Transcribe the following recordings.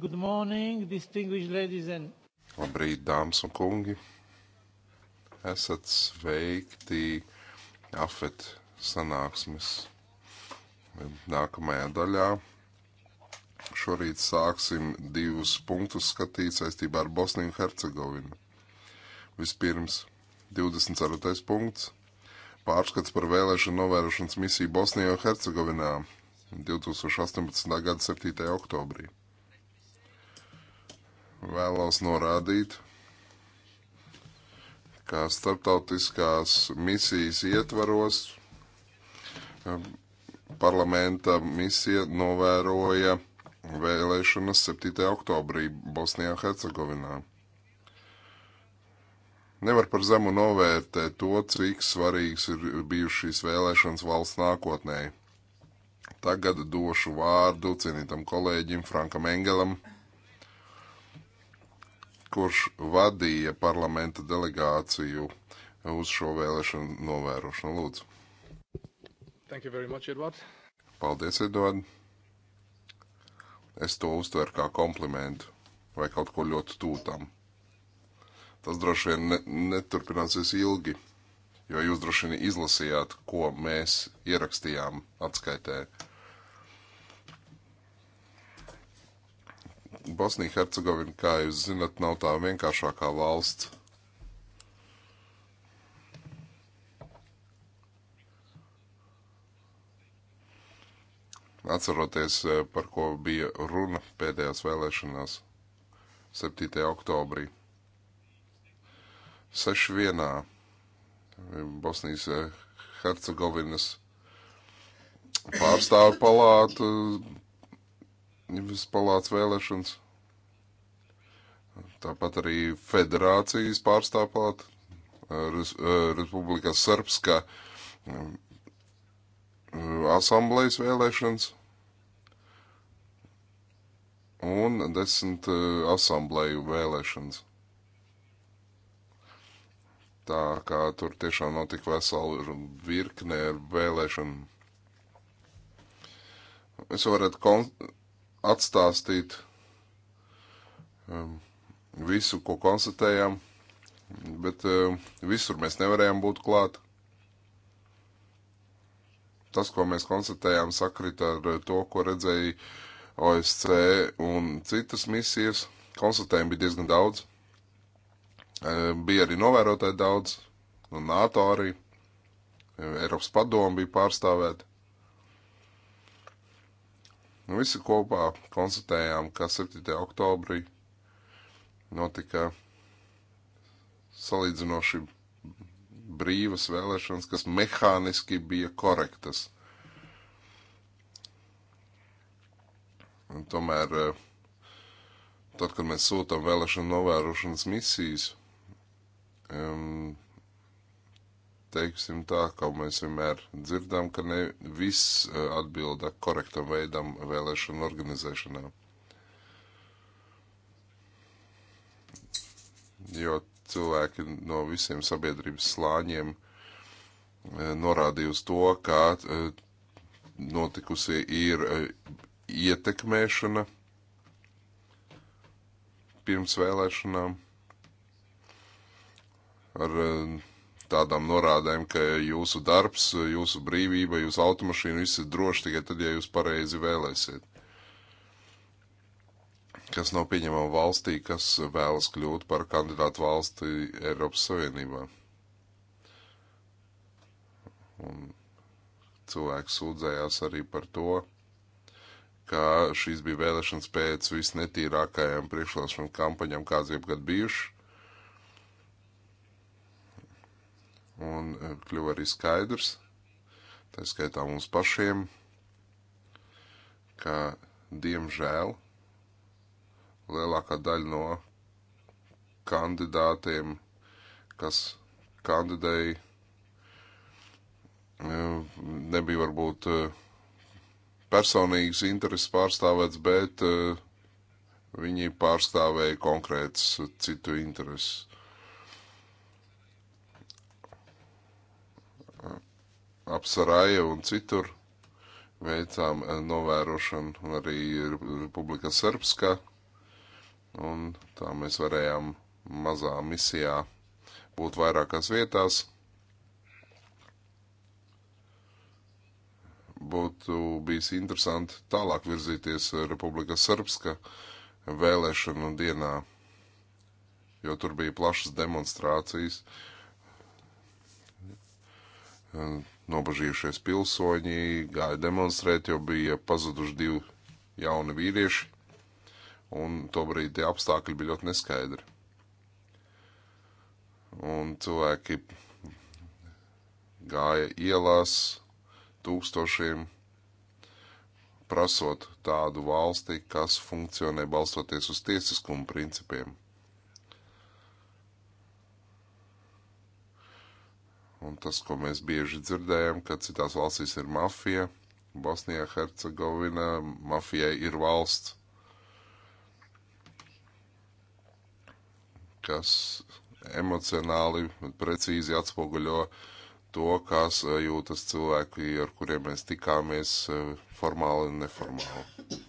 Good morning, distinguished ladies and. Labrīt, dāmas un kungi. Esat sveikti afet sanāksmes nākamajā daļā. Šorīt sāksim divus punktus skatīt saistībā ar Bosniju un Hercegovinu. Vispirms 24. punkts pārskats par vēlēšanu novērošanas misiju Bosnijā un Hercegovinā 2018. gada 7. oktobrī. Vēlos norādīt, ka starptautiskās misijas ietvaros um, parlamenta misija novēroja vēlēšanas 7. oktobrī Bosnijā un Hercegovinā. Nevar par zemu novērtēt to, cik svarīgs ir bijušas vēlēšanas valsts nākotnē. Tagad došu vārdu cienītam kolēģim Frankam Engelam, kurš vadīja parlamenta delegāciju uz šo vēlēšanu novērošanu. Lūdzu. Thank you very much, Edward. Paldies, Edvard. Es to uztveru kā komplimentu vai kaut ko ļoti tūtam. Tas droši vien ne, neturpināsies ilgi, jo jūs droši vien izlasījāt, ko mēs ierakstījām atskaitē. Bosnija Hercegovina, kā jūs zinat, nav tā vienkāršākā valsts. Atceroties, eh, par ko bija runa pēdējās vēlēšanās 7. oktobrī. 61. Bosnijas eh, Hercegovinas pārstāvu palātu, palāts vēlēšanas. Tāpat arī federācijas pārstāvu palātu, Res, eh, Republika Srpska eh, asamblejas vēlēšanas un desmit asambleju vēlēšanas tā kā tur tiešām notika vesela virkne ar vēlēšanu. Es varētu atstāstīt um, visu, ko konstatējām, bet um, visur mēs nevarējām būt klāt. Tas, ko mēs konstatējām, sakrita ar to, ko redzēja OSC un citas misijas. Konstatējumi bija diezgan daudz. E, bija arī novērotāji daudz, un NATO arī. E, Eiropas padomu bija pārstāvēta. Nu, visi kopā konstatējām, ka 7. oktobrī notika salīdzinoši brīvas vēlēšanas, kas mehāniski bija korektas. Un tomēr, e, tad, kad mēs sūtām vēlēšanu novērošanas misijas, um, teiksim tā, ka mēs vienmēr dzirdam, ka ne viss e, atbilda korektam veidam vēlēšanu organizēšanā. Jo cilvēki no visiem sabiedrības slāņiem e, norādīja uz to, kā e, notikusi ir ietekmēšana pirms vēlēšanām ar eh, tādām norādēm, ka jūsu darbs, jūsu brīvība, jūsu automašīna viss ir droši tikai tad, ja jūs pareizi vēlēsiet. Kas nav pieņemama valstī, kas vēlas kļūt par kandidātu valsti Eiropas Savienībā. Un cilvēks sūdzējās arī par to, ka šīs bija vēlēšanas pēc visnetīrākajām priekšvēlēšanu kampaņām, kāds jebkad bijušas un e, kļuva arī skaidrs, tā skaitā mums pašiem, ka diemžēl lielākā daļa no kandidātiem, kas kandidēja, e, nebija varbūt e, personīgas intereses pārstāvēts, bet viņi pārstāvēja konkrētas citu intereses. apsarāja un citur veicām eh, novērošanu arī Republika Serbska, un tā mēs varējām mazā misijā būt vairākās vietās. Būtu bijis interesanti tālāk virzīties Republika Serbska vēlēšanu dienā, jo tur bija plašas demonstrācijas Nobažījušies pilsoņi gāja demonstrēt, jo bija pazuduši divi jauni vīrieši, un tobrīd tie apstākļi bija ļoti neskaidri. Un cilvēki gāja ielās tūkstošiem, prasot tādu valsti, kas funkcionē balstoties uz tiesiskumu principiem. Un tas, ko mēs bieži dzirdējam, ka citās valstīs ir mafija, Bosnijā, Hercegovina, mafijai ir valsts, kas emocionāli precīzi atspoguļo to, kas eh, jūtas cilvēki, ar kuriem mēs tikāmies eh, formāli un neformāli.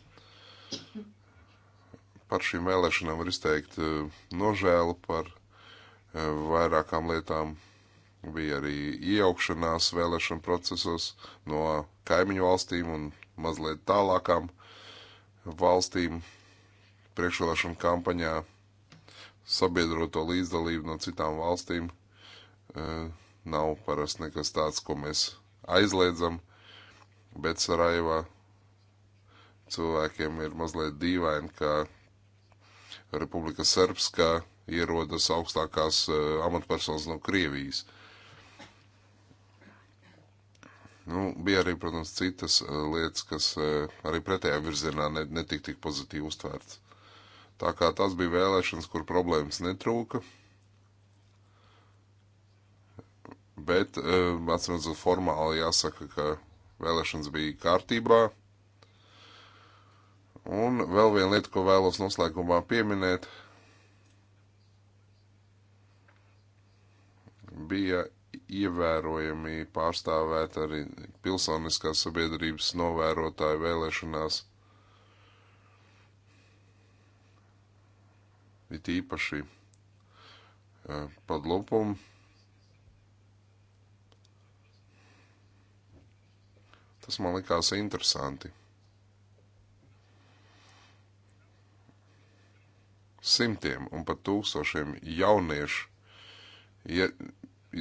Par šīm vēlēšanām var izteikt eh, nožēlu par vairākām lietām Bija arī iejaukšanās vēlēšana procesos no kaimiņu valstīm un mazliet tālākām valstīm priekšvēlēšana kampaņā sabiedroto līdzdalību no citām valstīm e, nav parasti nekas tāds, ko mēs aizliedzam, bet Sarajevā cilvēkiem ir mazliet dīvaini, ka Republika Serbska ierodas augstākās e, amatpersonas no Krievijas. Uh, Nu, bija arī, protams, citas eh, lietas, kas eh, arī pretējā virzienā netika tik pozitīvi uztvērts. Tā kā tas bija vēlēšanas, kur problēmas netrūka, bet, eh, atcīmredzot, formāli jāsaka, ka vēlēšanas bija kārtībā. Un vēl viena lieta, ko vēlos noslēgumā pieminēt, bija ievērojami pārstāvēt arī pilsoniskās sabiedrības novērotāju vēlēšanās. It īpaši eh, padlupum. Tas man likās interesanti. Simtiem un pat tūkstošiem jauniešu ja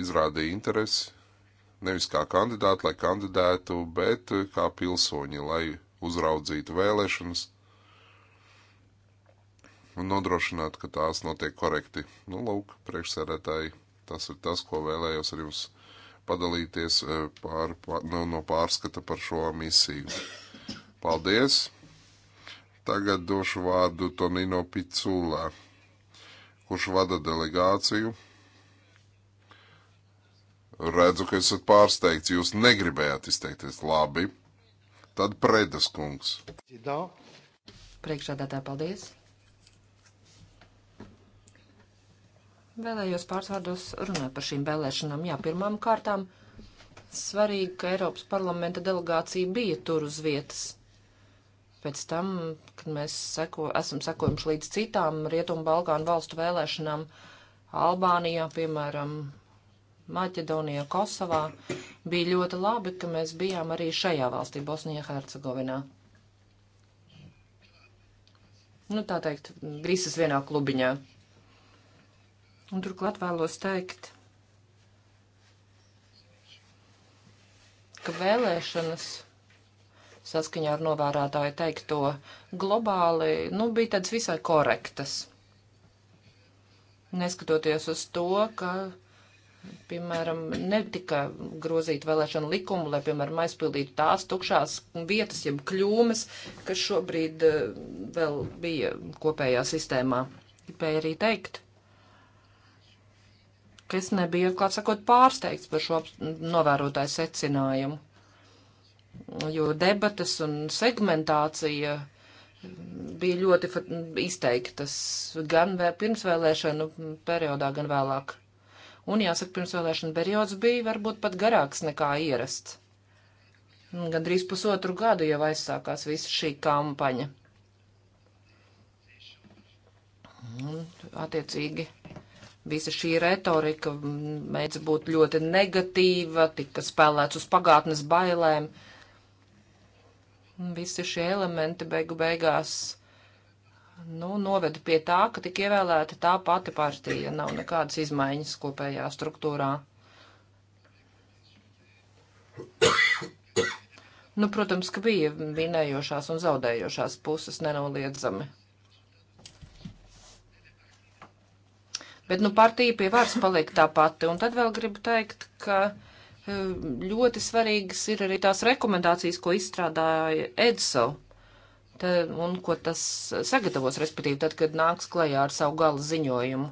izrādīja interesi nevis kā kandidāti, lai kandidētu, bet eh, kā pilsoņi, lai uzraudzītu vēlēšanas un nodrošinātu, ka tās notiek korekti. Nu, lūk, priekšsēdētāji, tas ir tas, ko vēlējos ar jums padalīties eh, pār, pār, no, nu, no pārskata par šo misiju. Paldies! Tagad došu vārdu Tonino Piculā, kurš vada delegāciju Redzu, ka esat pārsteigts. Jūs negribējāt izteikties labi. Tad Predes kungs. Priekšādātā, paldies. Vēlējos pārsvārdos runāt par šīm vēlēšanām. Jā, pirmām kārtām svarīgi, ka Eiropas parlamenta delegācija bija tur uz vietas. Pēc tam, kad mēs seko, esam sekojuši līdz citām Rietumu Balkānu valstu vēlēšanām, Albānijā, piemēram, Maķedonijā, Kosovā. Bija ļoti labi, ka mēs bijām arī šajā valstī, Bosnijā-Hercegovinā. Nu, tā teikt, visas vienā klubiņā. Un turklāt vēlos teikt, ka vēlēšanas saskaņā ar novērātāju teikto globāli, nu, bija tādas visai korektas. Neskatoties uz to, ka piemēram, netika grozīt vēlēšanu likumu, lai, piemēram, aizpildītu tās tukšās vietas, jeb kļūmes, kas šobrīd eh, vēl bija kopējā sistēmā. Gribēju arī teikt, ka es nebiju, klāt sakot, pārsteigts par šo novērotāju secinājumu, jo debatas un segmentācija bija ļoti izteiktas gan pirmsvēlēšanu periodā, gan vēlāk un jāsaka, pirmsvēlēšana periods bija varbūt pat garāks nekā ierasts. Gan drīz pusotru gadu jau aizsākās visa šī kampaņa. Un, attiecīgi, visa šī retorika mēdz būt ļoti negatīva, tika spēlēts uz pagātnes bailēm. Visi šie elementi beigu beigās nu, noveda pie tā, ka tika ievēlēta tā pati partija. Nav nekādas izmaiņas kopējā struktūrā. Nu, protams, ka bija vinējošās un zaudējošās puses nenoliedzami. Bet, nu, partija pie varas paliek tā pati. Un tad vēl gribu teikt, ka eh, ļoti svarīgas ir arī tās rekomendācijas, ko izstrādāja EDSO te, un ko tas sagatavos, respektīvi, tad, kad nāks klajā ar savu gala ziņojumu.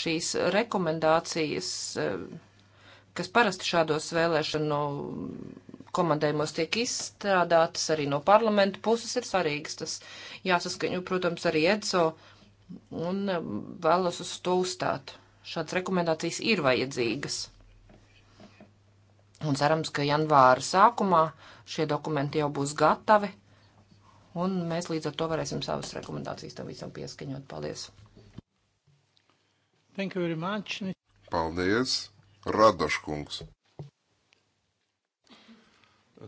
Šīs rekomendācijas, e, kas parasti šādos vēlēšanu komandējumos tiek izstrādātas arī no parlamenta puses, ir svarīgas. Tas jāsaskaņo, protams, arī EDSO un e, vēlos uz to uzstāt. Šādas rekomendācijas ir vajadzīgas. Un cerams, ka janvāra sākumā šie dokumenti jau būs gatavi, un mēs līdz ar to varēsim savas rekomendācijas tam visam pieskaņot. Paldies! Thank you very much. Paldies, Radoškungs.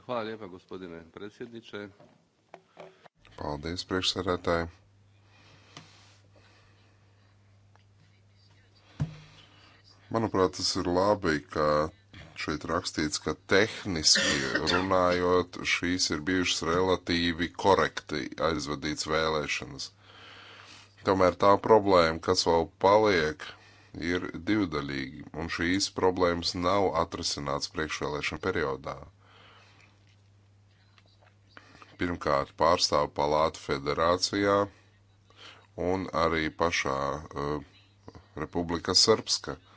Hvala lijepa, gospodine predsjedniče. Paldies, priekšsarētāji. Manuprāt, tas ir labi, ka šeit rakstīts, ka tehniski runājot, šīs ir bijušas relatīvi korekti aizvadīts vēlēšanas. Tomēr tā problēma, kas vēl paliek, ir divdaļīga, un šīs problēmas nav atrisināts priekšvēlēšana periodā. Pirmkārt, pārstāvu palātu federācijā un arī pašā uh, Republika Srpska. Uh,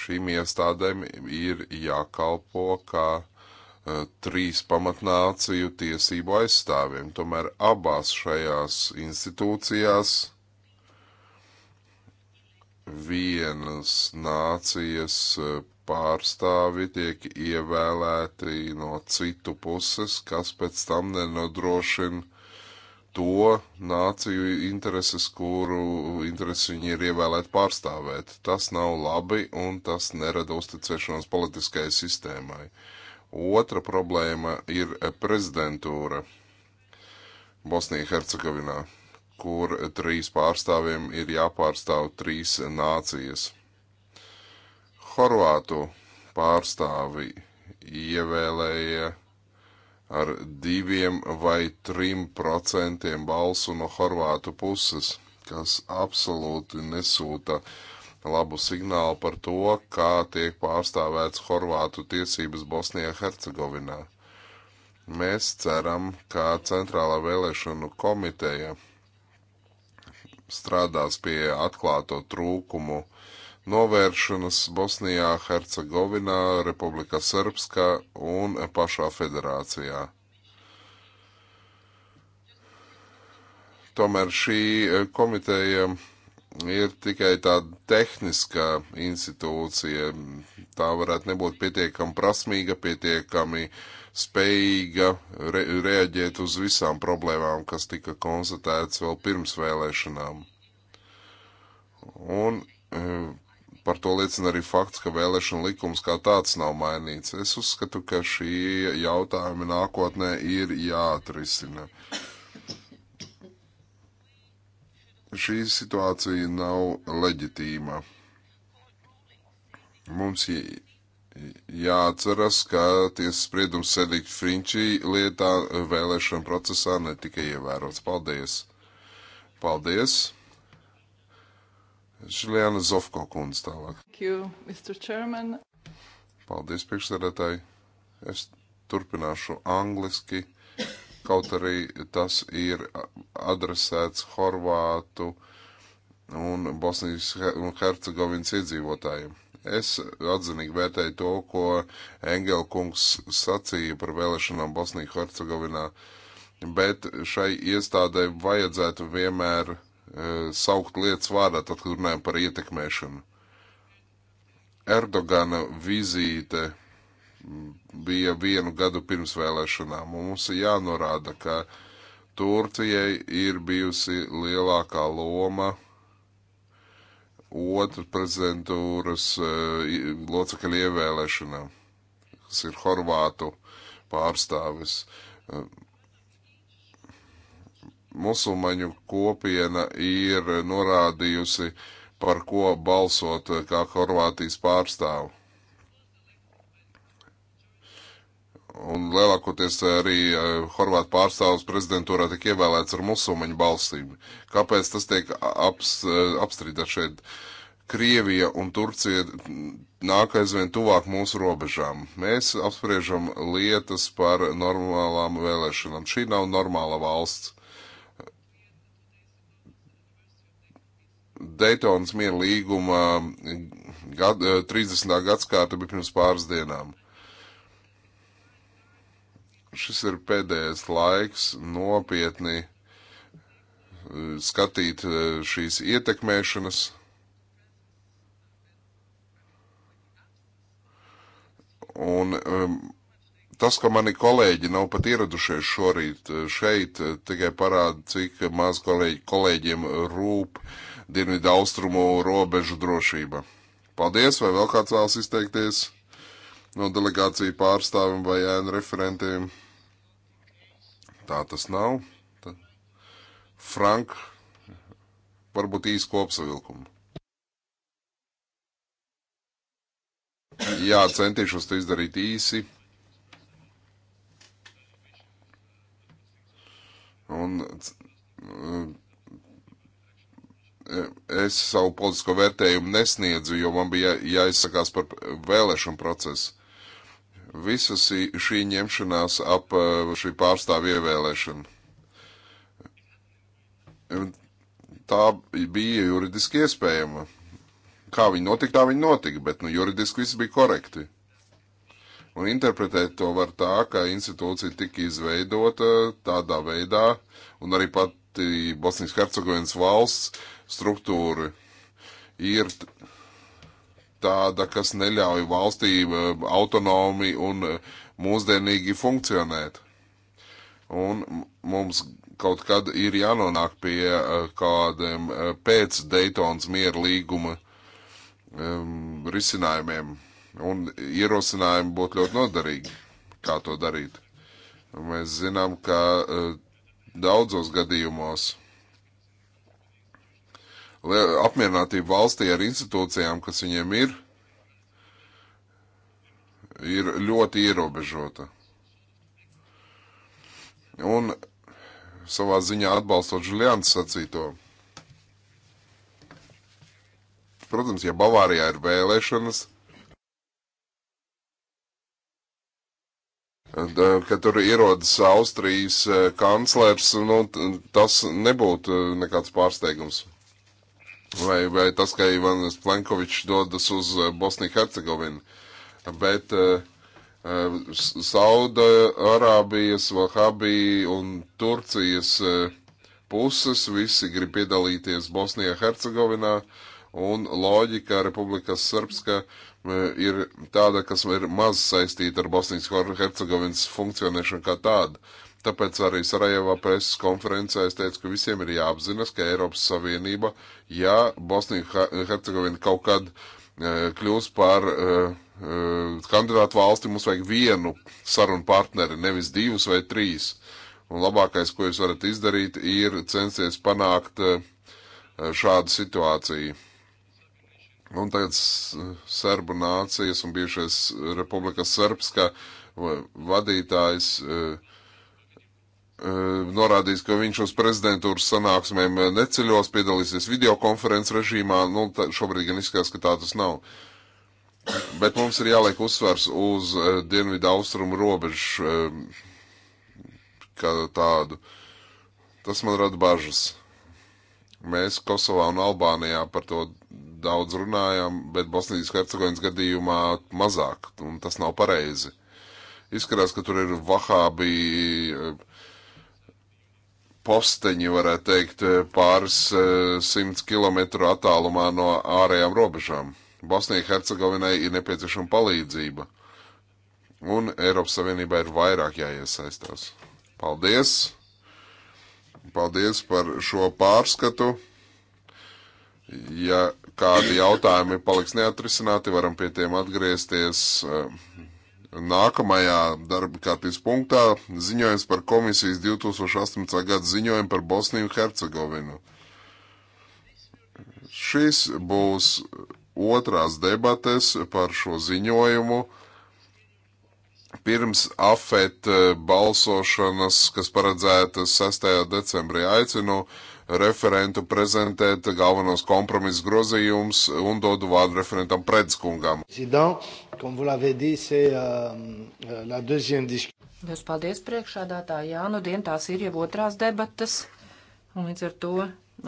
šīm iestādēm ir jākalpo kā uh, trīs pamatnāciju tiesību aizstāvjiem. Tomēr abās šajās institūcijās vienas nācijas e, pārstāvi tiek ievēlēti no citu puses, kas pēc tam nenodrošina to nāciju intereses, kuru intereses viņi ir ievēlēti pārstāvēt. Tas nav labi un tas nerada uzticēšanos politiskajai sistēmai. Otra problēma ir prezidentūra Bosnijā-Hercegovinā, kur trīs pārstāvjiem ir jāpārstāv trīs nācijas. Horvātu pārstāvi ievēlēja ar diviem vai trim procentiem balsu no Horvātu puses, kas absolūti nesūta labu signālu par to, kā tiek pārstāvēts Horvātu tiesības Bosnijā Hercegovinā. Mēs ceram, ka Centrālā vēlēšanu komiteja strādās pie atklāto trūkumu novēršanas Bosnijā, Hercegovinā, Republikā Serbskā un pašā federācijā. Tomēr šī e, komiteja ir tikai tāda tehniska institūcija. Tā varētu nebūt pietiekami prasmīga, pietiekami spējīga re reaģēt uz visām problēmām, kas tika konstatētas vēl pirms vēlēšanām. Un e, Par to liecina arī fakts, ka vēlēšana likums kā tāds nav mainīts. Es uzskatu, ka šī jautājuma nākotnē ir jāatrisina. Šī situācija nav leģitīma. Mums jāatceras, ka tiesas spriedums Sedika Frinčī lietā vēlēšana procesā netika ievērots. Paldies! Paldies! Žiliana Zofko kundze tālāk. Thank you, Mr. Chairman. Paldies, priekšsēdētāji. Es turpināšu angliski, kaut arī tas ir adresēts Horvātu un Bosnijas un Hercegovinas iedzīvotājiem. Es atzinīgi vērtēju to, ko Engela kungs sacīja par vēlēšanām Bosnijā Hercegovinā, bet šai iestādē vajadzētu vienmēr uh, E, saukt lietas vārdā, tad, kad runājam par ietekmēšanu. Erdogana vizīte bija vienu gadu pirms vēlēšanām, un mums ir jānorāda, ka Turcijai ir bijusi lielākā loma otru prezidentūras e, locekļu ievēlēšanā, kas ir Horvātu pārstāvis. Uh, musulmaņu kopiena ir norādījusi, par ko balsot kā Horvātijas pārstāvu. Un lielākoties arī eh, Horvātu pārstāvs prezidentūrā tiek ievēlēts ar musulmaņu balsīm. Kāpēc tas tiek aps, eh, apstrīdēts šeit? Krievija un Turcija nāk aizvien tuvāk mūsu robežām. Mēs apspriežam lietas par normālām vēlēšanām. Šī nav normāla valsts. Daytonas miera līguma eh, gad, 30. Eh, gadsimta bija pirms pāris dienām. Šis ir pēdējais laiks nopietni eh, skatīt šīs ietekmēšanas. Un um, tas, ka mani kolēģi nav pat ieradušies šorīt šeit, tikai parāda, cik maz kolēģi, kolēģiem rūp uh, dienvidu austrumu robežu drošība. Paldies, vai vēl kāds vēlas izteikties no delegāciju pārstāvim vai ēnu referentiem? Tā tas nav. Tad Frank, varbūt īsti kopsavilkumu. Jā, centīšos to izdarīt īsi. Un es savu politisko vērtējumu nesniedzu, jo man bija jāizsakās par vēlēšanu procesu. Visa šī ņemšanās ap uh, šī pārstāvja ievēlēšanu. Tā bija juridiski iespējama. Kā viņi notika, tā viņi notika, bet nu, juridiski viss bija korekti. Un interpretēt to var tā, ka institūcija tika izveidota tādā veidā, un arī pat pati Bosnijas Hercegovinas valsts struktūra ir tāda, kas neļauj valstī eh, autonomi un eh, mūsdienīgi funkcionēt. Un mums kaut kad ir jānonāk pie eh, kādiem pēc Daytonas miera līguma um, risinājumiem. Un ierosinājumi būtu ļoti noderīgi, kā to darīt. Mēs zinām, ka uh, daudzos gadījumos. Apmierinātība valstī ar institūcijām, kas viņiem ir, ir ļoti ierobežota. Un savā ziņā atbalstot Žuljāns sacīto. Protams, ja Bavārijā ir vēlēšanas, ka eh, tur ierodas Austrijas eh, kanclers, nu, tas nebūtu eh, nekāds pārsteigums. Vai, vai tas, ka Ivans Plenkovičs dodas uz Bosniju Hercegovinu, bet uh, Sauda Arābijas, Vahabija un Turcijas uh, puses visi grib piedalīties Bosnijā Hercegovinā un loģika Republikas Srpska uh, ir tāda, kas ir maz saistīta ar Bosnijas Hercegovinas funkcionēšanu kā tādu. Tāpēc arī Sarajevā preses konferencē es teicu, ka visiem ir jāapzinas, ka Eiropas Savienība, ja Bosnija Hercegovina kaut kad e, kļūs par e, e, kandidātu valsti, mums vajag vienu sarunu partneri, nevis divus vai trīs. Un labākais, ko jūs varat izdarīt, ir censties panākt e, e, šādu situāciju. Un tagad serbu nācijas un bijušais Republika Serbska vadītājs e, e, norādījis, ka viņš uz prezidentūras sanāksmēm e, neceļos, piedalīsies videokonferences režīmā. Nu, tā, šobrīd gan izskatās, ka tā tas nav. Bet mums ir jāliek uzsvars uz dienvidu austrumu robežu kā tādu. Tas man rada bažas. Mēs Kosovā un Albānijā par to daudz runājam, bet Bosnijas Hercegovinas gadījumā mazāk, un tas nav pareizi. Izskatās, ka tur ir vahābi eh, posteņi, varētu teikt, eh, pāris eh, simts kilometru attālumā no ārējām robežām. Bosnijai Hercegovinai ir nepieciešama palīdzība, un Eiropas Savienībā ir vairāk jāiesaistās. Paldies! Paldies par šo pārskatu! Ja kādi jautājumi paliks neatrisināti, varam pie tiem atgriezties eh, nākamajā darba kārtības punktā - ziņojums par komisijas 2018. gada ziņojumu par Bosniju Hercegovinu. Šis būs otrās debates par šo ziņojumu pirms afet balsošanas, kas paredzētas 6. decembrī. Aicinu uh, referentu prezentēt galvenos kompromisu grozījumus un dodu vārdu referentam Predskungam. Jūs euh, euh, paldies priekšādātā, jā, nu dien tās ir jau otrās debatas, un līdz ar to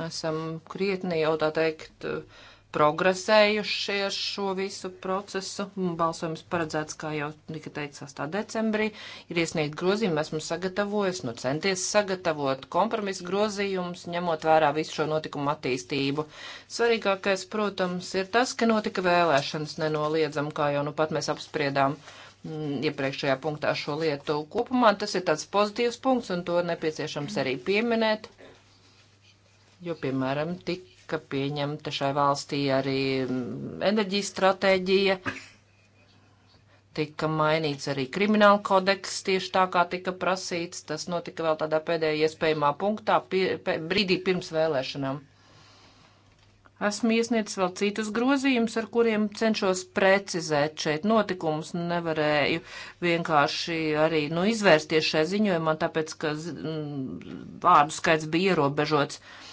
esam krietni jau tā teikt. Uh, progresējuši ar šo visu procesu. Balsojums paredzēts, kā jau tika teikts, 8. decembrī. Ir iesniegt grozījumi, esmu sagatavojis, nu centies sagatavot kompromisu grozījumus, ņemot vērā visu šo notikumu attīstību. Svarīgākais, protams, ir tas, ka notika vēlēšanas nenoliedzam, kā jau nu pat mēs apspriedām mm, iepriekšējā punktā šo lietu. Kopumā tas ir tāds pozitīvs punkts, un to nepieciešams arī pieminēt. Jo, piemēram, tik tika pieņemta šai valstī arī mm, enerģijas stratēģija, tika mainīts arī krimināla kodeks, tieši tā kā tika prasīts. Tas notika vēl tādā pēdējā iespējamā punktā, pie, pie, brīdī pirms vēlēšanām. Esmu iesniedzis vēl citus grozījumus, ar kuriem cenšos precizēt šeit notikumus. Nevarēju vienkārši arī nu, izvērsties šajā ziņojumā, tāpēc, ka vārdu skaits bija ierobežots. Uh,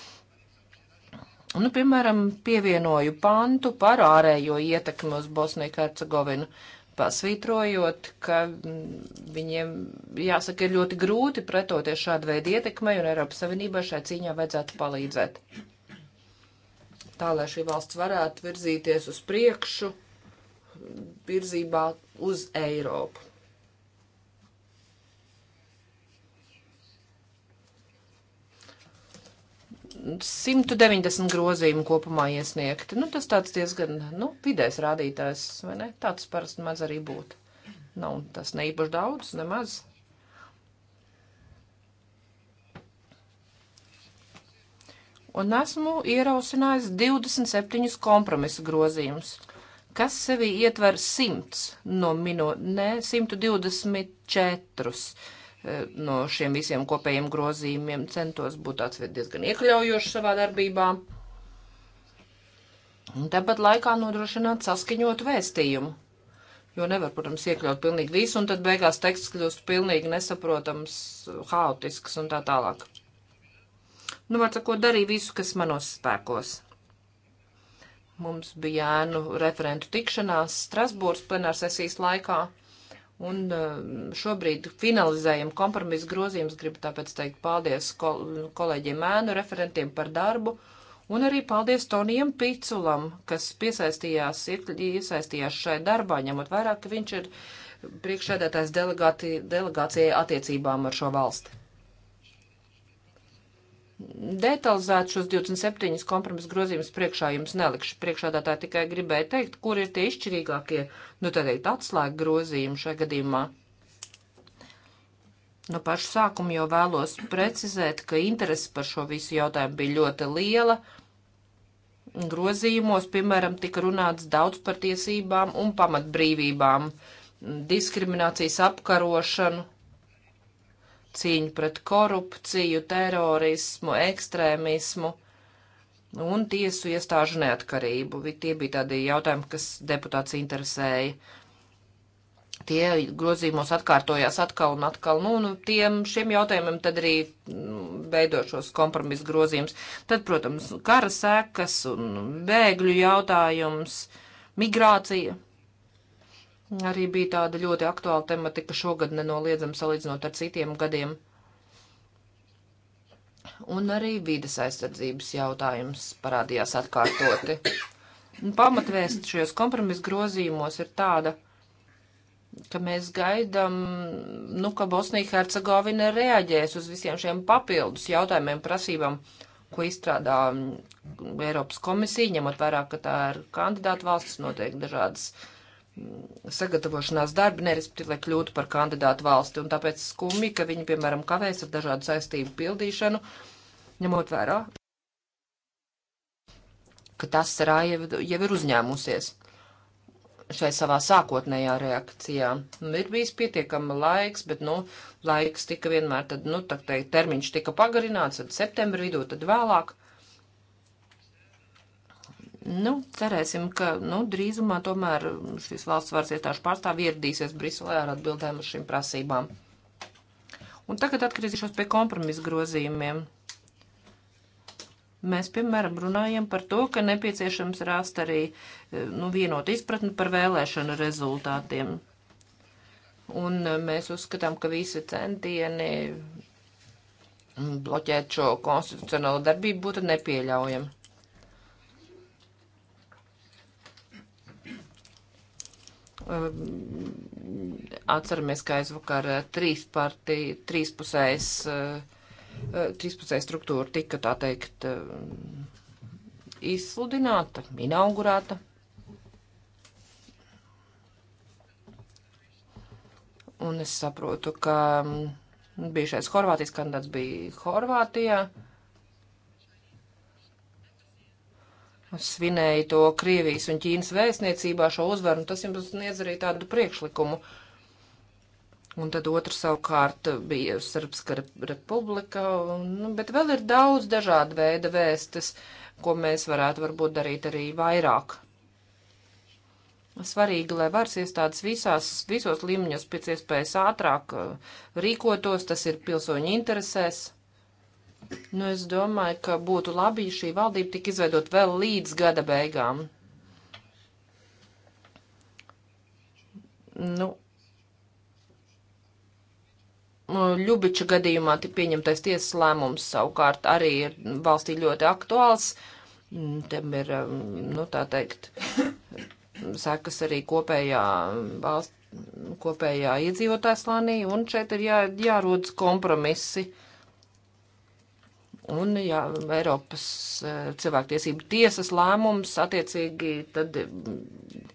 Nu, piemēram, pievienoju pantu par ārējo ietekmi uz Bosniju Hercegovinu, pasvītrojot, ka mm, viņiem, jāsaka, ir ļoti grūti pretoties šādu veidu ietekmei, un Eiropas Savienībai šai cīņā vajadzētu palīdzēt. Tā, lai šī valsts varētu virzīties uz priekšu, virzībā uz Eiropu. 190 grozījumu kopumā iesniegti. Nu, tas tāds diezgan, nu, vidējs rādītājs, vai ne? Tāds parasti maz arī būtu. Nav tas neīpaši daudz, nemaz. Un esmu ierosinājis 27 kompromisu grozījumus, kas sevī ietver 100 no minu, ne, 124 no šiem visiem kopējiem grozījumiem centos būt tāds diezgan iekļaujošs savā darbībā. Un tāpat laikā nodrošināt saskaņot vēstījumu. Jo nevar, protams, iekļaut pilnīgi visu, un tad beigās teksts kļūst pilnīgi nesaprotams, haotisks un tā tālāk. Nu, var sakot, darīju visu, kas manos spēkos. Mums bija ēnu referentu tikšanās Strasbūras plenārsesijas laikā. Un eh, šobrīd finalizējam kompromisu grozījumus. Gribu tāpēc teikt paldies kol kolēģiem ēnu referentiem par darbu. Un arī paldies Tonijam Piculam, kas piesaistījās, iesaistījās šai darbā, ņemot vairāk, ka viņš ir priekšēdētājs delegācijai attiecībām ar šo valsti detalizēt šos 27 kompromisu grozījumus priekšā jums nelikšu. Priekšādātāji tikai gribēja teikt, kur ir tie izšķirīgākie, nu tā teikt, atslēga grozījumi šajā gadījumā. No paša sākuma jau vēlos precizēt, ka interese par šo visu jautājumu bija ļoti liela. Grozījumos, piemēram, tika runāts daudz par tiesībām un pamatbrīvībām, diskriminācijas apkarošanu cīņu pret korupciju, terorismu, ekstrēmismu un tiesu iestāžu neatkarību. Tie bija tādi jautājumi, kas deputāts interesēja. Tie grozījumos atkārtojās atkal un atkal, nu, un nu, tiem šiem jautājumiem tad arī beidošos nu, kompromisu grozījums. Tad, protams, kara sekas un bēgļu jautājums, migrācija arī bija tāda ļoti aktuāla tematika šogad nenoliedzam salīdzinot ar citiem gadiem. Un arī vides aizsardzības jautājums parādījās atkārtoti. Pamatvēst šajos kompromisu grozījumos ir tāda, ka mēs gaidām, nu, ka Bosnija-Hercegovina reaģēs uz visiem šiem papildus jautājumiem, prasībām, ko izstrādā mm, Eiropas komisija, ņemot vairāk, ka tā ir kandidāta valsts, notiek dažādas uh, sagatavošanās darbi, nerespektīvi, lai kļūtu par kandidātu valsti. Un tāpēc skumji, ka viņi, piemēram, kavēs ar dažādu saistību pildīšanu, ņemot vērā, ka tas sarā jau, jau ir uzņēmusies šai savā sākotnējā reakcijā. Nu, ir bijis pietiekama laiks, bet, nu, laiks tika vienmēr, tad, nu, tā teikt, termiņš tika pagarināts, tad septembra vidū, tad vēlāk. Nu, cerēsim, ka nu, drīzumā tomēr šis valsts varas iestāžu pārstāvji ieradīsies Briselē ar atbildēm uz šīm prasībām. Un tagad atgriezīšos pie kompromisa grozījumiem. Mēs, piemēram, runājam par to, ka nepieciešams rast arī eh, nu, vienot izpratni par vēlēšanu rezultātiem. Un eh, mēs uzskatām, ka visi centieni bloķēt šo konstitucionālo darbību būtu nepieļaujami. Ehm, atceramies, ka aizvakar eh, trīs partija, trīspusējs, eh, eh, trīspusējs struktūra tika, tā teikt, izsludināta, inaugurāta. Un es saprotu, ka mm, bijušais Horvātijas kandidāts bija Horvātijā. Uh, svinēja to Krievijas un Ķīnas vēstniecībā šo uzvaru, un tas jums sniedz arī tādu priekšlikumu. Un tad otrs savukārt bija Srpska republika, un, nu, bet vēl ir daudz dažādu veidu vēstas, ko mēs varētu varbūt darīt arī vairāk. Svarīgi, lai varas iestādes visās, visos līmeņos pēc iespējas ātrāk uh, rīkotos, tas ir pilsoņu interesēs. Nu, es domāju, ka būtu labi, ja šī valdība tika izveidot vēl līdz gada beigām. Nu, nu Ļubiča gadījumā pieņemtais tiesas lēmums savukārt arī ir valstī ļoti aktuāls. Mm, Tam ir, um, nu, tā teikt, sekas arī kopējā um, valsts, kopējā iedzīvotājslānī, un šeit ir jā, jārodas kompromisi. Uh, Un, ja Eiropas eh, cilvēktiesība tiesas lēmums attiecīgi tad mm,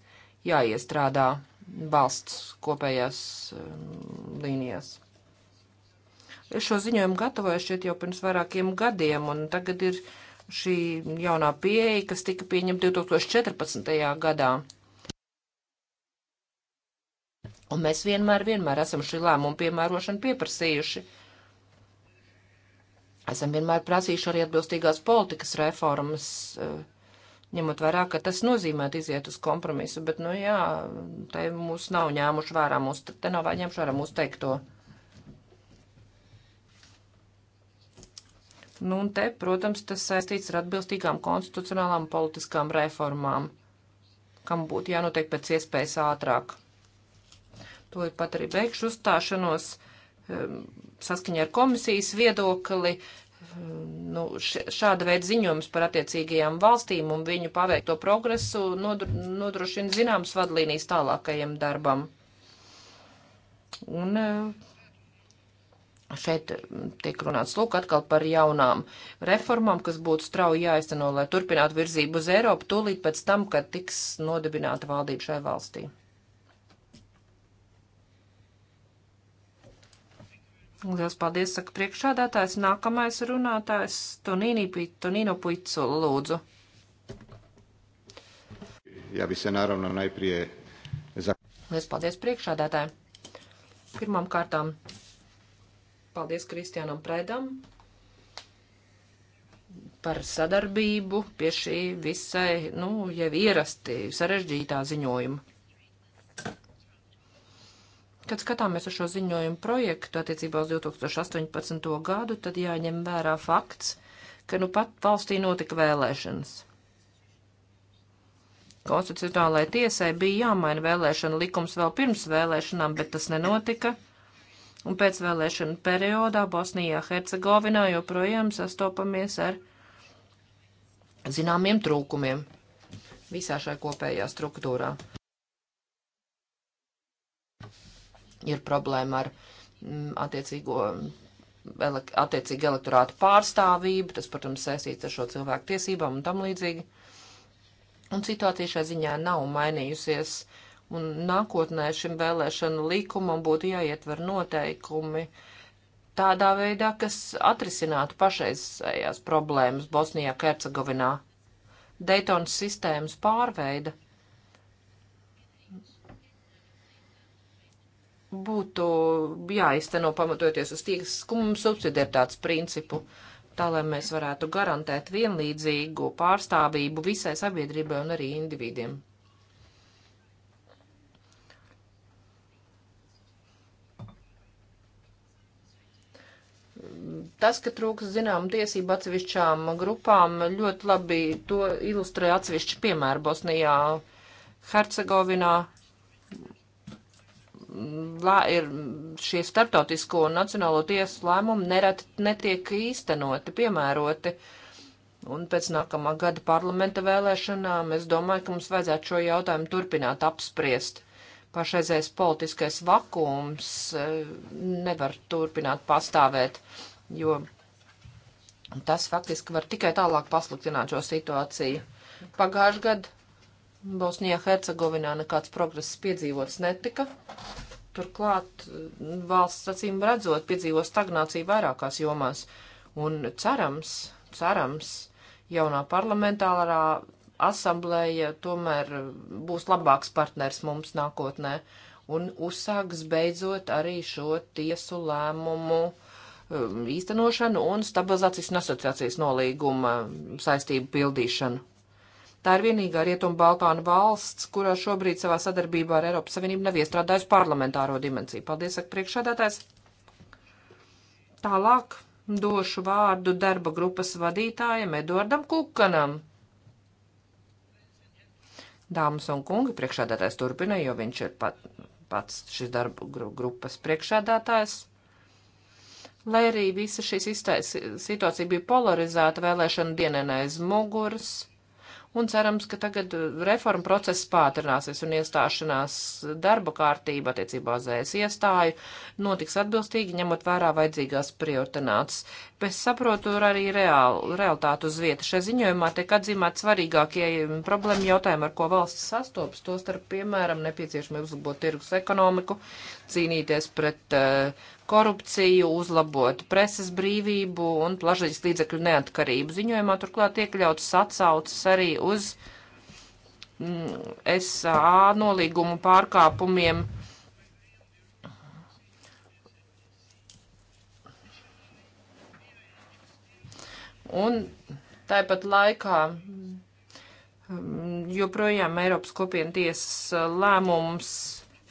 jāiestrādā valsts kopējās mm, līnijās. Es šo ziņojumu gatavoju šeit jau pirms vairākiem gadiem, un tagad ir šī jaunā pieeja, kas tika pieņemta 2014. gadā. Un mēs vienmēr, vienmēr esam šī lēmuma piemērošanu pieprasījuši. Uh, Esam vienmēr prasījuši arī atbilstīgās politikas reformas, eh, ņemot vērā, ka tas nozīmē iziet uz kompromisu, bet, nu jā, te mūs nav ņēmuši vērā, mūs, te nav ņēmuši vērā mūsu teikto. Nu, un te, protams, tas saistīts ar atbilstīgām konstitucionālām politiskām reformām, kam būtu jānotiek pēc iespējas ātrāk. To ir pat arī beigšu uzstāšanos. Um, saskaņā ar komisijas viedokli um, nu, šāda veida ziņojums par attiecīgajām valstīm un viņu paveikto progresu nodrošina zināmas vadlīnijas tālākajam darbam. Un uh, šeit tiek runāts lūk atkal par jaunām reformām, kas būtu strauji jāizteno, lai turpinātu virzību uz Eiropu tūlīt pēc tam, kad tiks nodibināta valdība šai valstī. Lielas paldies, saka priekšādātājs. Nākamais runātājs Tonīni, Tonino Puicu, lūdzu. Ja bi se naravno najprije za... Lielas paldies priekšādātājiem. Pirmām kārtām paldies Kristianam Predam par sadarbību pie šī visai, nu, jau ierasti sarežģītā ziņojuma kad skatāmies uz šo ziņojumu projektu attiecībā uz 2018. gadu, tad jāņem vērā fakts, ka nu pat valstī notika vēlēšanas. Konstitucionālajai tiesai bija jāmaina vēlēšana likums vēl pirms vēlēšanām, bet tas nenotika. Un pēc vēlēšana periodā Bosnijā, Hercegovinā joprojām sastopamies ar zināmiem trūkumiem visā šajā kopējā struktūrā. ir problēma ar m, mm, attiecīgo ele, attiecīgi elektorātu pārstāvību, tas, protams, saistīts ar šo cilvēku tiesībām un tam līdzīgi. Un situācija šai ziņā nav mainījusies, un nākotnē šim vēlēšanu likumam būtu jāietver noteikumi tādā veidā, kas atrisinātu pašreizējās problēmas Bosnijā, Hercegovinā. Daytonas sistēmas pārveida būtu jāizteno pamatojoties uz tiesiskumu subsidiaritātes principu, tā lai mēs varētu garantēt vienlīdzīgu pārstāvību visai sabiedrībai un arī individiem. Tas, ka trūks zinām tiesību atsevišķām grupām, ļoti labi to ilustrē atsevišķi piemēri Bosnijā, Hercegovinā, ir šie starptautisko un nacionālo tiesu lēmumi nereti netiek īstenoti, piemēroti. Un pēc nākamā gada parlamenta vēlēšanām es domāju, ka mums vajadzētu šo jautājumu turpināt apspriest. Pašreizējais politiskais vakums eh, nevar turpināt pastāvēt, jo tas faktiski var tikai tālāk pasliktināt šo situāciju. Pagājušajā gadā Bosnijā Hercegovinā nekāds progress piedzīvots netika. Turklāt mm, valsts acīm redzot piedzīvo stagnāciju vairākās jomās. Un cerams, cerams, jaunā parlamentārā asamblēja tomēr būs labāks partners mums nākotnē un uzsāks beidzot arī šo tiesu lēmumu um, īstenošanu un stabilizācijas un asociācijas nolīguma saistību pildīšanu. Tā ir vienīgā Rietumu Balkānu valsts, kurā šobrīd savā sadarbībā ar Eiropas Savienību nav iestrādājusi parlamentāro dimensiju. Paldies, saka priekšādātājs. Tālāk došu vārdu darba grupas vadītājam Eduardam Kukanam. Dāmas un kungi, priekšādātājs turpina, jo viņš ir pat, pats šis darba gru, grupas priekšādātājs. Lai arī visa šī situācija bija polarizēta, vēlēšana dienā aiz muguras un cerams, ka tagad uh, reforma process pātrināsies un iestāšanās darba kārtība attiecībā uz ES iestāju notiks atbilstīgi, ņemot vērā vajadzīgās prioritātes. Pēc saprotu arī reāli, realitātu uz vietas. Šajā ziņojumā tiek atzīmēt svarīgākie problēma jautājumi, ar ko valsts sastopas, to starp, piemēram, nepieciešamību uzlabot tirgus ekonomiku, cīnīties pret uh, korupciju, uzlabot preses brīvību un plašsaziņas līdzekļu neatkarību. Ziņojumā turklāt iekļauts atsaucas arī uz mm, SA nolīgumu pārkāpumiem. Un tāpat laikā mm, joprojām Eiropas kopienu tiesas lēmums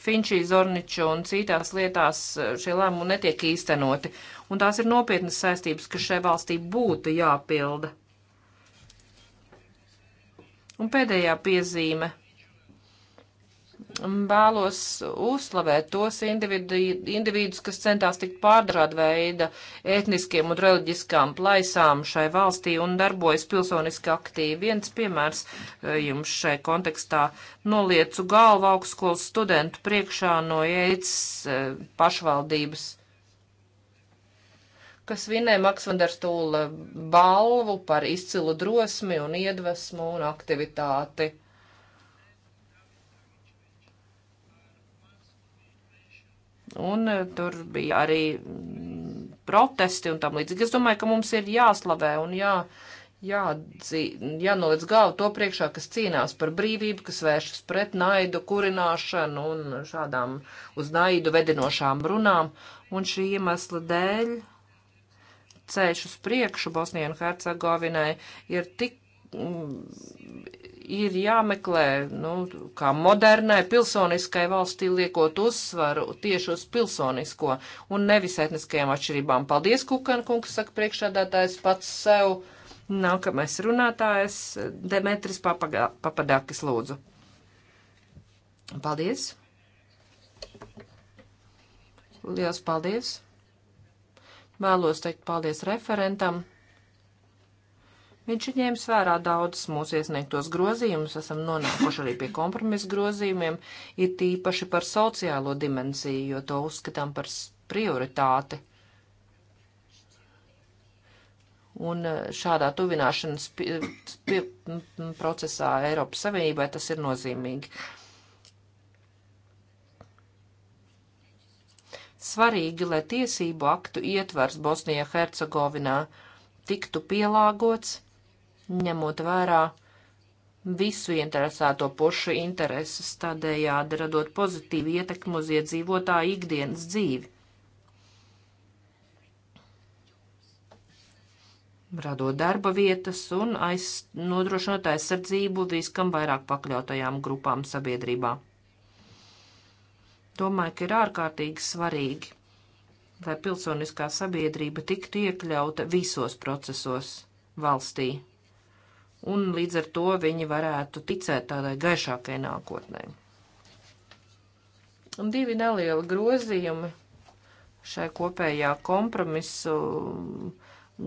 Finčī, Zorniču un citās lietās eh, šie lēmumi netiek īstenoti. Un tās ir nopietnas saistības, kas šai valstī būtu jāpilda. Un pēdējā piezīme vēlos uzslavēt tos individu, individus, kas centās tikt pārdarāda veida etniskiem un reliģiskām plaisām šai valstī un darbojas pilsoniski aktīvi. Viens piemērs eh, jums šai kontekstā noliecu galvu augstskolas studentu priekšā no Jeicis eh, pašvaldības kas vinēja Maksvandarstūla balvu par izcilu drosmi un iedvesmu un aktivitāti. Un eh, tur bija arī mm, protesti un tam līdzīgi. Es domāju, ka mums ir jāslavē un jā, jādzi, jānoliec galvu to priekšā, kas cīnās par brīvību, kas vēršas pret naidu, kurināšanu un šādām uz naidu vedinošām runām. Un šī iemesla dēļ ceļš uz priekšu Bosnijai un Hercegovinai ir tik mm, ir jāmeklē, nu, kā modernai pilsoniskai valstī liekot uzsvaru tieši uz pilsonisko un nevis etniskajām atšķirībām. Paldies, Kukan kungs, saka priekšādātājs pats sev. Nākamais runātājs Demetris Papagā, Papadakis lūdzu. Paldies. Lielas paldies. Vēlos teikt paldies referentam Viņš ir ņēmis vērā daudzus mūsu iesniegtos grozījumus, esam nonākuši arī pie kompromisa grozījumiem, ir tīpaši par sociālo dimensiju, jo to uzskatām par prioritāti. Un e, šādā tuvināšanas pie, pie, procesā Eiropas Savienībai tas ir nozīmīgi. Svarīgi, lai tiesību aktu ietvers Bosnijā Hercegovinā tiktu pielāgots ņemot vērā visu interesēto pušu intereses, tādējādi radot pozitīvu ietekmu uz iedzīvotāju ikdienas dzīvi. radot darba vietas un aiz, nodrošinot aizsardzību viskam vairāk pakļautajām grupām sabiedrībā. Domāju, ka ir ārkārtīgi svarīgi, lai pilsoniskā sabiedrība tiktu iekļauta visos procesos valstī, un līdz ar to viņi varētu ticēt tādai gaišākai nākotnē. Un divi nelieli grozījumi šai kopējā kompromisu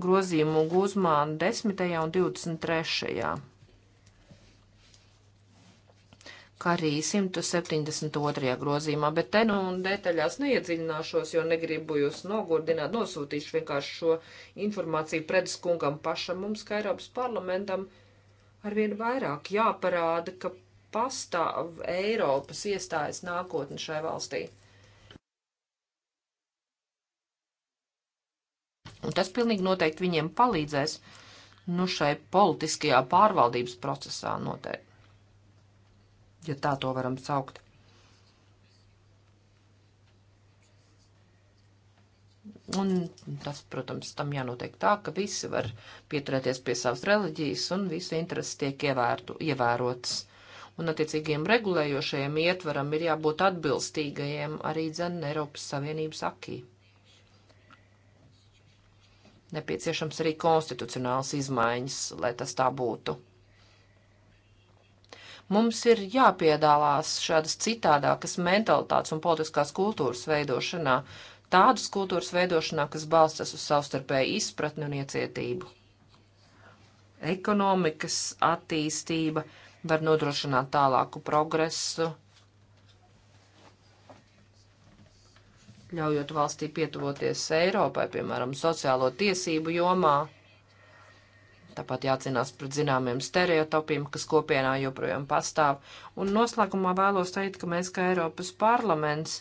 grozījumu guzmā 10. un 23. kā arī 172. grozījumā, bet te nu detaļās neiedziļināšos, jo negribu jūs nogurdināt, nosūtīšu vienkārši šo informāciju predes kungam pašam mums, kā Eiropas parlamentam. Uh, arvien vairāk jāparāda, ka pastāv Eiropas iestājas nākotne šai valstī. Un tas pilnīgi noteikti viņiem palīdzēs nu, šai politiskajā pārvaldības procesā noteikti, ja tā to varam saukt. Un tas, protams, tam jānotiek tā, ka visi var pieturēties pie savas reliģijas un visu intereses tiek ievērtu, ievērotas. Un attiecīgiem regulējošajiem ietvaram ir jābūt atbilstīgajiem arī dzen Eiropas Savienības akī. Nepieciešams arī konstitucionāls izmaiņas, lai tas tā būtu mums ir jāpiedalās šādas citādākas mentalitātes un politiskās kultūras veidošanā, tādas kultūras veidošanā, kas balstas uz savstarpēju izpratni un iecietību. Ekonomikas attīstība var nodrošināt tālāku progresu, ļaujot valstī pietuvoties Eiropai, piemēram, sociālo tiesību jomā. Tāpat jācīnās pret zināmiem stereotopiem, kas kopienā joprojām pastāv. Un noslēgumā vēlos teikt, ka mēs, kā Eiropas parlaments,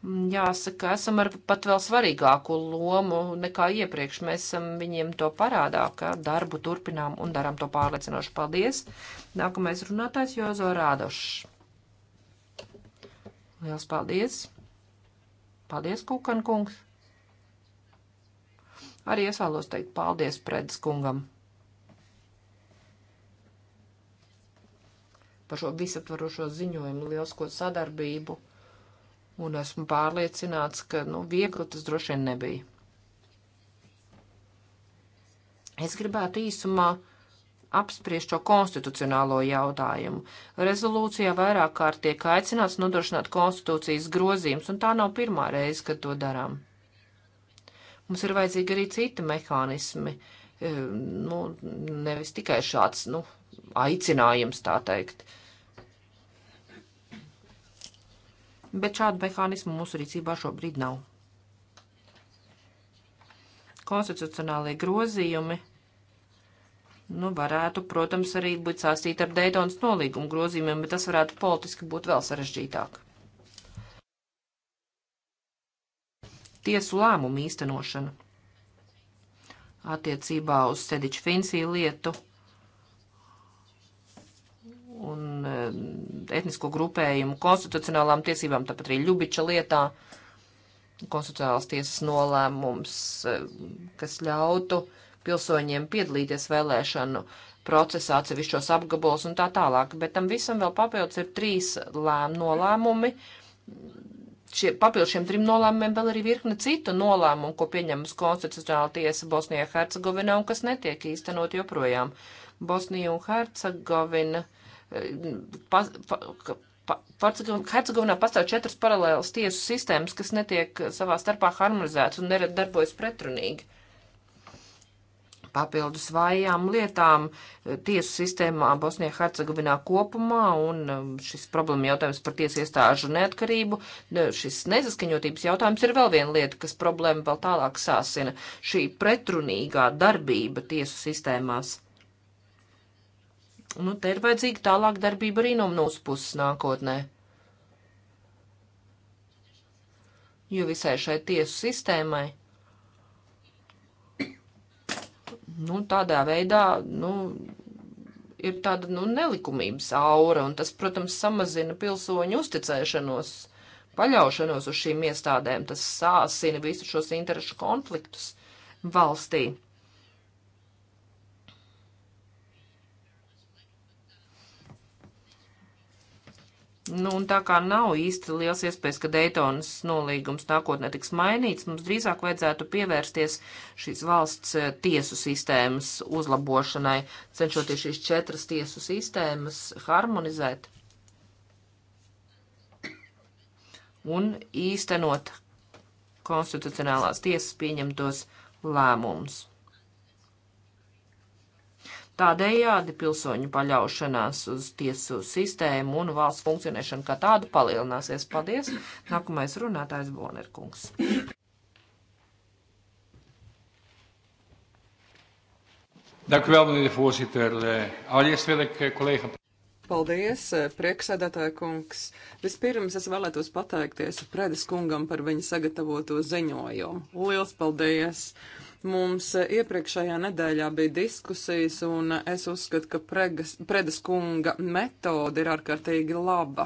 Mm, jāsaka, esam ar pat vēl svarīgāku lomu nekā iepriekš. Mēs esam viņiem to parādā, ka darbu turpinām un darām to pārliecinoši. Paldies! Nākamais runātājs Jozo Rādošs. Liels paldies! Paldies, Kūkan kungs! Arī es vēlos teikt paldies Predes kungam par šo visaptvarošo ziņojumu, lielisko sadarbību un esmu pārliecināts, ka, nu, viegli tas droši vien nebija. Es gribētu īsumā apspriest šo konstitucionālo jautājumu. Rezolūcijā vairāk kārt tiek aicināts nodrošināt konstitūcijas grozījums, un tā nav pirmā reize, kad to darām. Mums ir vajadzīgi arī citi mehānismi, ehm, nu, nevis tikai šāds, nu, aicinājums tā teikt. Uh, bet šādu mehānismu mūsu rīcībā šobrīd nav. Konstitucionālie grozījumi nu, varētu, protams, arī būt sāstīti ar Daytonas nolīgumu grozījumiem, bet tas varētu politiski būt vēl sarežģītāk. Tiesu lēmumu īstenošana attiecībā uz Sediča Finsī lietu un e, etnisko grupējumu konstitucionālām tiesībām, tāpat arī Ļubiča lietā konstitucionālās tiesas nolēmums, e, kas ļautu pilsoņiem piedalīties vēlēšanu procesā atsevišķos apgabalos un tā tālāk. Bet tam visam vēl papildus ir trīs lēm nolēmumi. Šie, papildus šiem trim nolēmumiem vēl arī virkne citu nolēmumu, ko pieņemas konstitucionāla tiesa Bosnijā Hercegovinā un kas netiek īstenot joprojām. Bosnija un Hercegovina uh, Pa, pa, Hercegovinā pastāv četras paralēlas tiesu sistēmas, kas netiek savā starpā harmonizētas un nerad darbojas pretrunīgi. Papildus vājām lietām eh, tiesu sistēmā Bosnijā Hercegovinā kopumā un um, šis problēma jautājums par tiesu iestāžu neatkarību, šis nesaskaņotības jautājums ir vēl viena lieta, kas problēmu vēl tālāk sāsina - šī pretrunīgā darbība tiesu sistēmās. Nu, te ir vajadzīga tālāk darbība arī no mūsu puses nākotnē. Jo visai šai tiesu sistēmai, nu, tādā veidā, nu, ir tāda, nu, nelikumības aura, un tas, protams, samazina pilsoņu uzticēšanos, paļaušanos uz šīm iestādēm, tas sāsina visu šos interešu konfliktus valstī. Nu, un tā kā nav īsti liels iespējas, ka Daytonas nolīgums nākotnē tiks mainīts, mums drīzāk vajadzētu pievērsties šīs valsts eh, tiesu sistēmas uzlabošanai, cenšoties šīs četras tiesu sistēmas harmonizēt un īstenot konstitucionālās tiesas pieņemtos lēmumus. Tādējādi pilsoņu paļaušanās uz tiesu sistēmu un valsts funkcionēšanu kā tādu palielināsies. Paldies! Nākamais runātājs Bonerkungs. Dank u wel, meneer de voorzitter. Eh, allereerst wil ik eh, collega. Paldies, eh, prieksēdētāja kungs. Vispirms es vēlētos pateikties Predes kungam par viņa sagatavoto ziņojumu. Liels paldies! Uh, Mums e, iepriekšējā nedēļā bija diskusijas, un e, es uzskatu, ka pregas, Predas kunga metode ir ārkārtīgi laba.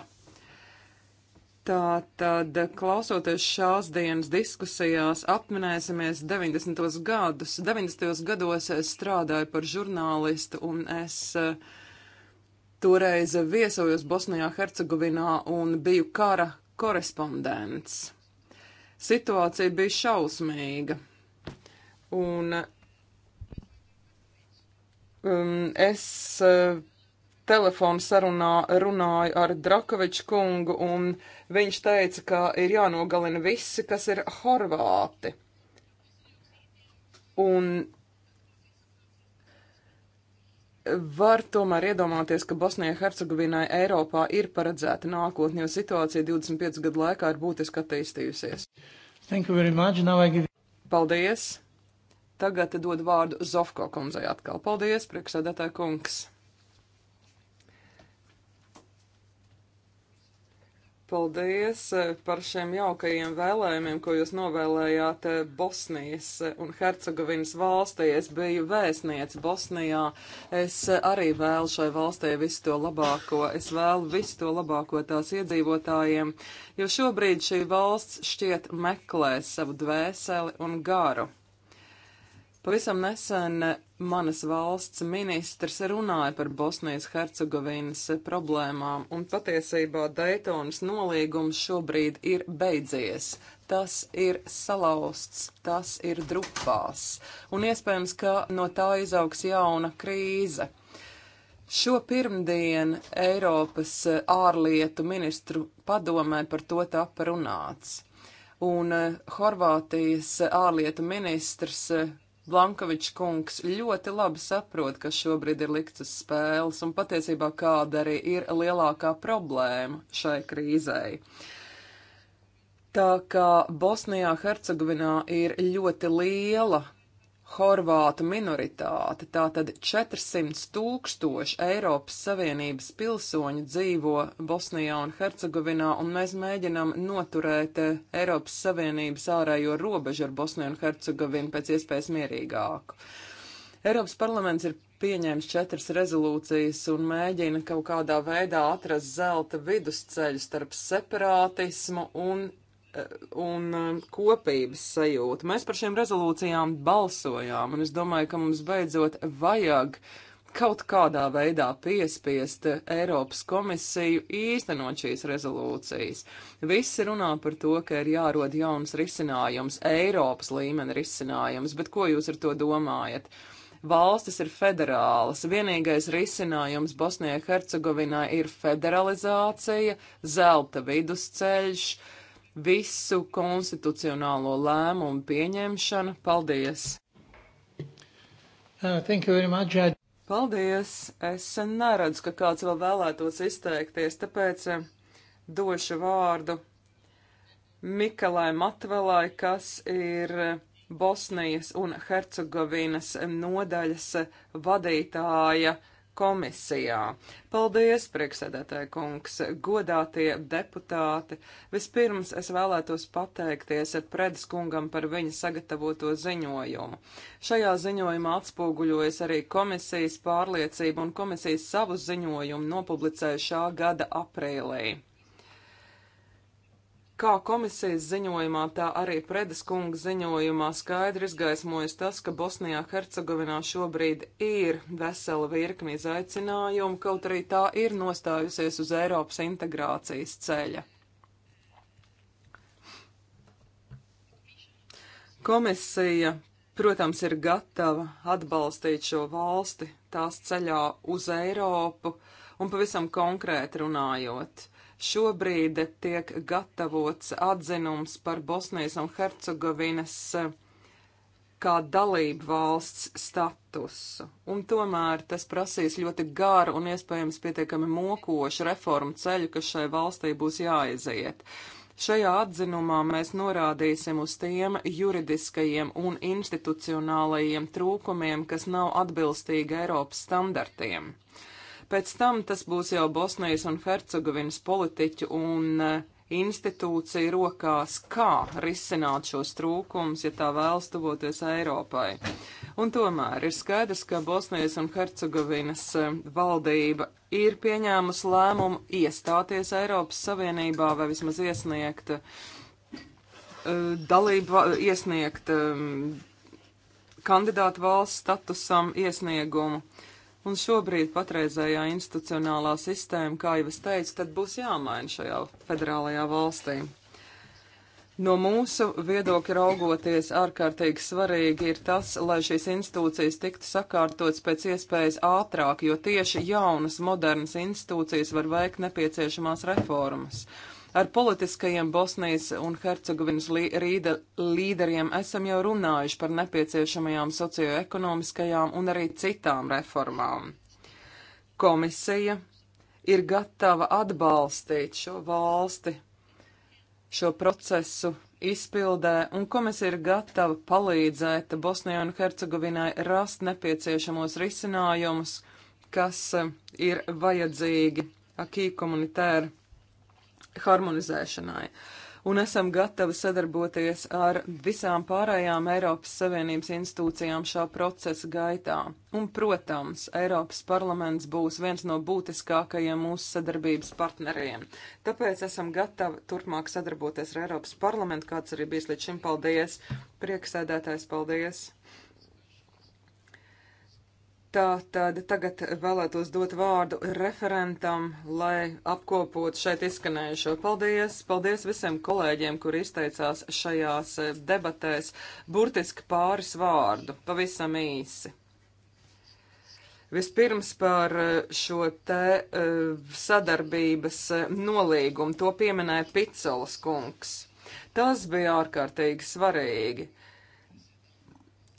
Tā tad, e, klausoties šās dienas diskusijās, atminēsimies 90. gadus. 90. gados es strādāju par žurnālistu, un es toreiz viesojos Bosnijā, Hercegovinā un biju kara korespondents. Situācija bija šausmīga. Un um, es uh, telefonu sarunā runāju ar Drakoviču kungu, un viņš teica, ka ir jānogalina visi, kas ir horvāti. Un var tomēr iedomāties, ka Bosnijai Hercegovinai Eiropā ir paredzēta nākotne, jo situācija 25 gadu laikā ir būtiski attīstījusies. Give... Paldies! Tagad dod vārdu Zofko kundzei atkal. Paldies, priekšsēdētāji kungs! Paldies eh, par šiem jaukajiem vēlējumiem, ko jūs novēlējāt eh, Bosnijas eh, un Hercegovinas valstī. Es biju vēstniece Bosnijā. Es arī vēlu šai valstī visu to labāko. Es vēlu visu to labāko tās iedzīvotājiem, jo šobrīd šī valsts šķiet meklē savu dvēseli un garu. Pavisam nesen manas valsts ministrs runāja par Bosnijas Hercegovinas problēmām, un patiesībā Daytonas nolīgums šobrīd ir beidzies. Tas ir salausts, tas ir drupās, un iespējams, ka no tā izaugs jauna krīze. Šo pirmdienu Eiropas ārlietu ministru padomē par to tapa runāts. Un Horvātijas ārlietu ministrs Blankovičs kungs ļoti labi saprot, kas šobrīd ir likts uz spēles un patiesībā kāda arī ir lielākā problēma šai krīzei. Tā kā Bosnijā Hercegovinā ir ļoti liela horvātu minoritāte, tātad 400 tūkstoši Eiropas Savienības pilsoņu dzīvo Bosnijā un Hercegovinā, un mēs mēģinām noturēt eh, Eiropas Savienības ārējo robežu ar Bosniju un Hercegovinu pēc iespējas mierīgāku. Eiropas parlaments ir pieņēmis četras rezolūcijas un mēģina kaut kādā veidā atrast zelta vidusceļu starp separātismu un un um, kopības sajūta. Mēs par šīm rezolūcijām balsojām, un es domāju, ka mums beidzot vajag kaut kādā veidā piespiest Eiropas komisiju īstenot šīs rezolūcijas. Visi runā par to, ka ir jārod jauns risinājums, Eiropas līmeni risinājums, bet ko jūs ar to domājat? Valstis ir federālas. Vienīgais risinājums Bosnijai Hercegovinai ir federalizācija, zelta vidusceļš. Uh, visu konstitucionālo lēmumu pieņemšanu. Paldies! Uh, thank you very much. I... Paldies! Es neredzu, ka kāds vēl vēlētos izteikties, tāpēc uh, došu vārdu Mikalai Matvelai, kas ir uh, Bosnijas un Hercegovinas nodaļas uh, vadītāja komisijā. Paldies, priekšsēdētāja kungs, godātie deputāti. Vispirms es vēlētos pateikties ar Predes kungam par viņa sagatavoto ziņojumu. Šajā ziņojumā atspoguļojas arī komisijas pārliecība un komisijas savu ziņojumu nopublicēja šā gada aprīlī. Kā komisijas ziņojumā, tā arī Predes kunga ziņojumā skaidri izgaismojas tas, ka Bosnijā Hercegovinā šobrīd ir vesela virkni izaicinājumu, kaut arī tā ir nostājusies uz Eiropas integrācijas ceļa. Komisija, protams, ir gatava atbalstīt šo valsti tās ceļā uz Eiropu un pavisam konkrēti runājot. Šobrīd tiek gatavots atzinums par Bosnijas un Hercegovinas eh, kā dalību valsts statusu, un tomēr tas prasīs ļoti garu un iespējams pietiekami mokošu reformu ceļu, kas šai valstī būs jāiziet. Šajā atzinumā mēs norādīsim uz tiem juridiskajiem un institucionālajiem trūkumiem, kas nav atbilstīgi Eiropas standartiem. Pēc tam tas būs jau Bosnijas un Hercegovinas politiķu un eh, institūciju rokās, kā risināt šos trūkumus, ja tā vēlas tuvoties Eiropai. Un tomēr ir skaidrs, ka Bosnijas un Hercegovinas eh, valdība ir pieņēmusi lēmumu iestāties Eiropas Savienībā vai vismaz iesniegt eh, dalību, iesniegt kandidātu valsts statusam iesniegumu. Uh, Un šobrīd patreizējā institucionālā sistēma, kā jau es teicu, tad būs jāmaina šajā federālajā valstī. No mūsu viedokļa raugoties, ārkārtīgi svarīgi ir tas, lai šīs institūcijas tiktu sakārtotas pēc iespējas ātrāk, jo tieši jaunas, modernas institūcijas var veikt nepieciešamās reformas. Ar politiskajiem Bosnijas un Hercegovinas līderiem esam jau runājuši par nepieciešamajām socioekonomiskajām un arī citām reformām. Komisija ir gatava atbalstīt šo valsti, šo procesu izpildē, un komisija ir gatava palīdzēt Bosnijai un Hercegovinai rast nepieciešamos risinājumus, kas ir vajadzīgi akī komunitēri harmonizēšanai. Un esam gatavi sadarboties ar visām pārējām Eiropas Savienības institūcijām šā procesa gaitā. Un, protams, Eiropas parlaments būs viens no būtiskākajiem mūsu sadarbības partneriem. Tāpēc esam gatavi turpmāk sadarboties ar Eiropas parlamentu, kāds arī bijis līdz šim. Paldies! Prieksēdētājs, paldies! Tā tad tagad vēlētos dot vārdu referentam, lai apkopotu šeit izskanējušo. Paldies! Paldies visiem kolēģiem, kur izteicās šajās debatēs. Burtiski pāris vārdu, pavisam īsi. Vispirms par šo te eh, sadarbības nolīgumu, to pieminēja Picolas kungs. Tas bija ārkārtīgi svarīgi. Uh,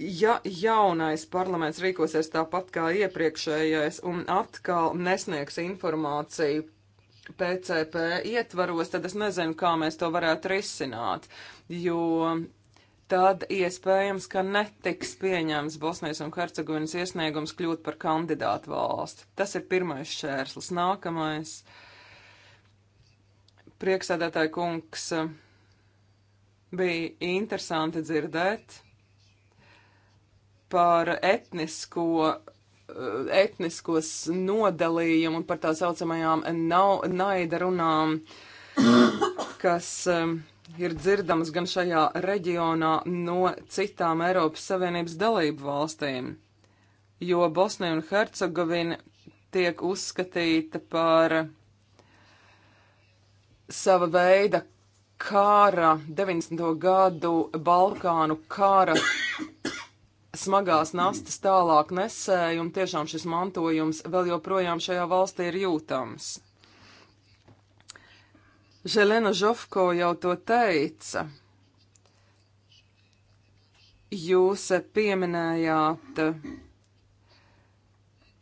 ja jaunais parlaments rīkosies tāpat kā iepriekšējais un atkal nesniegs informāciju PCP ietvaros, tad es nezinu, kā mēs to varētu risināt, jo tad iespējams, ka netiks pieņems Bosnijas un Hercegovinas iesniegums kļūt par kandidātu valsti. Tas ir pirmais šērslis. Nākamais priekšsēdētāja kungs bija interesanti dzirdēt par etnisko eh, etniskos nodalījumu un par tā saucamajām nav, naida runām, kas um, ir dzirdamas gan šajā reģionā no citām Eiropas Savienības dalību valstīm, jo Bosnija un Hercegovina tiek uzskatīta par sava veida kāra 90. gadu Balkānu kāra smagās nastas tālāk nesēja, un tiešām šis mantojums vēl joprojām šajā valstī ir jūtams. Želena Žofko jau to teica. Jūs pieminējāt eh,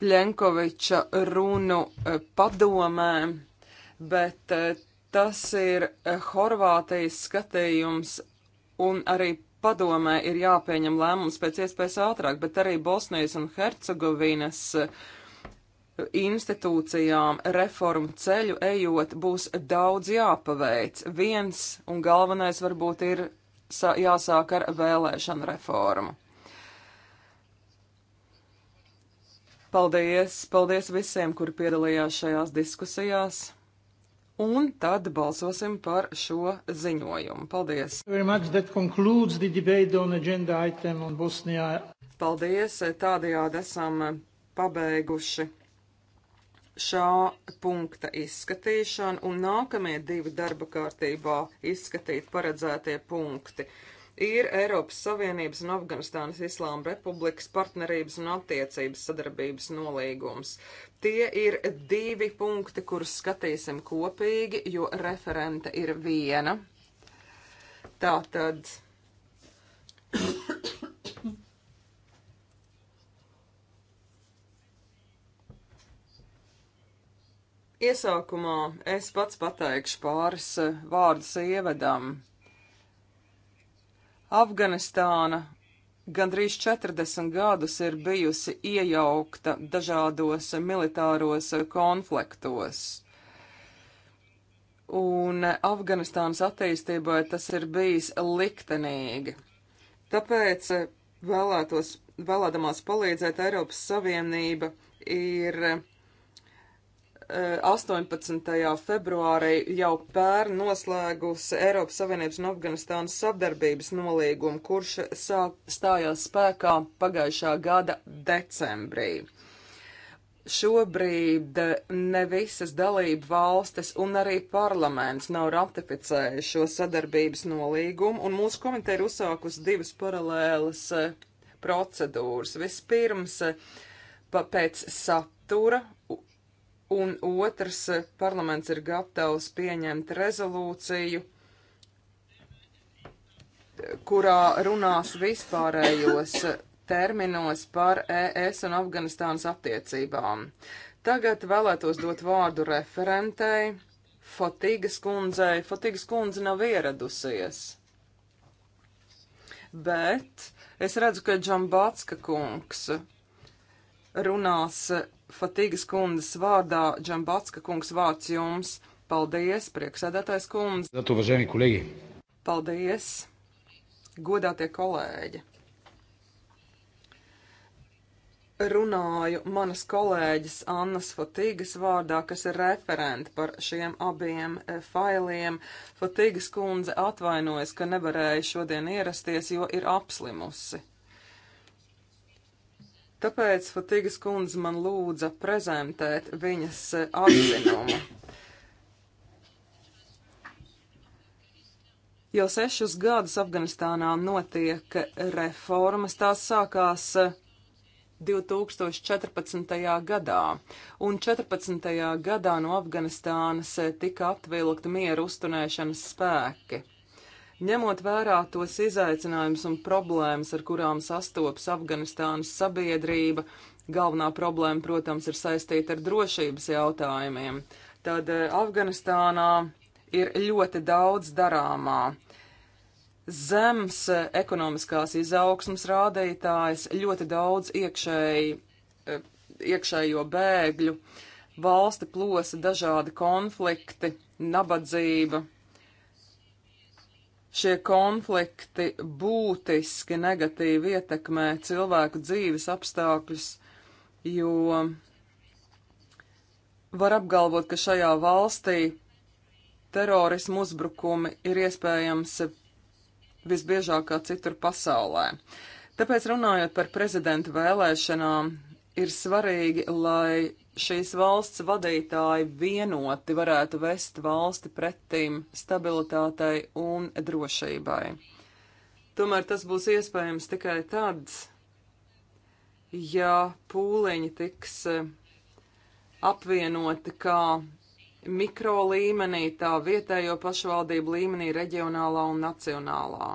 Plenkoviča runu eh, padomē, bet eh, tas ir Horvātijas skatījums un arī padomē ir jāpieņem lēmums pēc iespējas ātrāk, bet arī Bosnijas un Hercegovinas eh, institūcijām reformu ceļu ejot būs daudz jāpaveic. Viens un galvenais varbūt ir jāsāk ar vēlēšanu reformu. Paldies! Paldies visiem, kuri piedalījās šajās diskusijās! un tad balsosim par šo ziņojumu. Paldies! Paldies! Tādējādi esam pabeiguši šā punkta izskatīšanu un nākamie divi darba kārtībā izskatīt paredzētie punkti ir Eiropas Savienības un Afganistānas Islāma Republikas partnerības un attiecības sadarbības nolīgums. Tie ir divi punkti, kurus skatīsim kopīgi, jo referente ir viena. Tātad. Iesākumā es pats pateikšu pāris eh, vārdus ievedam Afganistāna gandrīz 40 gadus ir bijusi iejaukta dažādos militāros konfliktos. Un Afganistānas attīstībai tas ir bijis liktenīgi. Tāpēc vēlētos, vēlēdamās palīdzēt Eiropas Savienība ir 18. februārī jau pērn noslēgusi Eiropas Savienības un Afganistānas sadarbības nolīgumu, kurš stājās spēkā pagājušā gada decembrī. Šobrīd ne visas dalību valstis un arī parlaments nav ratificējuši šo sadarbības nolīgumu, un mūsu komiteja ir uzsākusi divas paralēlas eh, procedūras. Vispirms, eh, pēc satura un otrs parlaments ir gatavs pieņemt rezolūciju, kurā runās vispārējos terminos par ES un Afganistānas attiecībām. Tagad vēlētos dot vārdu referentei Fotīgas kundzei. Fotīgas kundze nav ieradusies, bet es redzu, ka Džambatska kungs runās Fatigas kundas vārdā Džambatska kungs vārds jums. Paldies, prieksēdētājs kundze. Zato, važēmi kolēģi. Paldies, godātie kolēģi. Runāju manas kolēģis Annas Fatīgas vārdā, kas ir referenti par šiem abiem eh, failiem. Fatīgas kundze atvainojas, ka nevarēja šodien ierasties, jo ir apslimusi. Tāpēc Fatigas kundze man lūdza prezentēt viņas eh, atzinumu. Jau sešus gadus Afganistānā notiek reformas, tās sākās 2014. Eh, gadā, un 14. gadā no Afganistānas eh, tika atvilkta mieru uzturēšanas spēki. Ņemot vērā tos izaicinājumus un problēmas, ar kurām sastopas Afganistānas sabiedrība, galvenā problēma, protams, ir saistīta ar drošības jautājumiem. Tad eh, Afganistānā ir ļoti daudz darāmā. Zems eh, ekonomiskās izaugsmas rādītājs, ļoti daudz iekšēji, eh, iekšējo bēgļu, valsti plosa dažādi konflikti, nabadzība, Šie konflikti būtiski negatīvi ietekmē cilvēku dzīves apstākļus, jo var apgalvot, ka šajā valstī terorismu uzbrukumi ir iespējams visbiežākā citur pasaulē. Tāpēc runājot par prezidenta vēlēšanām, ir svarīgi, lai šīs valsts vadītāji vienoti varētu vest valsti pretim stabilitātei un drošībai. Tomēr tas būs iespējams tikai tad, ja pūliņi tiks e, apvienoti kā mikro līmenī, tā vietējo pašvaldību līmenī, reģionālā un nacionālā.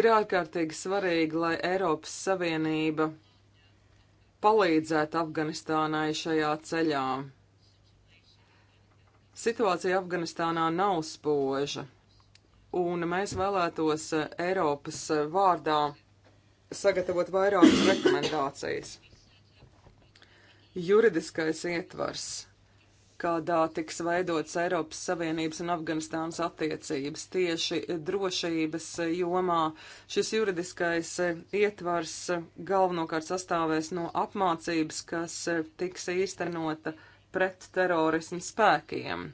Ir ārkārtīgi svarīgi, lai Eiropas Savienība palīdzēt Afganistānai šajā ceļā. Situācija Afganistānā nav spoža, un mēs vēlētos Eiropas vārdā sagatavot vairākas rekomendācijas. Juridiskais ietvars kādā tiks veidotas Eiropas Savienības un Afganistānas attiecības. Tieši drošības jomā šis juridiskais ietvars galvenokārt sastāvēs no apmācības, kas tiks īstenota pret terorismu spēkiem.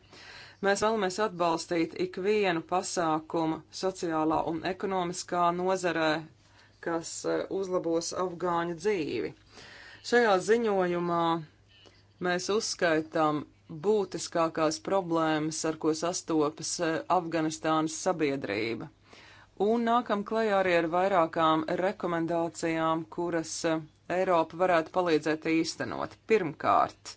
Mēs vēlamies atbalstīt ikvienu pasākumu sociālā un ekonomiskā nozarē, kas uzlabos afgāņu dzīvi. Šajā ziņojumā mēs uzskaitām būtiskākās problēmas, ar ko sastopas eh, Afganistānas sabiedrība. Un nākam klajā arī ar vairākām rekomendācijām, kuras eh, Eiropa varētu palīdzēt īstenot. Pirmkārt,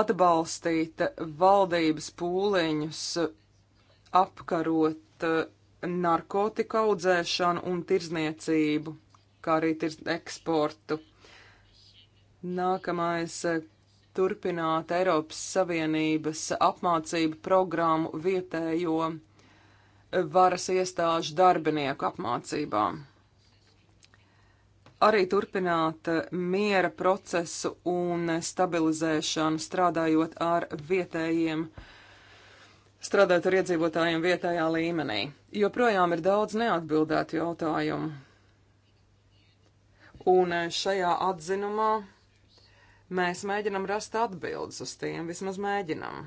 atbalstīt valdības pūliņus, eh, apkarot narkotiku audzēšanu un tirzniecību, kā arī tirz eksportu. Nākamais eh, turpināt Eiropas Savienības apmācību programmu vietējo eh, varas iestāžu darbinieku apmācībām. Arī turpināt eh, miera procesu un stabilizēšanu strādājot ar vietējiem, strādājot ar iedzīvotājiem vietējā līmenī. Joprojām ir daudz neatbildētu jautājumu. Un šajā atzinumā Mēs mēģinam rast atbildes uz tiem, vismaz mēģinam.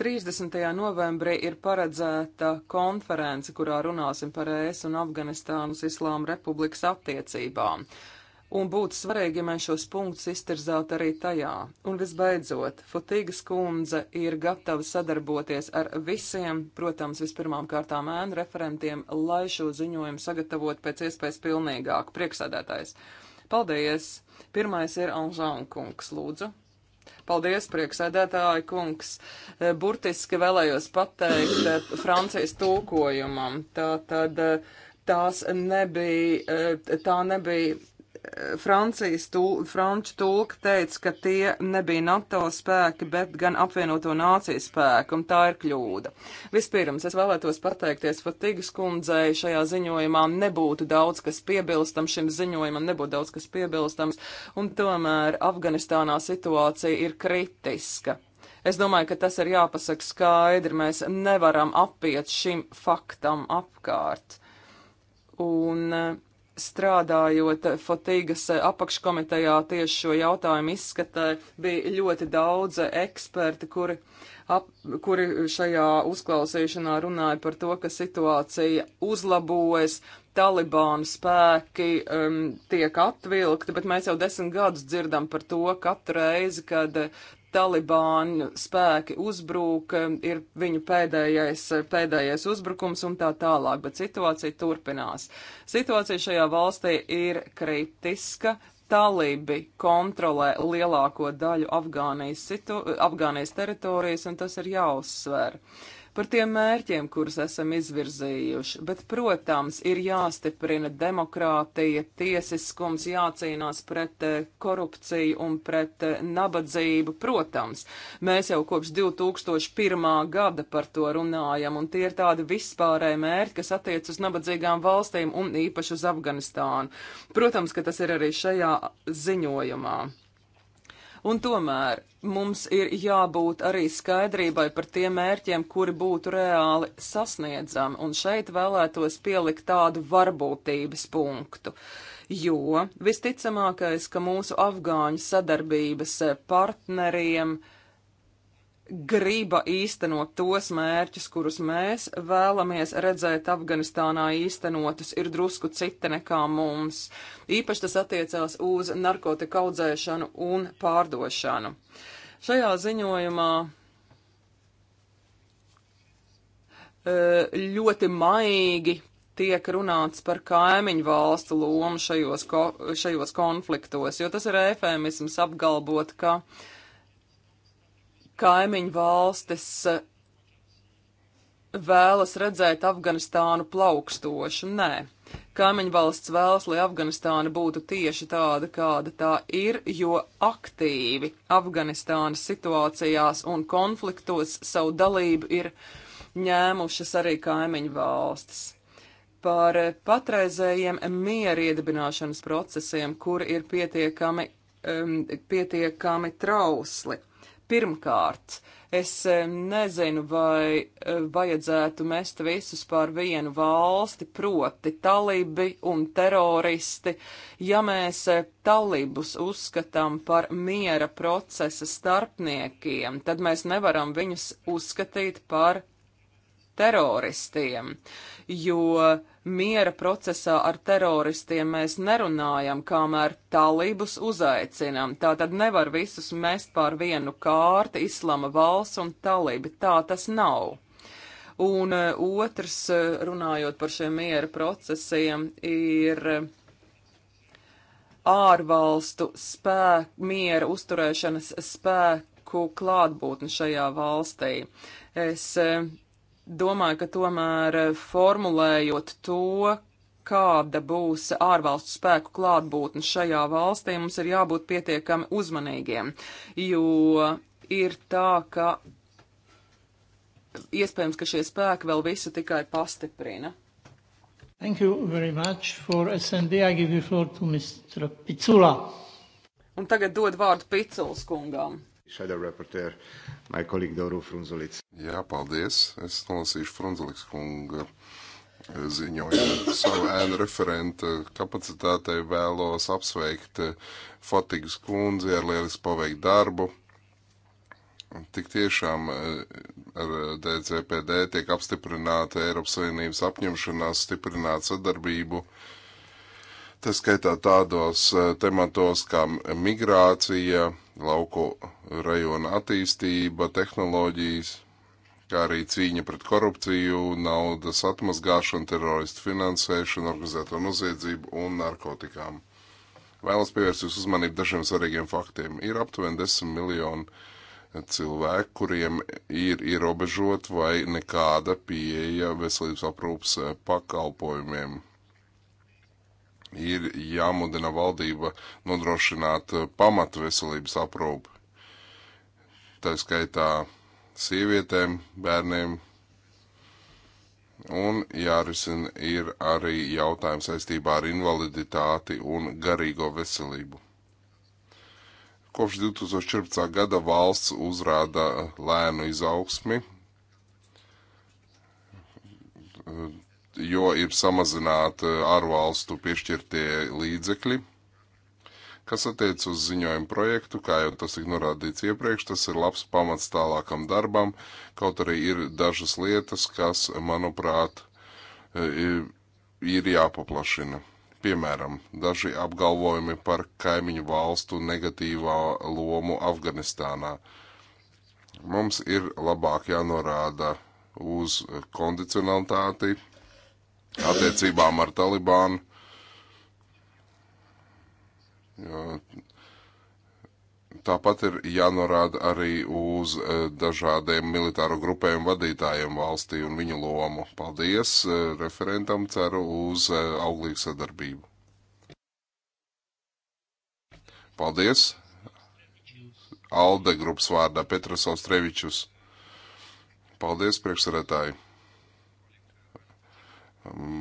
Trīsdesmitajā novembrī ir paredzēta konference, kurā runāsim par ES un Afganistānas Islāma Republikas attiecībām. Uh, un būtu svarīgi, ja mēs šos punktus iztirzātu arī tajā. Un visbeidzot, Futīgas kundze ir gatava sadarboties ar visiem, protams, vispirmām kārtām ēnu referentiem, lai šo ziņojumu sagatavot pēc iespējas pilnīgāk. Prieksēdētājs. Paldies! Pirmais ir Anžāna kungs, lūdzu. Paldies, prieksēdētāji kungs. Burtiski vēlējos pateikt eh, Francijas tūkojumam. Tā tad eh, tās nebija, eh, tā nebija Francijas tūl, franču tulka teica, ka tie nebija NATO spēki, bet gan apvienoto nāciju spēki, un tā ir kļūda. Vispirms es vēlētos pateikties Fatigas kundzei šajā ziņojumā. Nebūtu daudz, kas piebilstams šim ziņojumam, nebūtu daudz, kas piebilstams, un tomēr Afganistānā situācija ir kritiska. Es domāju, ka tas ir jāpasaka skaidri. Mēs nevaram apiet šim faktam apkārt. Un strādājot Fotīgas apakškomitejā tieši šo jautājumu izskatē, bija ļoti daudz eksperti, kuri, ap, kuri šajā uzklausīšanā runāja par to, ka situācija uzlabojas, Talibānu spēki um, tiek atvilkti, bet mēs jau desmit gadus dzirdam par to katru reizi, kad Talibāņu spēki uzbrūk, ir viņu pēdējais, pēdējais uzbrukums un tā tālāk, bet situācija turpinās. Situācija šajā valstī ir kritiska. Talibi kontrolē lielāko daļu Afgānijas, situ, Afgānijas teritorijas, un tas ir jāuzsver. Uh, par tiem mērķiem, kurus esam izvirzījuši. Bet, protams, ir jāstiprina demokrātija, tiesiskums, jācīnās pret eh, korupciju un pret eh, nabadzību. Protams, mēs jau kopš 2001. gada par to runājam, un tie ir tādi vispārēji mērķi, kas attiec uz nabadzīgām valstīm un īpaši uz Afganistānu. Protams, ka tas ir arī šajā ziņojumā. Un tomēr mums ir jābūt arī skaidrībai par tiem mērķiem, kuri būtu reāli sasniedzami, un šeit vēlētos pielikt tādu varbūtības punktu. Jo visticamākais, ka mūsu afgāņu sadarbības partneriem uh, griba īstenot tos mērķus, kurus mēs vēlamies redzēt Afganistānā īstenotus, ir drusku cita nekā mums. Īpaši tas attiecās uz narkotika audzēšanu un pārdošanu. Šajā ziņojumā e, ļoti maigi tiek runāts par kaimiņu valstu lomu šajos, ko, šajos konfliktos, jo tas ir efēmisms apgalbot, ka uh, kaimiņu valstis eh, vēlas redzēt Afganistānu plaukstošu. Nē, kaimiņu valsts vēlas, lai Afganistāna būtu tieši tāda, kāda tā ir, jo aktīvi Afganistānas situācijās un konfliktos savu dalību ir ņēmušas arī kaimiņu valstis par eh, patreizējiem miera iedibināšanas procesiem, kuri ir pietiekami, um, pietiekami trausli. Pirmkārt, es nezinu, vai eh, vajadzētu mest visus pār vienu valsti, proti talibi un teroristi. Ja mēs eh, talibus uzskatām par miera procesa starpniekiem, tad mēs nevaram viņus uzskatīt par teroristiem, jo uh, miera procesā ar teroristiem mēs nerunājam, kamēr talībus uzaicinam. Tā tad nevar visus mest pār vienu kārti islama valsts un talībi. Tā tas nav. Un e, otrs, e, runājot par šiem miera procesiem, ir e, ārvalstu spēku, miera uzturēšanas spēku klātbūtni šajā valstī. Es domāju, ka tomēr eh, formulējot to, kāda būs ārvalstu spēku klātbūtne šajā valstī, mums ir jābūt pietiekami uzmanīgiem, jo ir tā, ka iespējams, ka šie spēki vēl visu tikai pastiprina. Thank you very much for SND. I give you floor to Mr. Picula. Un tagad dod vārdu Piculas kungam. Shadow Reporter, my colleague Doru Frunzulic. Jā, paldies. Es nolasīšu Frunzuliks kunga eh, ziņojumu. Savu ēnu referenta kapacitātei vēlos apsveikt eh, Fatigas kundzi ar lielisku paveikt darbu. Tik tiešām eh, ar DCPD tiek apstiprināta Eiropas Savienības apņemšanās stiprināt sadarbību uh, Tas skaitā tādos eh, tematos kā migrācija, lauku rajona attīstība, tehnoloģijas, kā arī cīņa pret korupciju, naudas atmazgāšanu, teroristu finansēšanu, organizēto noziedzību un narkotikām. Vēlos pievērst jūsu uzmanību dažiem svarīgiem faktiem. Ir aptuveni 10 miljoni eh, cilvēku, kuriem ir ierobežot vai nekāda pieeja veselības aprūpas eh, pakalpojumiem ir jāmudina valdība nodrošināt eh, pamatu veselības aprūpi. Tā skaitā sievietēm, bērniem. Un jārisina ir arī jautājums saistībā ar invaliditāti un garīgo veselību. Kopš 2014. gada valsts uzrāda eh, lēnu izaugsmi, jo ir samazināti eh, ārvalstu piešķirtie līdzekļi. Kas attiec uz ziņojumu projektu, kā jau tas tika norādīts iepriekš, tas ir labs pamats tālākam darbam, kaut arī ir dažas lietas, kas, manuprāt, eh, ir jāpaplašina. Piemēram, daži apgalvojumi par kaimiņu valstu negatīvā lomu Afganistānā. Mums ir labāk jānorāda uz kondicionalitāti, attiecībām ar Talibānu. Jo tāpat ir jānorāda arī uz e, dažādiem militāru grupējumu vadītājiem valstī un viņu lomu. Paldies e, referentam, ceru uz e, auglīgu sadarbību. Paldies! Alde grupas vārdā Petras Austrevičus. Paldies, priekšsarētāji! Um,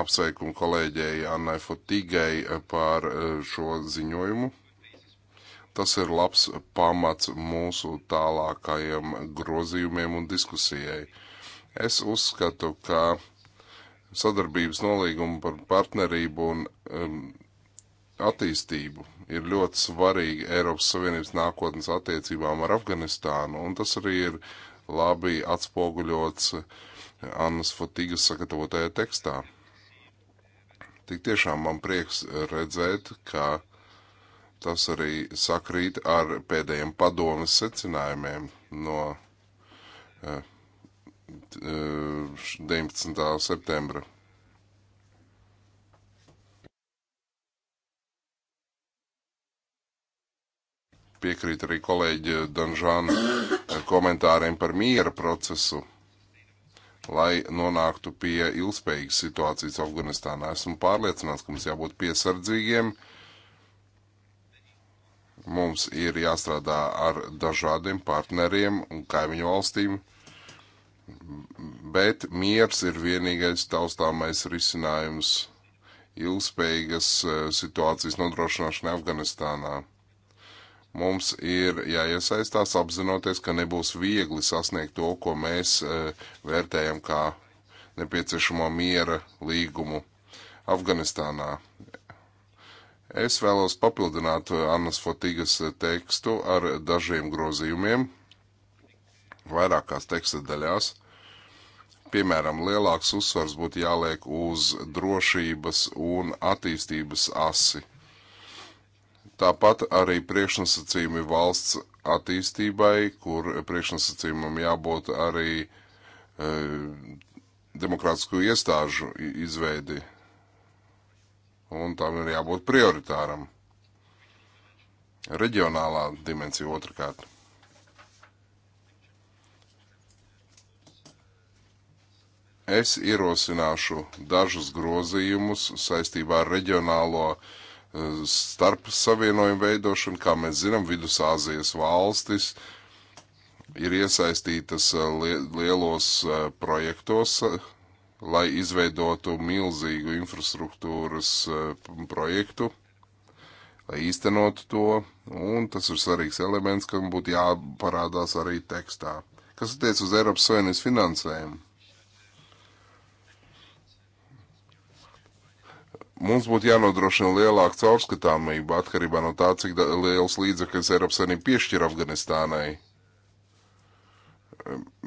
apsveikumu kolēģei Annai Fotīgai par uh, šo ziņojumu. Tas ir labs pamats mūsu tālākajiem grozījumiem un diskusijai. Es uzskatu, ka sadarbības nolīguma par partnerību un um, attīstību ir ļoti svarīgi Eiropas Savienības nākotnes attiecībām ar Afganistānu, un tas arī ir labi atspoguļots uh, Annas Fotīgas sagatavotajā tekstā. Tik tiešām man prieks redzēt, ka tas arī sakrīt ar pēdējiem padomas secinājumiem no 19. Eh, eh, septembra. Piekrīt arī kolēģi Danžāna eh, komentāriem par miera procesu lai nonāktu pie ilgspējīgas situācijas Afganistānā. Esmu pārliecināts, ka mums jābūt piesardzīgiem. Mums ir jāstrādā ar dažādiem partneriem un kaimiņu valstīm, bet miers ir vienīgais taustāmais risinājums ilgspējīgas eh, situācijas nodrošināšanai Afganistānā. Mums ir jāiesaistās apzinoties, ka nebūs viegli sasniegt to, ko mēs e, vērtējam kā nepieciešamo miera līgumu Afganistānā. Es vēlos papildināt e, Annas Fotīgas e, tekstu ar dažiem grozījumiem vairākās teksta daļās. Piemēram, lielāks uzsvars būtu jāliek uz drošības un attīstības asi. Tāpat arī priekšnosacījumi valsts attīstībai, kur priekšnosacījumam jābūt arī e, demokrātisku iestāžu izveidi. Un tam ir jābūt prioritāram. Reģionālā dimensija otrkārt. Es ierosināšu dažus grozījumus saistībā ar reģionālo uh, starp savienojumu veidošanu. Kā mēs zinām, Vidusāzijas valstis ir iesaistītas eh, lielos eh, projektos, eh, lai izveidotu milzīgu infrastruktūras projektu, lai īstenotu to, un tas ir svarīgs elements, kam būtu jāparādās arī tekstā. Kas attiec uz Eiropas Savienības finansējumu? Mums būtu jānodrošina lielāka caurskatāmība atkarībā no tā, cik liels līdzekļus Eiropas Savienība piešķir Afganistānai.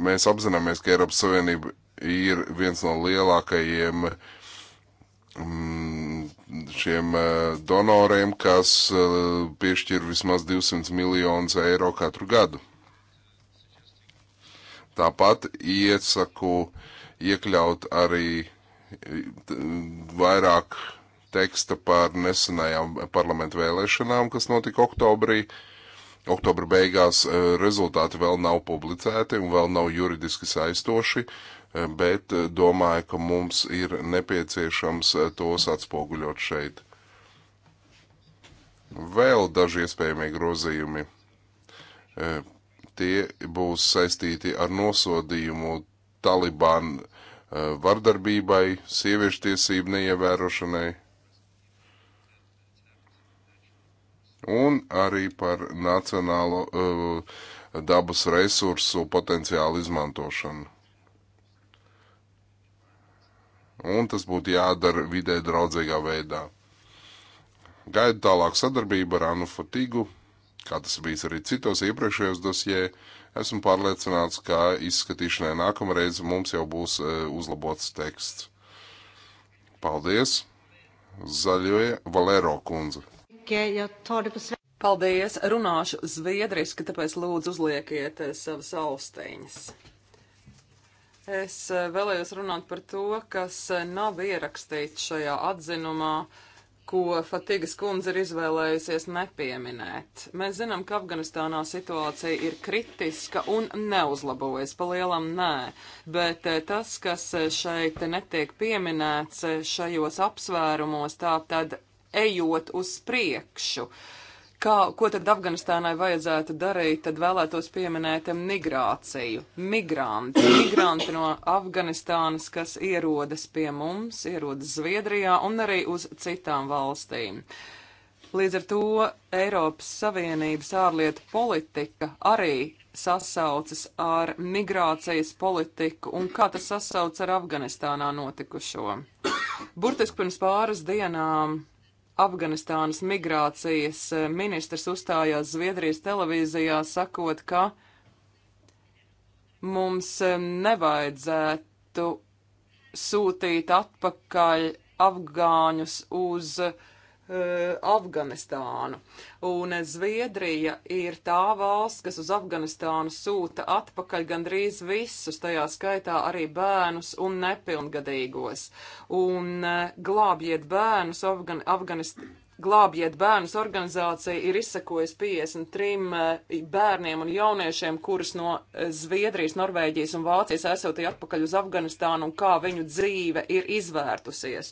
Mēs apzināmies, ka Eiropas Savienība ir viens no lielākajiem mm, šiem eh, donoriem, kas eh, piešķir vismaz 200 miljonus eiro katru gadu. Tāpat iesaku iekļaut arī eh, vairāk teksta par nesenajām parlamentu vēlēšanām, kas notika oktobrī. Oktobra beigās e, rezultāti vēl nav publicēti un vēl nav juridiski saistoši, e, bet e, domāju, ka mums ir nepieciešams tos atspoguļot šeit. Vēl daži iespējamie grozījumi. Tie būs saistīti ar nosodījumu Taliban vardarbībai, sieviešu tiesību neievērošanai un arī par nacionālo uh, dabas resursu potenciālu izmantošanu. Un tas būtu jādara vidē draudzīgā veidā. Gaidu tālāk sadarbību ar Anu Fatigu, kā tas bijis arī citos iepriekšējos dosjē. Esmu pārliecināts, ka izskatīšanai nākamreiz mums jau būs uh, uzlabots teksts. Paldies! Zaļoja Valero kundze. Paldies! Runāšu zviedriski, tāpēc lūdzu uzliekiet eh, savas austiņas. Es eh, vēlējos runāt par to, kas eh, nav ierakstīts šajā atzinumā, ko Fatigas kundze ir izvēlējusies nepieminēt. Mēs zinām, ka Afganistānā situācija ir kritiska un neuzlabojas, pa lielam nē, bet tas, kas šeit netiek pieminēts šajos apsvērumos, tā tad ejot uz priekšu. Kā, ko tad Afganistānai vajadzētu darīt, tad vēlētos pieminēt migrāciju. Migranti. Migranti no Afganistānas, kas ierodas pie mums, ierodas Zviedrijā un arī uz citām valstīm. Līdz ar to Eiropas Savienības ārlietu politika arī sasaucas ar migrācijas politiku un kā tas sasauc ar Afganistānā notikušo. Burtiski pirms pāris dienām Afganistānas migrācijas eh, ministrs uzstājās Zviedrijas televīzijā, sakot, ka mums eh, nevajadzētu sūtīt atpakaļ afgāņus uz uh, Uh, Afganistānu. Un Zviedrija ir tā valsts, kas uz Afganistānu sūta atpakaļ gandrīz visus, tajā skaitā arī bērnus un nepilngadīgos. Un uh, glābiet bērnus Afgan Afganist Glābjiet bērnus organizācija ir izsakojusi 53 eh, bērniem un jauniešiem, kurus no eh, Zviedrijas, Norvēģijas un Vācijas aizsūtīja atpakaļ uz Afganistānu un kā viņu dzīve ir izvērtusies.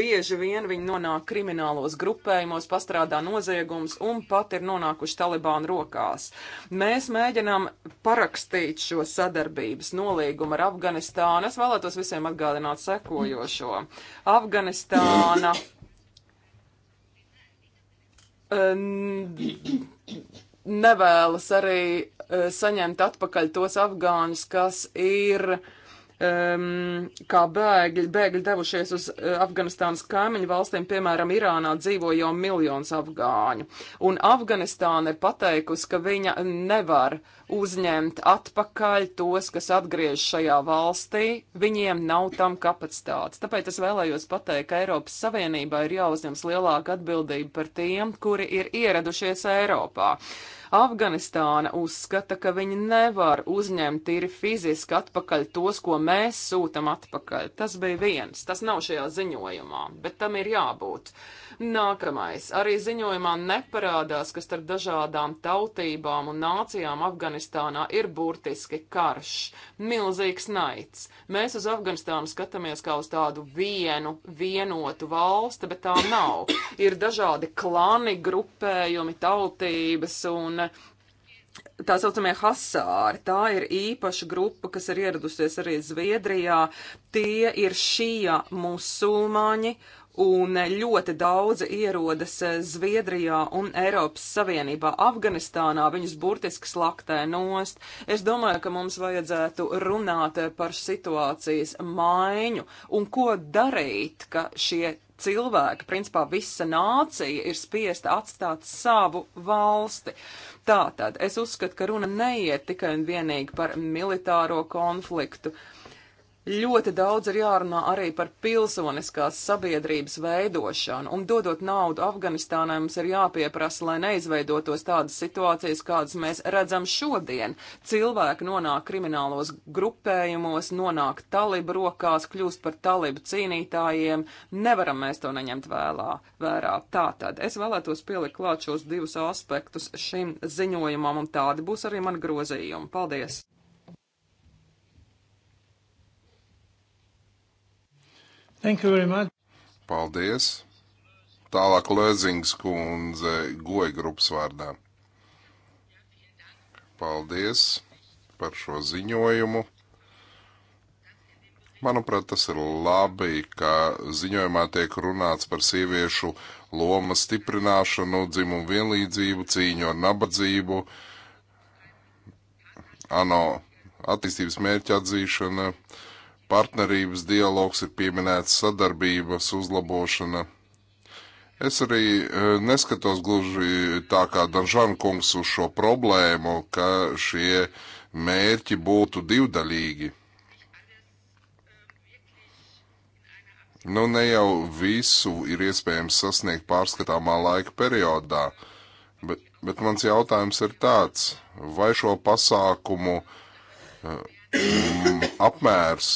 Bieži vien viņi nonāk kriminālos grupējumos, pastrādā noziegums un pat ir nonākuši Talibānu rokās. Mēs mēģinām parakstīt šo sadarbības nolīgumu ar Afganistānu. Es vēlētos visiem atgādināt sekojošo. Afganistāna nevēlas arī eh, saņemt atpakaļ tos afgāņus, kas ir uh, um, kā bēgļi, bēgļi devušies uz uh, Afganistānas kaimiņu valstīm, piemēram, Irānā dzīvo jau miljons afgāņu. Un Afganistāna ir pateikusi, ka viņa nevar uzņemt atpakaļ tos, kas atgriež šajā valstī, viņiem nav tam kapacitātes. Tāpēc es vēlējos pateikt, ka Eiropas Savienībā ir jāuzņems lielāka atbildība par tiem, kuri ir ieradušies Eiropā. Uh, Afganistāna uzskata, ka viņi nevar uzņemt tīri fiziski atpakaļ tos, ko mēs sūtam atpakaļ. Tas bija viens, tas nav šajā ziņojumā, bet tam ir jābūt. Uh, Nākamais. Arī ziņojumā neparādās, ka starp dažādām tautībām un nācijām Afganistānā ir burtiski karš, milzīgs naids. Mēs uz Afganistānu skatāmies kā uz tādu vienu, vienotu valsti, bet tā nav. Ir dažādi klani, grupējumi, tautības un tā saucamie hasāri. Tā ir īpaša grupa, kas ir ieradusies arī Zviedrijā. Tie ir šie musulmaņi, un ļoti daudzi ierodas eh, Zviedrijā un Eiropas Savienībā. Afganistānā viņus burtiski slaktē nost. Es domāju, ka mums vajadzētu runāt eh, par situācijas maiņu un ko darīt, ka šie cilvēki, principā visa nācija ir spiesta atstāt savu valsti. Tātad es uzskatu, ka runa neiet tikai un vienīgi par militāro konfliktu. Uh, Ļoti daudz ir jārunā arī par pilsoniskās sabiedrības veidošanu, un dodot naudu Afganistānai mums ir jāpieprasa, lai neizveidotos tādas situācijas, kādas mēs redzam šodien. Cilvēki nonāk kriminālos grupējumos, nonāk talibu rokās, kļūst par talibu cīnītājiem, nevaram mēs to neņemt vēlā, vērā. Tātad es vēlētos pielikt klāt šos divus aspektus šim ziņojumam, un tādi būs arī mani grozījumi. Paldies! Thank you very much. Paldies. Tālāk Lēzings kundze goja grupas vārdā. Paldies par šo ziņojumu. Manuprāt, tas ir labi, ka ziņojumā tiek runāts par sieviešu lomas stiprināšanu, dzimumu vienlīdzību, cīņu ar nabadzību, ANO attīstības mērķa atzīšana. Uh, partnerības dialogs ir pieminēts, sadarbības uzlabošana. Es arī e, neskatos gluži tā kā Danžana kungs uz šo problēmu, ka šie mērķi būtu divdaļīgi. Nu, ne jau visu ir iespējams sasniegt pārskatāmā laika periodā, bet, bet mans jautājums ir tāds, vai šo pasākumu uh, apmērs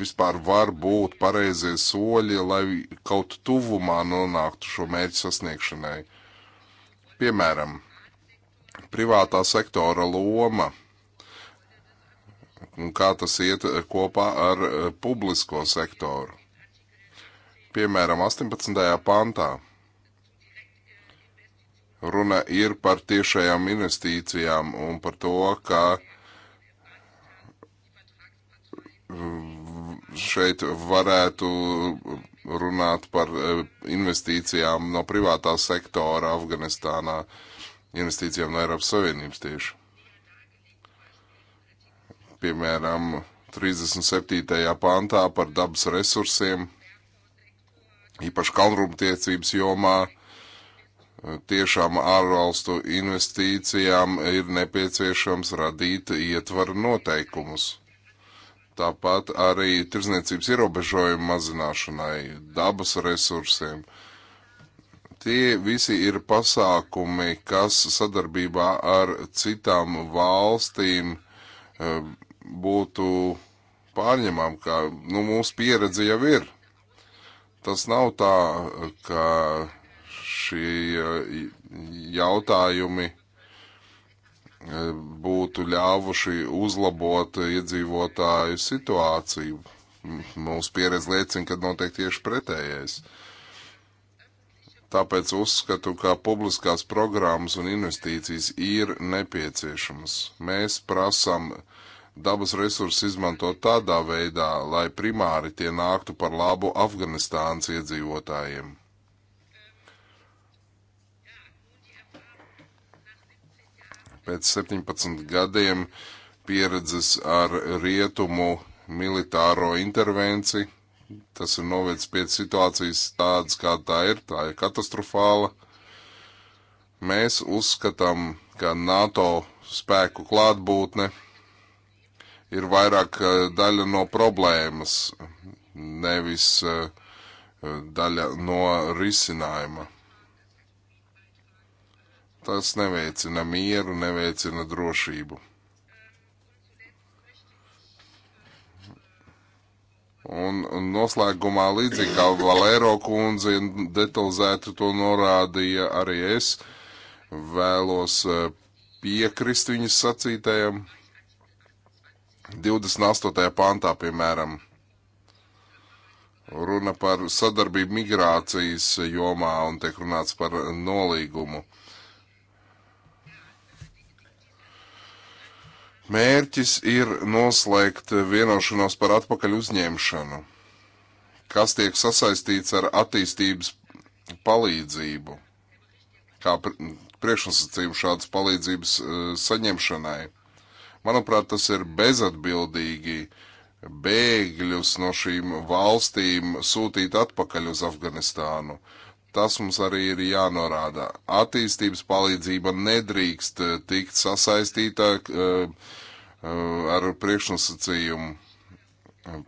vispār var būt pareizie soļi, lai kaut tuvumā nonāktu šo mērķu sasniegšanai. Piemēram, privātā sektora loma un kā tas iet kopā ar publisko sektoru. Piemēram, 18. pantā runa ir par tiešajām investīcijām un par to, ka uh, šeit varētu runāt par eh, investīcijām no privātā sektora Afganistānā, investīcijām no Eiropas Savienības tieši. Piemēram, 37. pāntā par dabas resursiem, īpaši kalnrūpniecības jomā, eh, tiešām ārvalstu investīcijām ir nepieciešams radīt ietvaru noteikumus Tāpat arī tirzniecības ierobežojumu mazināšanai, dabas resursiem. Tie visi ir pasākumi, kas sadarbībā ar citām valstīm e, būtu pārņemam, ka nu, mūsu pieredze jau ir. Tas nav tā, ka šie jautājumi būtu ļāvuši uzlabot iedzīvotāju situāciju. Mūsu pieredze liecina, ka notiek tieši pretējais. Tāpēc uzskatu, ka publiskās programmas un investīcijas ir nepieciešamas. Mēs prasam dabas resursus izmantot tādā veidā, lai primāri tie nāktu par labu Afganistānas iedzīvotājiem. pēc 17 gadiem pieredzes ar rietumu militāro intervenciju. Tas ir novedis pie situācijas tādas, kāda tā ir. Tā ir katastrofāla. Mēs uzskatām, ka NATO spēku klātbūtne ir vairāk eh, daļa no problēmas, nevis eh, daļa no risinājuma. Tas neveicina mieru, neveicina drošību. Un, un noslēgumā, līdzīgi kā Valēro kundze detalizēti to norādīja, arī es vēlos e, piekrist viņas sacītajam 28. pantā, piemēram. Runa par sadarbību migrācijas jomā un tiek runāts par nolīgumu. Mērķis ir noslēgt vienošanos par atpakaļ uzņemšanu, kas tiek sasaistīts ar attīstības palīdzību, kā priekšnosacījumu šādas palīdzības e, saņemšanai. Manuprāt, tas ir bezatbildīgi bēgļus no šīm valstīm sūtīt atpakaļ uz Afganistānu. Uh, tas mums arī ir jānorāda. Attīstības palīdzība nedrīkst eh, tikt sasaistītā eh, eh, ar priekšnosacījumu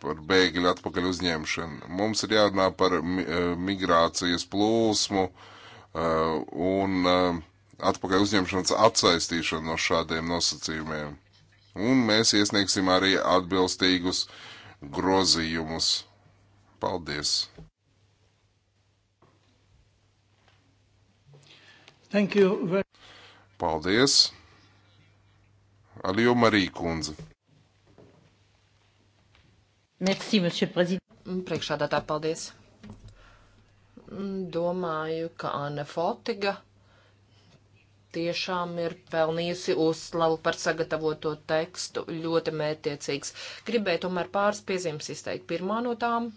par bēgļu atpakaļ uzņemšanu. Mums ir jārunā par migrācijas plūsmu un atpakaļ uzņemšanas atsaistīšanu no šādiem nosacījumiem. Un mēs iesniegsim arī atbilstīgus grozījumus. Paldies! Thank you. Very... Paldies. Alio Marija kundze. Merci, monsieur prezident. Priekšādātā paldies. Domāju, ka Anna Fotiga tiešām ir pelnījusi uzslavu par sagatavoto tekstu. Ļoti mērtiecīgs. Gribēju tomēr pāris piezīmes izteikt. Pirmā no tām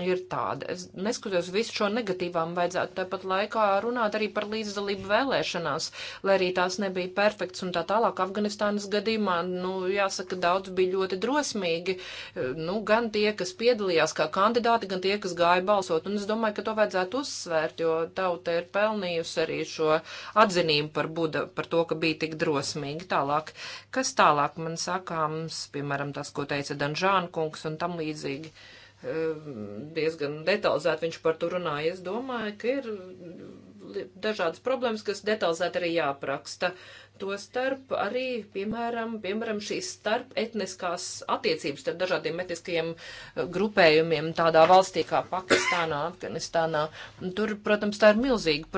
ir tāda. Es neskatoties visu šo negatīvām, vajadzētu tāpat laikā runāt arī par līdzdalību vēlēšanās, lai arī tās nebija perfekts un tā tālāk. Afganistānas gadījumā, nu, jāsaka, daudz bija ļoti drosmīgi. Nu, gan tie, kas piedalījās kā kandidāti, gan tie, kas gāja balsot. Un es domāju, ka to vajadzētu uzsvērt, jo tauta ir pelnījusi arī šo atzinību par Buda, par to, ka bija tik drosmīgi. Tālāk, kas tālāk man sakāms, piemēram, tas, ko teica Danžāna kungs un tam līdzīgi. Thank you diezgan detalizēti viņš par to runāja. Es domāju, ka ir dažādas problēmas, kas detalizēti arī jāapraksta. Tostarp arī, piemēram, piemēram šīs starp etniskās attiecības starp dažādiem etniskajiem eh, grupējumiem tādā valstī kā Pakistānā, Afganistānā. Tur, protams, tā ir milzīga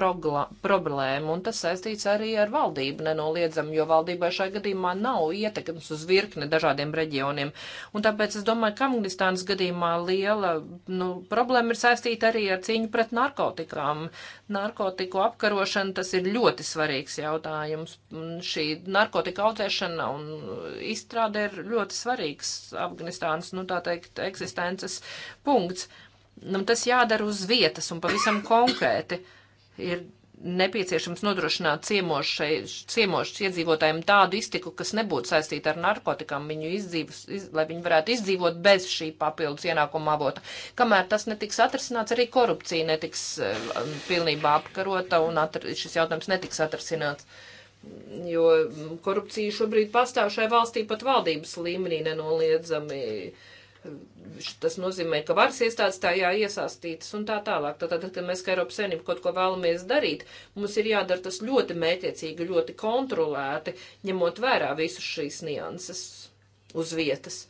problēma, un tas saistīts arī ar valdību nenoliedzam, jo valdībai šai gadījumā nav ietekmes uz virkni dažādiem reģioniem. Un tāpēc es domāju, ka Afganistānas gadījumā liela nu, problēma ir saistīta arī ar cīņu pret narkotikām. Narkotiku apkarošana tas ir ļoti svarīgs jautājums un šī narkotika audzēšana un izstrāde ir ļoti svarīgs Afganistānas, nu tā teikt, eksistences punkts. Nu, tas jādara uz vietas un pavisam konkrēti. Ir nepieciešams nodrošināt ciemošai, ciemošas iedzīvotājiem tādu iztiku, kas nebūtu saistīta ar narkotikām, viņu izdzīvus, iz, lai viņi varētu izdzīvot bez šī papildus ienākuma avota. Kamēr tas netiks atrisināts, arī korupcija netiks uh, pilnībā apkarota un atr, šis jautājums netiks atrisināts jo korupcija šobrīd pastāv šai valstī pat valdības līmenī nenoliedzami. Tas nozīmē, ka varas iestādes tajā iesaistītas un tā tālāk. Tātad, kad mēs kā Eiropas Savienība kaut ko vēlamies darīt, mums ir jādara tas ļoti mētiecīgi, ļoti kontrolēti, ņemot vērā visus šīs nianses uz vietas.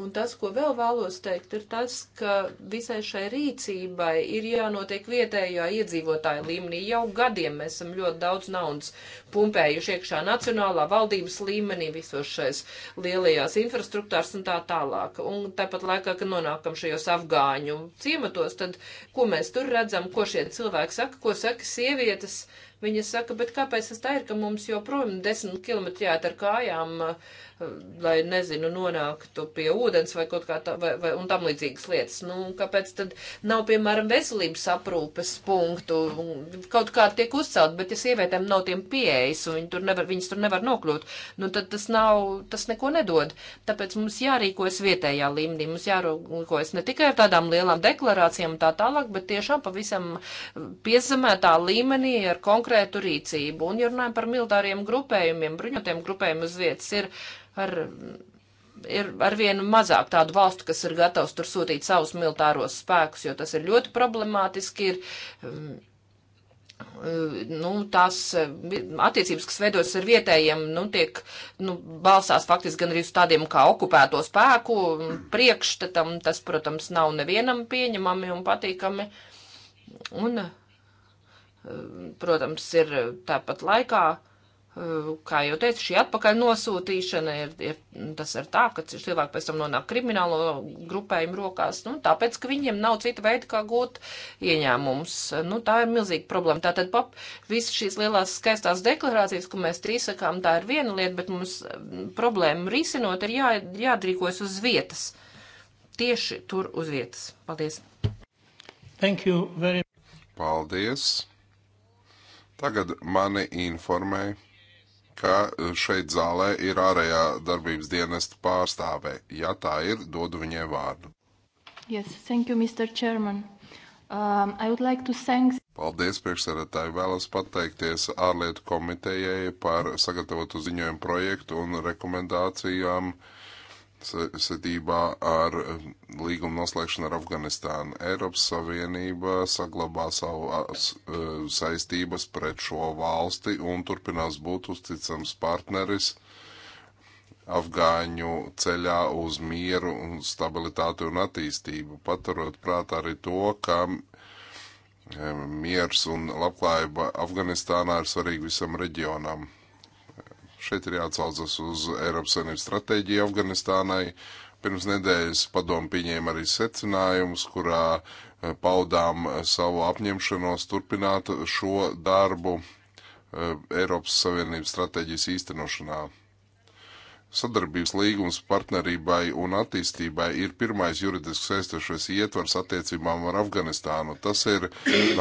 Un tas, ko vēl vēlos teikt, ir tas, ka visai šai rīcībai ir jānotiek vietējā iedzīvotāja līmenī. Jau gadiem mēs esam ļoti daudz naudas pumpējuši iekšā nacionālā valdības līmenī visos šais lielajās infrastruktūras un tā tālāk. Un tāpat laikā, kad nonākam šajos afgāņu ciematos, tad ko mēs tur redzam, ko šie cilvēki saka, ko saka sievietes. Viņa saka, bet kāpēc tas tā ir, ka mums joprojām desmit kilometri jāt ar kājām uh, lai, nezinu, nonāktu pie ūdens vai kaut kā tā, vai, vai, un tam līdzīgas lietas. Nu, kāpēc tad nav, piemēram, veselības aprūpes punktu? Kaut kā tiek uzcelt, bet ja sievietēm nav tiem pieejas un viņi tur nevar, viņas tur nevar nokļūt, nu tad tas nav, tas neko nedod. Tāpēc mums jārīkojas vietējā līmenī, mums jārīkojas ne tikai ar tādām lielām deklarācijām tā tālāk, bet tiešām pavisam piezemētā līmenī ar konkrētu rīcību. Un, ja runājam par militāriem grupējumiem, bruņotiem grupējumiem uz vietas, ir ar, ir ar vienu mazāk tādu valstu, kas ir gatavs tur sūtīt savus militāros spēkus, jo tas ir ļoti problemātiski. Ir, um, uh, Nu, tās uh, attiecības, kas veidojas ar vietējiem, nu, tiek nu, balstās faktiski gan arī uz tādiem kā okupēto spēku priekšstatam. Tas, protams, nav nevienam pieņemami un patīkami. Un, uh, protams, ir tāpat laikā Eh, kā jau teicu, šī atpakaļ nosūtīšana ir, ir nu, tas ir tā, ka cilvēki pēc tam nonāk kriminālo grupējumu rokās, nu, tāpēc, ka viņiem nav cita veida, kā gūt ieņēmumus. Eh, nu, tā ir milzīga problēma. Tātad, pap, visas šīs lielās skaistās deklarācijas, ko mēs trīs sakām, tā ir viena lieta, bet mums mm, problēmu risinot ir jā, jādrīkojas uz vietas. Tieši tur uz vietas. Paldies. Thank you very much. Paldies. Tagad mani informēja ka eh, šeit zālē ir ārējā darbības dienesta pārstāve. Ja tā ir, dodu viņai vārdu. Yes, thank you, Mr. Chairman. Um, I would like to thank... Paldies, priekšsēdētāji. Vēlos pateikties ārlietu komitejai par sagatavotu ziņojumu projektu un rekomendācijām uh, saistībā ar eh, līgumu noslēgšanu ar Afganistānu. Eiropas Savienība saglabā savas eh, saistības pret šo valsti un turpinās būt uzticams partneris afgāņu ceļā uz mieru un stabilitāti un attīstību, paturot prātā arī to, ka eh, miers un labklājība Afganistānā ir svarīgi visam reģionam Šeit ir jāatsaucas uz Eiropas Savienības stratēģiju Afganistānai. Pirms nedēļas padomu pieņēma arī secinājumus, kurā eh, paudām eh, savu apņemšanos turpināt šo darbu eh, Eiropas Savienības stratēģijas īstenošanā. Sadarbības līgums partnerībai un attīstībai ir pirmais juridiski saistošais ietvars attiecībām ar Afganistānu. Tas ir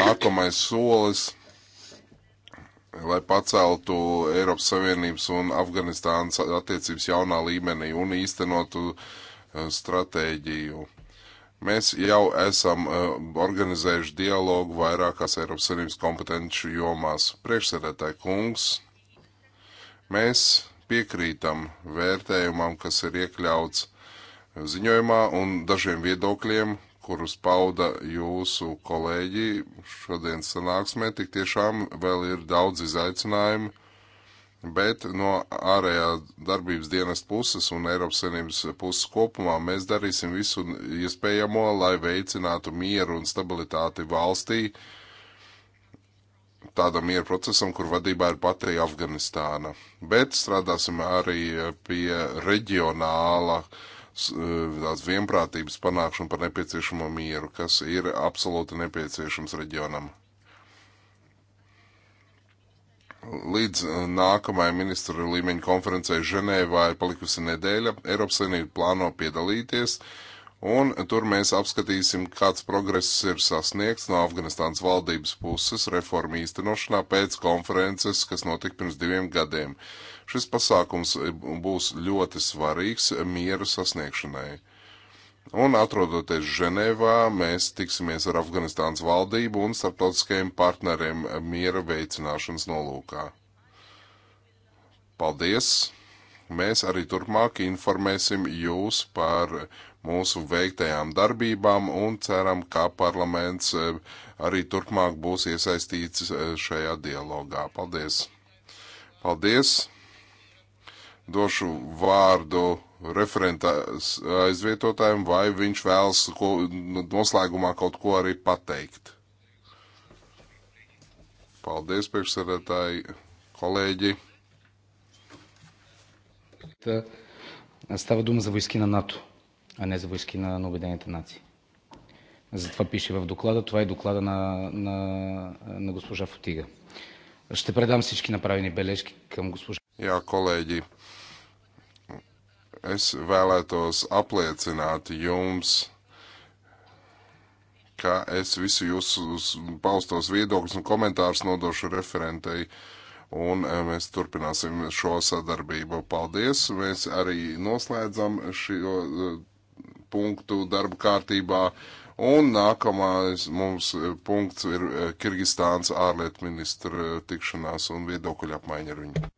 nākamais solis lai paceltu Eiropas Savienības un Afganistānas attiecības jaunā līmenī un īstenotu e, stratēģiju. Mēs jau esam e, organizējuši dialogu vairākās Eiropas Savienības kompetenci jomās. Priekšsēdētāji kungs, mēs piekrītam vērtējumam, kas ir iekļauts ziņojumā un dažiem viedokļiem, kurus pauda jūsu kolēģi šodien sanāksmē, tik tiešām vēl ir daudz izaicinājumu, bet no ārējā darbības dienas puses un Eiropas Savienības puses kopumā mēs darīsim visu iespējamo, lai veicinātu mieru un stabilitāti valstī, tādam mieru procesam, kur vadībā ir patēja Afganistāna. Bet strādāsim arī pie reģionāla uh, E, tās vienprātības panākšanu par nepieciešamo mieru, kas ir absolūti nepieciešams reģionam. Līdz e, nākamajai ministra līmeņa konferencei Ženēvā ir palikusi nedēļa. Eiropas Savienība plāno piedalīties, un tur mēs apskatīsim, kāds progress ir sasniegts no Afganistānas valdības puses reformu īstenošanā pēc konferences, kas notika pirms diviem gadiem. Uh, Šis pasākums eh, būs ļoti svarīgs mieru sasniegšanai. Un atrodoties Ženēvā, mēs tiksimies ar Afganistānas valdību un starptautiskajiem partneriem miera veicināšanas nolūkā. Paldies! Mēs arī turpmāk informēsim jūs par mūsu veiktajām darbībām un ceram, ka parlaments eh, arī turpmāk būs iesaistīts eh, šajā dialogā. Paldies! Paldies! došu vārdu referenta aizvietotājiem, vai viņš vēlas ko, noslēgumā kaut ko arī pateikt. Paldies, priekšsēdētāji, kolēģi. Става дума за войски на НАТО, а не за войски на, на Обединените нации. Затова пише в доклада. Това е доклада на, на, на госпожа Фотига. Ще предам всички направени бележки към госпожа. Я, колеги, Es vēlētos apliecināt jums, ka es visu jūsu paustos viedokļus un komentārus nodošu referentei, un eh, mēs turpināsim šo sadarbību. Paldies! Mēs arī noslēdzam šo eh, punktu darba kārtībā. Un nākamais mums eh, punkts ir Kirgistāns ārlietu ministra tikšanās un viedokļu apmaiņa ar viņu.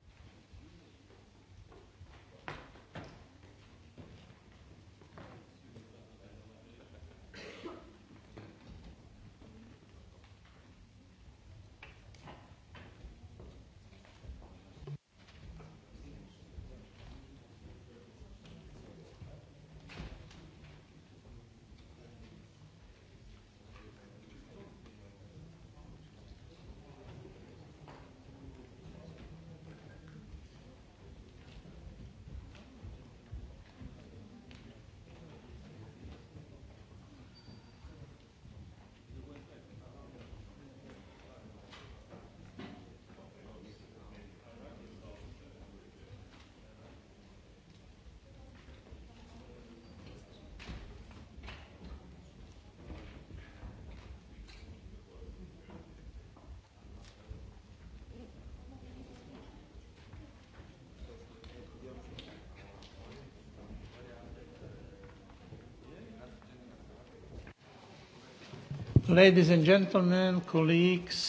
Ladies and gentlemen, colleagues.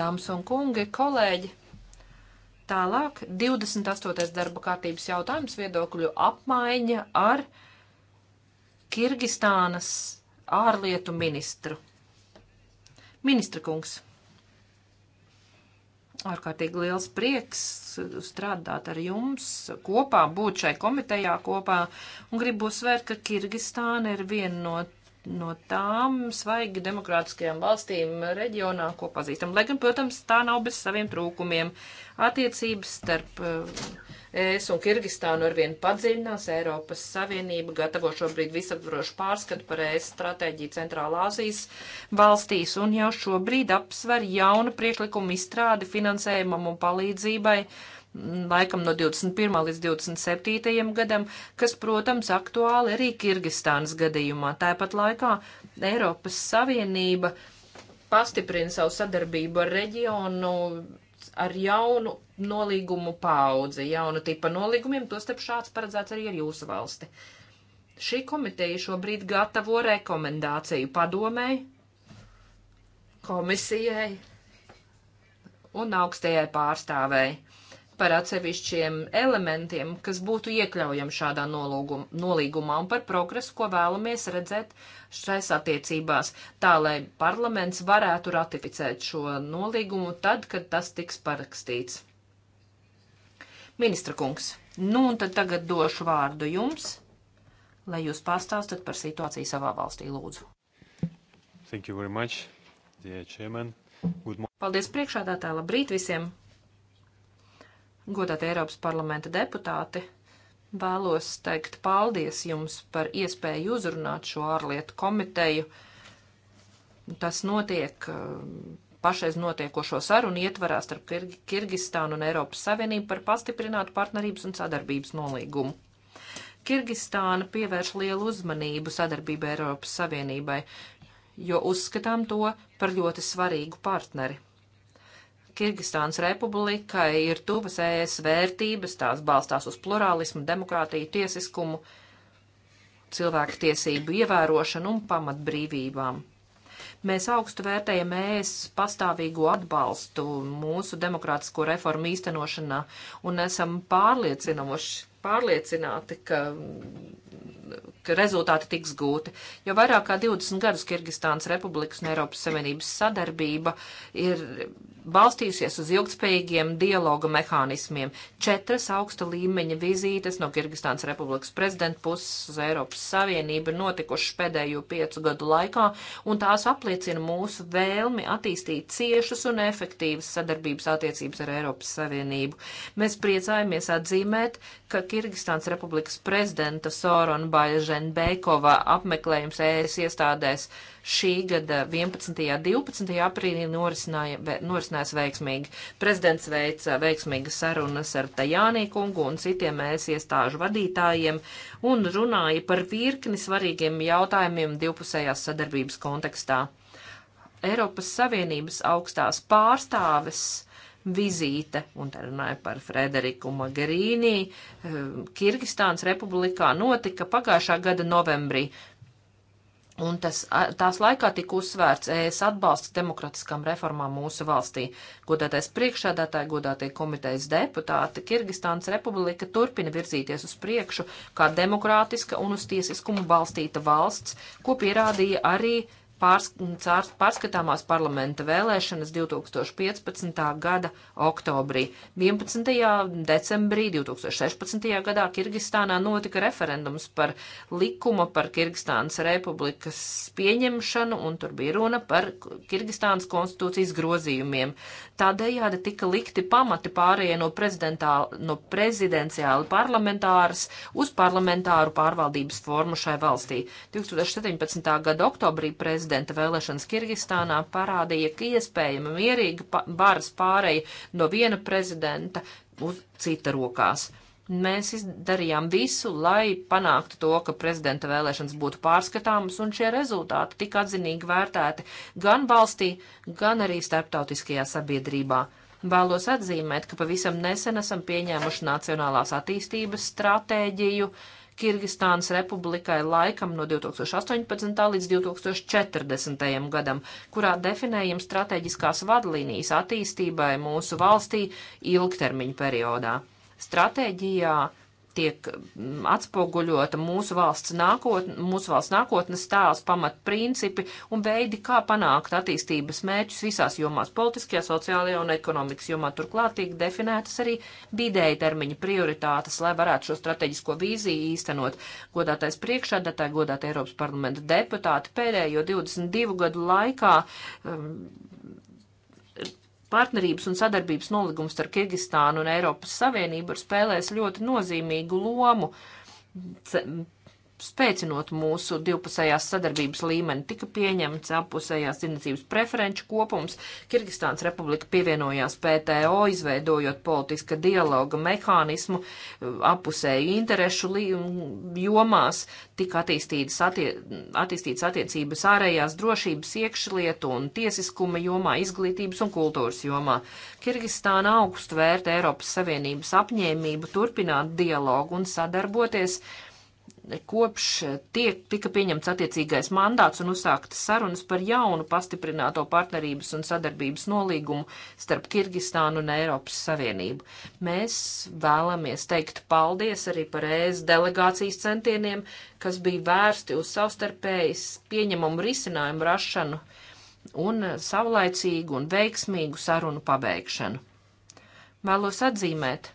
Dāmas un kungi, kolēģi. Tālāk 28. darba kārtības jautājums viedokļu apmaiņa ar Kirgistānas ārlietu ministru. Ministra kungs. Ārkārtīgi liels prieks strādāt ar jums kopā, būt šai komitejā kopā, un gribu svērt, ka Kirgistāna ir viena no no tām svaigi demokrātiskajām valstīm reģionā, ko pazīstam. Lai gan, protams, tā nav bez saviem trūkumiem. Attiecības starp eh, ES un Kirgistānu arvien padziļinās. Eiropas Savienība gatavo šobrīd visaptvarošu pārskatu par ES stratēģiju Centrālā Azijas valstīs un jau šobrīd apsver jaunu priekšlikumu izstrādi finansējumam un palīdzībai Mm, laikam no 21. līdz 27. gadam, kas, protams, aktuāli arī Kirgistānas gadījumā. Tāpat laikā Eiropas Savienība pastiprina savu sadarbību ar reģionu ar jaunu nolīgumu paudzi, jaunu tipa nolīgumiem, tostarp šāds paredzēts arī ar jūsu valsti. Šī komiteja šobrīd gatavo rekomendāciju padomēji, komisijai un augstajai pārstāvēji par atsevišķiem elementiem, kas būtu iekļaujami šādā nolūgum, nolīgumā un par progresu, ko vēlamies redzēt šais attiecībās, tā lai parlaments varētu ratificēt šo nolīgumu tad, kad tas tiks parakstīts. Ministra kungs, nu un tad tagad došu vārdu jums, lai jūs pastāstat par situāciju savā valstī, lūdzu. Thank you very much, dear chairman. Good morning. Paldies priekšādātā, labrīt visiem! godāti Eiropas parlamenta deputāti, vēlos teikt paldies jums par iespēju uzrunāt šo ārlietu komiteju. Tas notiek eh, pašreiz notiekošo sarunu ietvarā starp Kir Kirgistānu un Eiropas Savienību par pastiprinātu partnerības un sadarbības nolīgumu. Kirgistāna pievērš lielu uzmanību sadarbībai Eiropas Savienībai, jo uzskatām to par ļoti svarīgu partneri Kirgistānas republikai ir tuvas ES vērtības, tās balstās uz plurālismu, demokrātiju, tiesiskumu, cilvēku tiesību ievērošanu un pamatbrīvībām. Mēs augstu vērtējam ES pastāvīgo atbalstu mūsu demokrātisko reformu īstenošanā un esam pārliecinoši, pārliecināti, ka ka rezultāti tiks gūti. Jo vairāk kā 20 gadus Kirgistānas Republikas un Eiropas Savienības sadarbība ir balstījusies uz ilgspējīgiem dialoga mehānismiem. Četras augsta līmeņa vizītes no Kirgistānas Republikas prezidenta puses uz Eiropas Savienību notikušas pēdējo piecu gadu laikā, un tās apliecina mūsu vēlmi attīstīt ciešas un efektīvas sadarbības attiecības ar Eiropas Savienību. Mēs priecājamies atzīmēt, ka Kirgistānas Republikas prezidenta Sorona Baļa Ženbekova apmeklējums ES iestādēs uh, šī gada 11. un 12. aprīlī norisinājās veiksmīgi. Prezidents veica veiksmīgas sarunas ar Tajānī kungu un citiem mēs iestāžu vadītājiem un runāja par virkni svarīgiem jautājumiem divpusējās sadarbības kontekstā. Eiropas Savienības augstās pārstāves vizīte, un te runāja par Frederiku Magarīnī, eh, Kirgistānas republikā notika pagājušā gada novembrī. Un tas, tās laikā tika uzsvērts ES atbalsts demokratiskām reformām mūsu valstī. Godātais priekšādātāji, godātie komitejas deputāti, Kirgistānas republika turpina virzīties uz priekšu kā demokrātiska un uz tiesiskumu balstīta valsts, ko pierādīja arī pārs, cārs, pārskatāmās parlamenta vēlēšanas 2015. gada oktobrī. 11. decembrī 2016. gadā Kirgistānā notika referendums par likuma par Kirgistānas republikas pieņemšanu, un tur bija runa par Kirgistānas konstitūcijas grozījumiem. Tādējādi tika likti pamati pārējai no, no prezidenciāli parlamentāras uz parlamentāru pārvaldības formu šai valstī. 2017. gada oktobrī prezidents prezidenta vēlēšanas Kirgistānā parādīja, ka iespējama mierīga varas pāreja no viena prezidenta uz cita rokās. Mēs darījām visu, lai panāktu to, ka prezidenta vēlēšanas būtu pārskatāmas, un šie rezultāti tika atzinīgi vērtēti gan valstī, gan arī starptautiskajā sabiedrībā. Vēlos atzīmēt, ka pavisam nesen esam pieņēmuši Nacionālās attīstības stratēģiju, uh, Kirgistānas republikai laikam no 2018. līdz 2040. gadam, kurā definējam strateģiskās vadlīnijas attīstībai mūsu valstī ilgtermiņa periodā. Stratēģijā tiek mm, atspoguļota mūsu valsts, nākotne, mūsu valsts nākotnes tēls, pamatprincipi un veidi, kā panākt attīstības mērķus visās jomās - politiskajā, sociālajā un ekonomikas jomā. Turklāt tiek definētas arī bidēja termiņa prioritātes, lai varētu šo strateģisko vīziju īstenot. Godātais priekšādātāji, godātie Eiropas parlamenta deputāti pēdējo 22 gadu laikā um, Partnerības un sadarbības nolīgums ar Kirgistānu un Eiropas Savienību ir spēlējis ļoti nozīmīgu lomu spēcinot mūsu divpusējās sadarbības līmeni. Tika pieņemts apusējās tirdzniecības preferenču kopums. Kirgistāns republika pievienojās PTO, izveidojot politiska dialoga mehānismu apusēju interešu jomās. Tika attīstītas, attie attīstītas attiecības ārējās drošības, iekšlietu un tiesiskuma jomā, izglītības un kultūras jomā. Kirgistāna augstu vērtē Eiropas Savienības apņēmību turpināt dialogu un sadarboties. Yeah kopš tiek, tika pieņemts attiecīgais mandāts un uzsāktas sarunas par jaunu pastiprināto partnerības un sadarbības nolīgumu starp Kirgistānu un Eiropas Savienību. Mēs vēlamies teikt paldies arī par ES delegācijas centieniem, kas bija vērsti uz savstarpējas pieņemumu risinājumu rašanu un savlaicīgu un veiksmīgu sarunu pabeigšanu. Vēlos atzīmēt,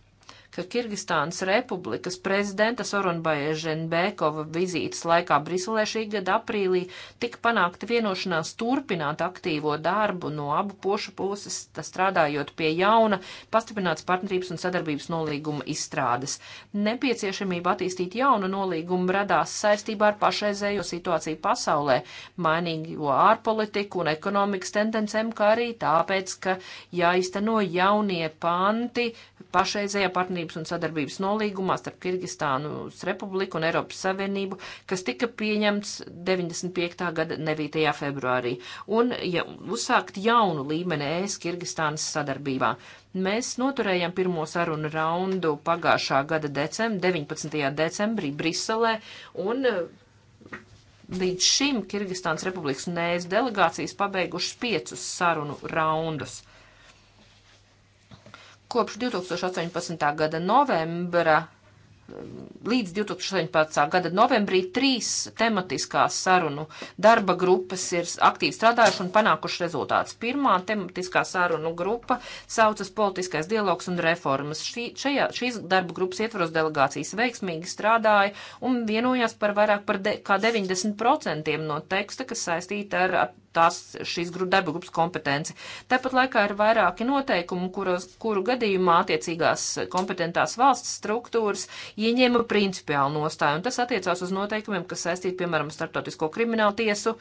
ka Kirgistānas republikas prezidenta Sorunbaja Ženbekova vizītes laikā Briselē šī gada aprīlī tika panākta vienošanās turpināt aktīvo darbu no abu pošu puses, strādājot pie jauna pastiprināts partnerības un sadarbības nolīguma izstrādes. Nepieciešamība attīstīt jaunu nolīgumu radās saistībā ar pašreizējo situāciju pasaulē, mainīgo ārpolitiku un ekonomikas tendencēm, kā arī tāpēc, ka jāizteno jaunie panti pašreizējā partnerības partnerības un sadarbības nolīgumā starp Kirgistānu Republiku un Eiropas Savienību, kas tika pieņemts 95. gada 9. februārī, un ja, uzsākt jaunu līmeni ES Kirgistānas sadarbībā. Mēs noturējām pirmo sarunu raundu pagājušā gada decembrī, 19. decembrī Briselē, un eh, līdz šim Kirgistānas Republikas un ES delegācijas pabeigušas piecus sarunu raundus. Kopš 2018. gada novembra līdz 2018. gada novembrī trīs tematiskās sarunu darba grupas ir aktīvi strādājuši un panākuši rezultātus. Pirmā tematiskā sarunu grupa saucas politiskais dialogs un reformas. Šī, šajā, šīs darba grupas ietvaros delegācijas veiksmīgi strādāja un vienojās par vairāk par de, kā 90% no teksta, kas saistīta ar tās šīs grup, darba grupas kompetence. Tāpat laikā ir vairāki noteikumi, kuros, kuru gadījumā attiecīgās kompetentās valsts struktūras ieņēma principiālu nostāju, un tas attiecās uz noteikumiem, kas saistīti, piemēram, starptautisko kriminālu tiesu,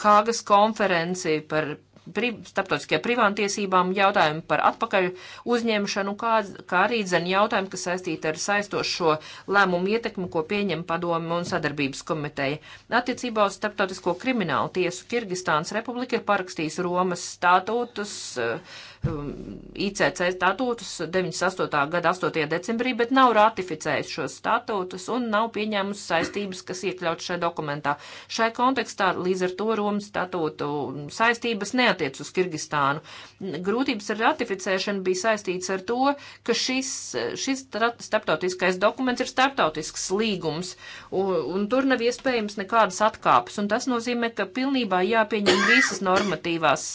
Hāgas konferenci par pri, starptautiskajā privātiesībām, jautājumi par atpakaļ uzņemšanu, kā, kā arī dzen jautājumi, kas saistīti ar saistošo lēmumu ietekmi, ko pieņem padomu un sadarbības komiteja. Attiecībā uz starptautisko kriminālu tiesu Kirgistānas republika ir parakstījis Romas statūtus. Uh, Um, ICC statūtus 98. gada 8. decembrī, bet nav ratificējis šos statūtus un nav pieņēmusi saistības, kas iekļauts šajā dokumentā. Šai kontekstā līdz ar to Romas statūtu saistības neatiec uz Kirgistānu. Grūtības ar ratificēšanu bija saistīts ar to, ka šis, šis starptautiskais dokuments ir starptautisks līgums un, un tur nav iespējams nekādas atkāpes. Un tas nozīmē, ka pilnībā jāpieņem visas normatīvās,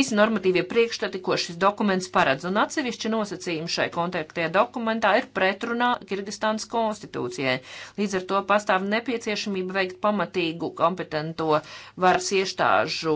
visi normatīvie priekšstati, ko ko šis dokuments paredz, un atsevišķi nosacījumi šai kontaktie dokumentā ir pretrunā Kirgistānas konstitūcijai. Līdz ar to pastāv nepieciešamība veikt pamatīgu kompetento varas iestāžu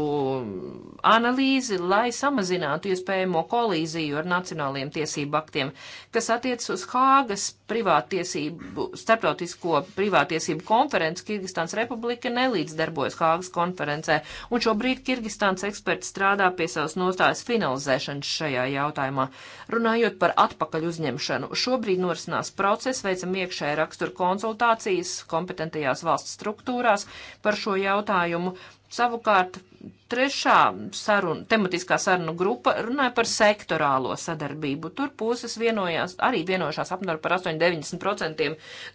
analīzi, lai samazinātu iespējamo kolīziju ar nacionāliem tiesību aktiem, kas attiec uz Hāgas privātiesību, starptautisko privātiesību konferenci Kirgistānas republika nelīdzdarbojas Hāgas konferencē, un šobrīd Kirgistānas eksperti strādā pie savas nostājas finalizēšanas likumdošanas šajā jautājumā. Runājot par atpakaļ uzņemšanu, šobrīd norisinās process, veicam iekšēja rakstura konsultācijas kompetentajās valsts struktūrās par šo jautājumu. Savukārt Trešā saruna, tematiskā saruna grupa runāja par sektorālo sadarbību. Tur puses vienojās, arī vienošās apmēram par 8-90%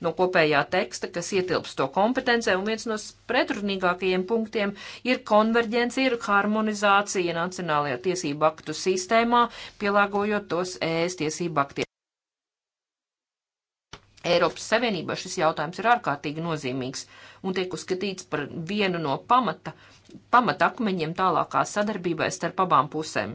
no kopējā teksta, kas ietilps to kompetencē, un viens no pretrunīgākajiem punktiem ir konverģence, ir harmonizācija nacionālajā tiesību aktu sistēmā, pielāgojot tos ES tiesību aktiem. Eiropas Savienībā šis jautājums ir ārkārtīgi nozīmīgs un tiek uzskatīts par vienu no pamata, pamata akmeņiem tālākā sadarbībai starp abām pusēm.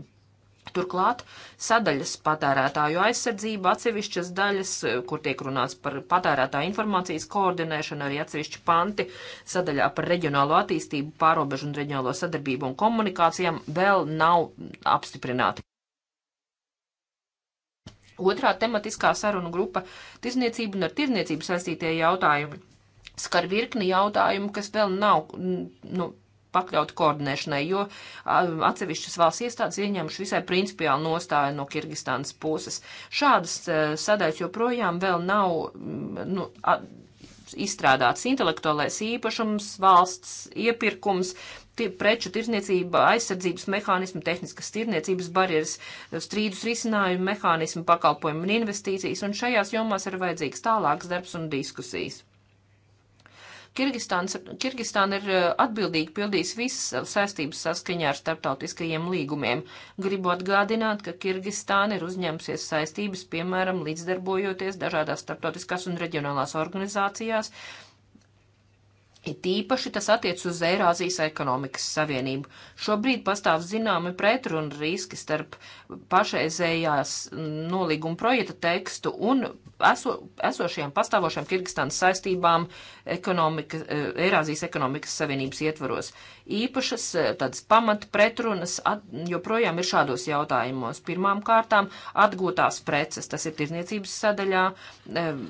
Turklāt sadaļas patērētāju aizsardzība, atsevišķas daļas, kur tiek runāts par patērētāju informācijas koordinēšanu, arī atsevišķi panti sadaļā par reģionālo attīstību, pārobežu un reģionālo sadarbību un komunikācijām vēl nav apstiprināti. Otrā tematiskā sarunu grupa - tirzniecība un ar tirzniecību saistītie jautājumi. Skar virkni jautājumu, kas vēl nav nu, pakļauti koordinēšanai, jo atsevišķas valsts iestādes ieņemšu visai principiāli nostāju no Kirgistānas puses. Šādas e, sadaļas joprojām vēl nav nu, izstrādāts intelektuālais īpašums, valsts iepirkums, preču tirzniecība, aizsardzības mehānismi, tehniskas tirzniecības barjeras, strīdus risinājumu mehānismi, pakalpojumu un investīcijas, un šajās jomās ir vajadzīgs tālāks darbs un diskusijas. Kirgistāna ir eh, atbildīgi pildījusi visas saistības saskaņā ar starptautiskajiem līgumiem. Gribu atgādināt, ka Kirgistāna ir uzņēmusies saistības, piemēram, līdzdarbojoties dažādās starptautiskās un reģionālās organizācijās, It īpaši tas attiec uz Eirāzijas ekonomikas savienību. Šobrīd pastāv zināmi pretruna riski starp pašreizējās mm, nolīguma projekta tekstu un eso, esošajām pastāvošajām Kirgistānas saistībām ekonomika, eh, Eirāzijas ekonomikas savienības ietvaros īpašas eh, tādas pamatu pretrunas at, joprojām ir šādos jautājumos. Pirmām kārtām atgūtās preces, tas ir tirzniecības sadaļā, eh,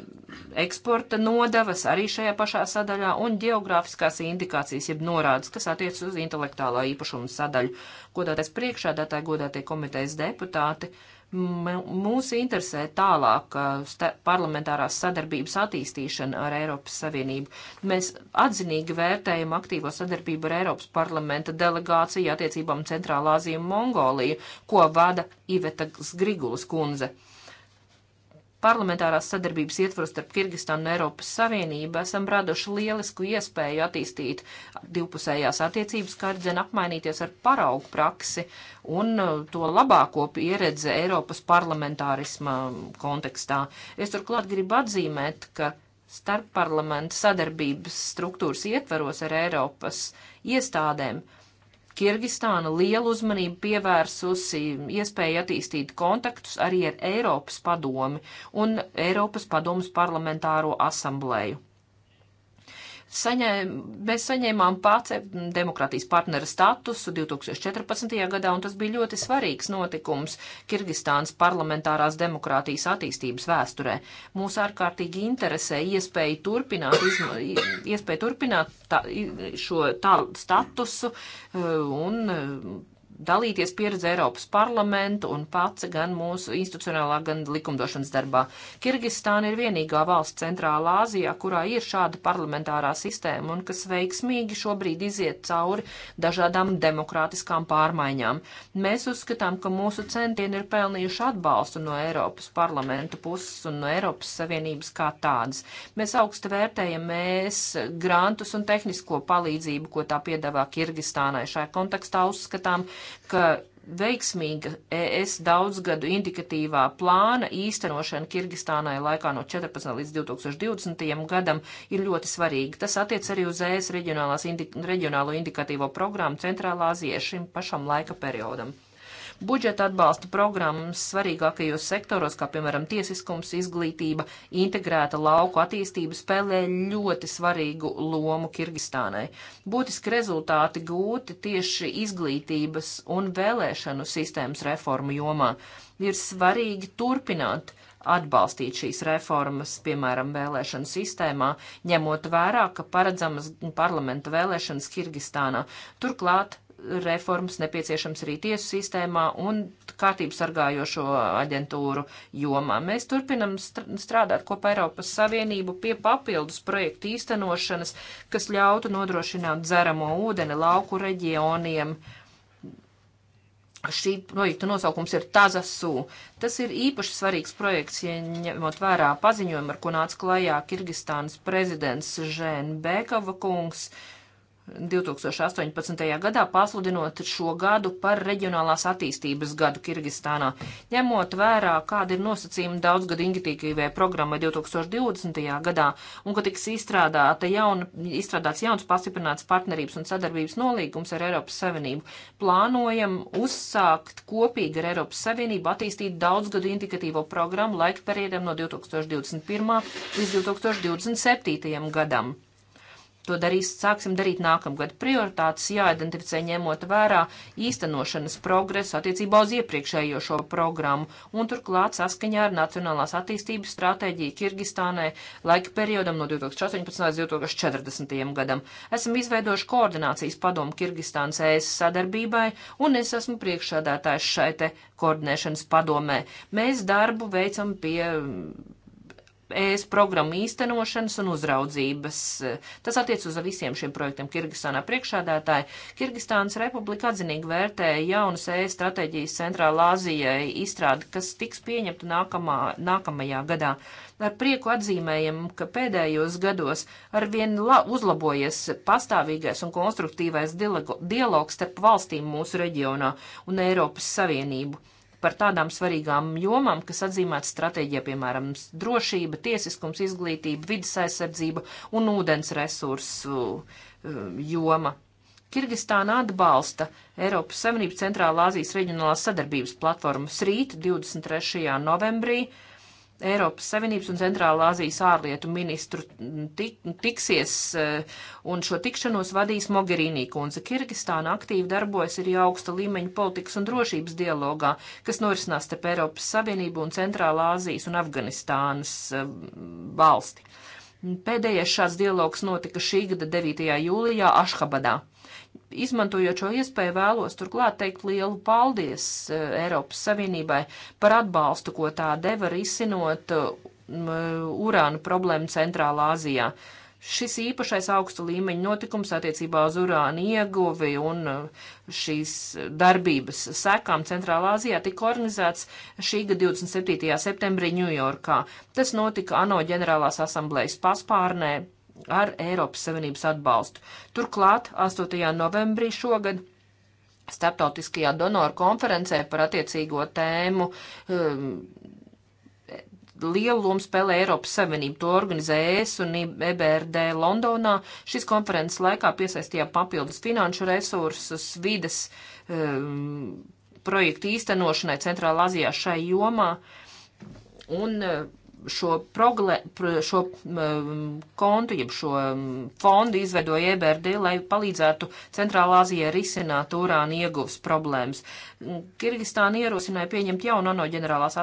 eksporta nodevas arī šajā pašā sadaļā un geogrāfiskās indikācijas, jeb norādes, kas attiec uz intelektuālā īpašuma sadaļu. Godātais priekšādātāji, godātie komitejas deputāti. Uh, Mūs interesē tālāk uh, parlamentārās sadarbības attīstīšana ar Eiropas Savienību. Mēs atzinīgi vērtējam aktīvo sadarbību ar Eiropas parlamenta delegāciju attiecībām Centrālāziju un Mongoliju, ko vada Iveta Grigulas kundze. Parlamentārās sadarbības ietvaros starp Kirgistānu un Eiropas Savienību esam raduši lielisku iespēju attīstīt divpusējās attiecības, kā arī dzen apmainīties ar paraugu praksi un uh, to labāko pieredzi Eiropas parlamentārisma kontekstā. Es turklāt gribu atzīmēt, ka starp parlamentu sadarbības struktūras ietvaros ar Eiropas iestādēm Kirgistāna lielu uzmanību pievērsusi iespēju attīstīt kontaktus arī ar Eiropas padomi un Eiropas padomas parlamentāro asamblēju saņēm, mēs saņēmām pats demokratijas partnera statusu 2014. gadā, un tas bija ļoti svarīgs notikums Kirgistānas parlamentārās demokrātijas attīstības vēsturē. Mūs ārkārtīgi interesē iespēja turpināt, izma, iespēja turpināt tā, šo tā statusu e, un dalīties pieredze Eiropas parlamentu un pats gan mūsu institucionālā, gan likumdošanas darbā. Kirgistāna ir vienīgā valsts centrālā Āzijā, kurā ir šāda parlamentārā sistēma un kas veiksmīgi šobrīd iziet cauri dažādām demokrātiskām pārmaiņām. Mēs uzskatām, ka mūsu centieni ir pelnījuši atbalstu no Eiropas parlamenta puses un no Eiropas Savienības kā tādas. Mēs augstu vērtējam mēs grantus un tehnisko palīdzību, ko tā piedāvā Kirgistānai. Šajā kontekstā uzskatām, ka veiksmīga ES daudzgadu indikatīvā plāna īstenošana Kirgistānai laikā no 14 līdz 2020. gadam ir ļoti svarīga. Tas attiec arī uz ES indi reģionālo indikatīvo programmu Centrālā Azijā šim pašam laika periodam. Budžeta atbalsta programmas svarīgākajos sektoros, kā piemēram tiesiskums, izglītība, integrēta lauku attīstība, spēlē ļoti svarīgu lomu Kirgistānai. Būtiski rezultāti gūti tieši izglītības un vēlēšanu sistēmas reformu jomā. Ir svarīgi turpināt atbalstīt šīs reformas, piemēram, vēlēšanu sistēmā, ņemot vērā, ka paredzamas parlamenta vēlēšanas Kirgistānā. Turklāt reformas nepieciešams arī tiesu sistēmā un kārtību sargājošo aģentūru jomā. Mēs turpinam strādāt kopā Eiropas Savienību pie papildus projektu īstenošanas, kas ļautu nodrošināt dzeramo ūdeni lauku reģioniem. Šī projekta nosaukums ir Tazasū. Tas ir īpaši svarīgs projekts, ja ņemot vērā paziņojumu, ar ko nāca klajā Kirgistānas prezidents Žēn Bekava kungs. Uh, 2018. gadā, pasludinot šo gadu par reģionālās attīstības gadu Kirgistānā, ņemot vērā, kāda ir nosacījuma daudzgad ingitīvajai programmai 2020. gadā un ka tiks izstrādāta jauna, izstrādāts jauns pastiprināts partnerības un sadarbības nolīgums ar Eiropas Savienību. Plānojam uzsākt kopīgi ar Eiropas Savienību attīstīt daudzgadu indikatīvo programmu laika periodam no 2021. līdz 2027. gadam. To darīs, sāksim darīt nākamgad. Prioritātes jāidentificē ņemot vērā īstenošanas progresu attiecībā uz iepriekšējo šo programmu un turklāt saskaņā ar Nacionālās attīstības stratēģiju Kirgistānai laika periodam no 2018. līdz 2040. gadam. Esam izveidojuši koordinācijas padomu Kirgistānas ES sadarbībai un es esmu priekšsādātājs šai te koordinēšanas padomē. Mēs darbu veicam pie ES programmu īstenošanas un uzraudzības. Tas attiec uz visiem šiem projektiem Kirgistānā priekšādātāji. Kirgistānas republika atzinīgi vērtēja jaunas ES stratēģijas Centrālā Azijai izstrādi, kas tiks pieņemta nākamā, nākamajā gadā. Ar prieku atzīmējam, ka pēdējos gados arvien uzlabojies pastāvīgais un konstruktīvais dialogs starp valstīm mūsu reģionā un Eiropas Savienību par tādām svarīgām jomām, kas atzīmētas stratēģijā, piemēram, drošība, tiesiskums, izglītība, vidas aizsardzība un ūdens resursu uh, joma. Kirgistāna atbalsta Eiropas Savienības centrālā Azijas reģionālās sadarbības platformas rīt 23. novembrī uh, Eiropas Savienības un Centrālā Azijas ārlietu ministru tik, tiksies, eh, un šo tikšanos vadīs Mogherīnī kundze. Kirgistāna aktīvi darbojas arī augsta līmeņa politikas un drošības dialogā, kas norisinās starp Eiropas Savienību un Centrālā Azijas un Afganistānas eh, valsti. Pēdējais šāds dialogs notika šī gada 9. jūlijā Ašhabadā. Izmantojot šo iespēju, vēlos turklāt teikt lielu paldies eh, Eiropas Savienībai par atbalstu, ko tā deva risinot urānu problēmu Centrālā Azijā. Šis īpašais augsta līmeņa notikums attiecībā uz urāna ieguvi un eh, šīs darbības sekām Centrālā Azijā tika organizēts šī gada 27. septembrī Ņujorkā. Tas notika ANO ģenerālās asamblējas paspārnē ar Eiropas Savienības atbalstu. Turklāt 8. novembrī šogad starptautiskajā donoru konferencē par attiecīgo tēmu um, lielu lomu spēlē Eiropas Savienība. To organizē ES un EBRD Londonā. Šis konferences laikā piesaistījām papildus finanšu resursus, vides um, projektu īstenošanai Centrālā Azijā šai jomā. Un uh, šo, progle, šo mm, kontu, jeb šo mm, fondu izveidoja EBRD, lai palīdzētu Centrālā Azijā risināt urāna ieguvas problēmas. Mm, Kirgistāna ierosināja pieņemt jaunu ANO ģenerālās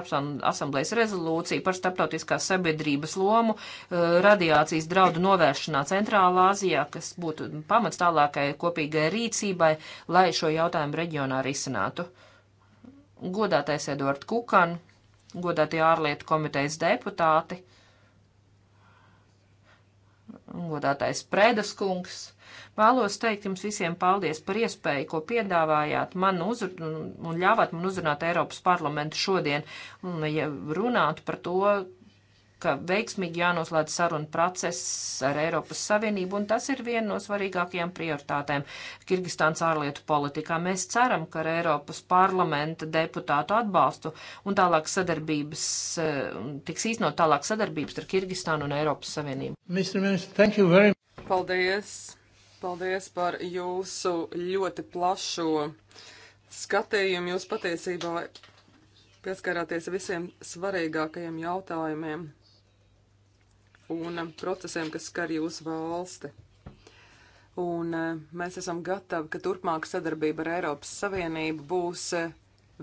asamblējas rezolūciju par starptautiskās sabiedrības lomu eh, radiācijas draudu novēršanā Centrālā Azijā, kas būtu pamats tālākai kopīgai rīcībai, lai šo jautājumu reģionā risinātu. Godātais Edvard Kukan godātie ārlietu komitejas deputāti, godātais Prēdas kungs. Vēlos teikt jums visiem paldies par iespēju, ko piedāvājāt man uzr un ļāvāt man uzrunāt Eiropas parlamentu šodien un ja runāt par to, ka veiksmīgi jānoslēdz saruna process ar Eiropas Savienību, un tas ir viena no svarīgākajām prioritātēm Kirgistāns ārlietu politikā. Mēs ceram, ka ar Eiropas parlamenta deputātu atbalstu un tālāk sadarbības, eh, tiks īstenot tālāk sadarbības ar Kirgistānu un Eiropas Savienību. Mr. Minister, thank you very much. Paldies! Paldies par jūsu ļoti plašo skatījumu. Jūs patiesībā pieskarāties visiem svarīgākajiem jautājumiem un um, procesiem, kas skar jūsu valsti. Un uh, mēs esam gatavi, ka turpmāka sadarbība ar Eiropas Savienību būs uh,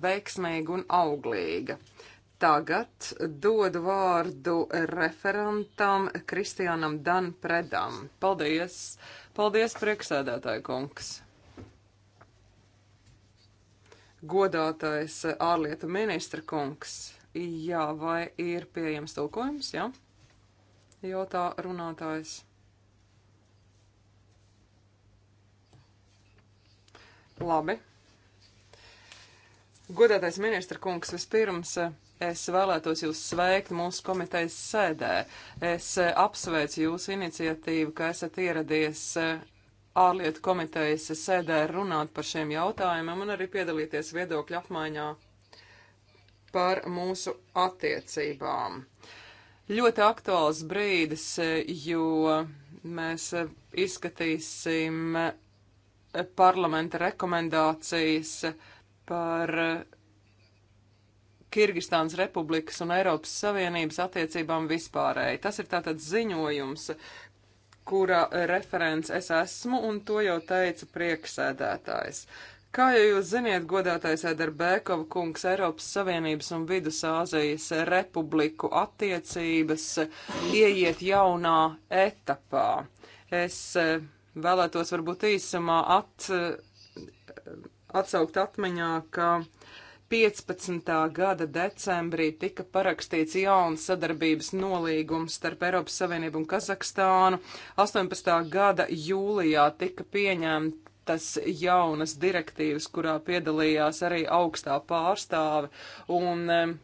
veiksmīga un auglīga. Tagad dodu vārdu referentam Kristianam Danpredam. Paldies! Paldies, prieksēdētāji kungs! Godātais uh, ārlietu ministra kungs, jā, vai ir pieejams tulkojums, jā? Ja? jautā runātājs. Labi. Godātais ministra kungs, vispirms eh, es vēlētos jūs sveikt mūsu komitejas sēdē. Es eh, apsveicu jūsu iniciatīvu, ka esat ieradies eh, ārlietu komitejas sēdē runāt par šiem jautājumiem un arī piedalīties viedokļu apmaiņā par mūsu attiecībām. Uh, Ļoti aktuāls brīdis, jo mēs izskatīsim parlamenta rekomendācijas par Kirgistānas Republikas un Eiropas Savienības attiecībām vispārēji. Tas ir tātad ziņojums, kura referents es esmu, un to jau teica prieksēdētājs. Uh, Kā jau jūs ziniet, godātais Edarbēkova kungs, Eiropas Savienības un Vidusāzijas republiku attiecības ieiet jaunā etapā. Es eh, vēlētos varbūt īsumā at, eh, atsaukt atmiņā, ka 15. gada decembrī tika parakstīts jauns sadarbības nolīgums starp Eiropas Savienību un Kazahstānu. 18. gada jūlijā tika pieņemta tas jaunas direktīvas, kurā piedalījās arī augstā pārstāve. Un eh,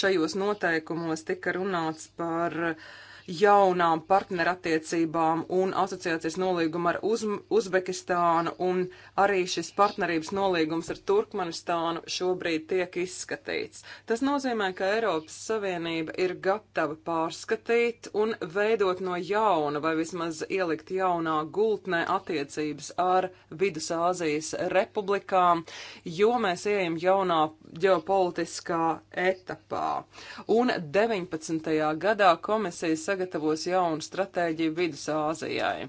šajos noteikumos tika runāts par uh, jaunām partnerattiecībām un asociācijas nolīgumu ar Uz Uzbekistānu, un arī šis partnerības nolīgums ar Turkmenistānu šobrīd tiek izskatīts. Tas nozīmē, ka Eiropas Savienība ir gatava pārskatīt un veidot no jauna vai vismaz ielikt jaunā gultnē attiecības ar Vidusāzijas republikām, jo mēs ejam jaunā ģeopolitiskā etapā. Un 19. gadā komisija sagatavoja sagatavos jaunu stratēģiju Vidusāzijai.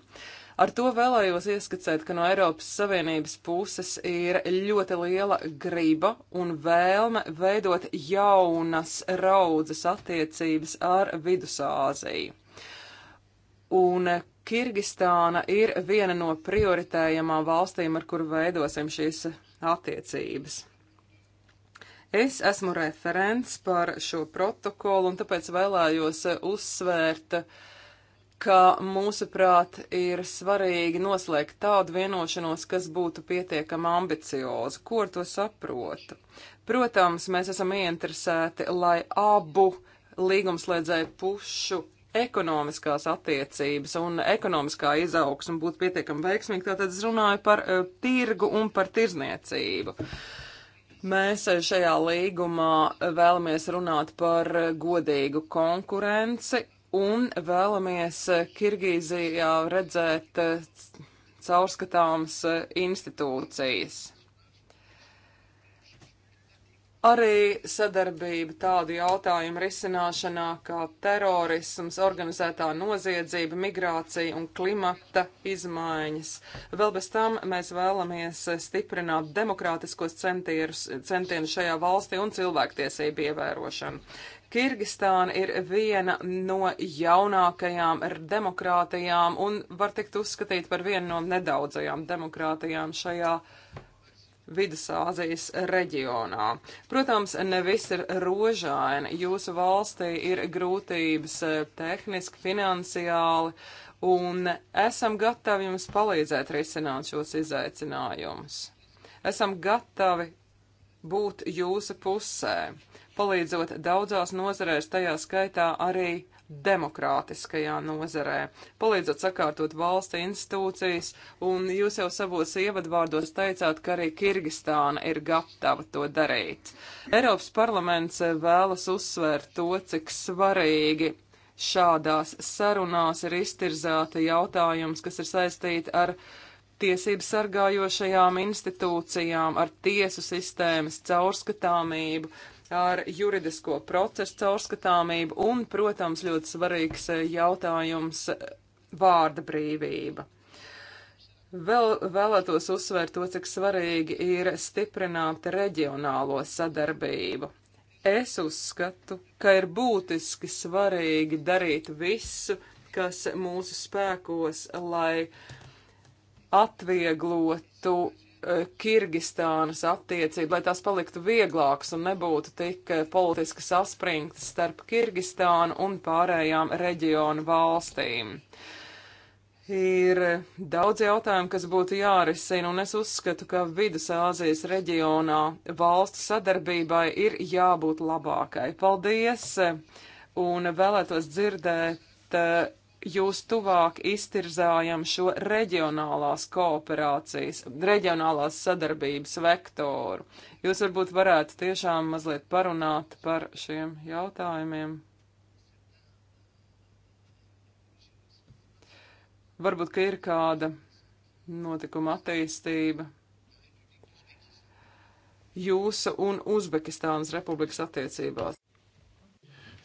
Ar to vēlējos ieskicēt, ka no Eiropas Savienības puses ir ļoti liela griba un vēlme veidot jaunas raudzes attiecības ar Vidusāziju. Un Kirgistāna ir viena no prioritējamām valstīm, ar kuru veidosim šīs attiecības. Es esmu referents par šo protokolu un tāpēc vēlējos uzsvērt, ka mūsuprāt ir svarīgi noslēgt tādu vienošanos, kas būtu pietiekama ambicioza. Ko ar to saprotu? Protams, mēs esam ieinteresēti, lai abu līgumslēdzēju pušu ekonomiskās attiecības un ekonomiskā izaugsme būtu pietiekami veiksmīga, tātad es runāju par uh, tirgu un par tirzniecību. Uh, Mēs šajā līgumā vēlamies runāt par godīgu konkurenci un vēlamies Kirgīzijā redzēt eh, caurskatāmas eh, institūcijas. Arī sadarbība tādu jautājumu risināšanā kā terorisms, organizētā noziedzība, migrācija un klimata izmaiņas. Vēl bez tam mēs vēlamies stiprināt demokrātiskos centienus šajā valstī un cilvēktiesību ievērošanu. Kirgistāna ir viena no jaunākajām demokrātijām un var tikt uzskatīt par vienu no nedaudzajām demokrātijām šajā valstī Vidusāzijas reģionā. Protams, ne viss ir rožaini. Jūsu valstī ir grūtības eh, tehniski, finansiāli, un esam gatavi jums palīdzēt risināt šos izaicinājumus. Esam gatavi būt jūsu pusē, palīdzot daudzās nozarēs, tajā skaitā arī demokrātiskajā nozarē, palīdzot sakārtot valsts institūcijas, un jūs jau savos ievadvārdos teicāt, ka arī Kirgistāna ir gatava to darīt. Eiropas parlaments vēlas uzsvērt to, cik svarīgi šādās sarunās ir iztirzēta jautājums, kas ir saistīti ar tiesību sargājošajām institūcijām, ar tiesu sistēmas caurskatāmību, ar juridisko procesu caurskatāmību un, protams, ļoti svarīgs eh, jautājums eh, - vārda brīvība. Vēl vēlētos uzsvērt to, cik svarīgi ir stiprināt reģionālo sadarbību. Es uzskatu, ka ir būtiski svarīgi darīt visu, kas mūsu spēkos, lai atvieglotu E, Kirgistānas attiecību, lai tās paliktu vieglākas un nebūtu tik e, politiski saspringtas starp Kirgistānu un pārējām reģionu valstīm. Ir daudz jautājumu, kas būtu jārisina, un es uzskatu, ka Vidusāzijas reģionā valstu sadarbībai ir jābūt labākai. Paldies! Un vēlētos dzirdēt e, jūs tuvāk iztirzājam šo reģionālās kooperācijas, reģionālās sadarbības vektoru. Jūs varbūt varētu tiešām mazliet parunāt par šiem jautājumiem. Varbūt, ka ir kāda notikuma attīstība jūsu un Uzbekistānas republikas attiecībās.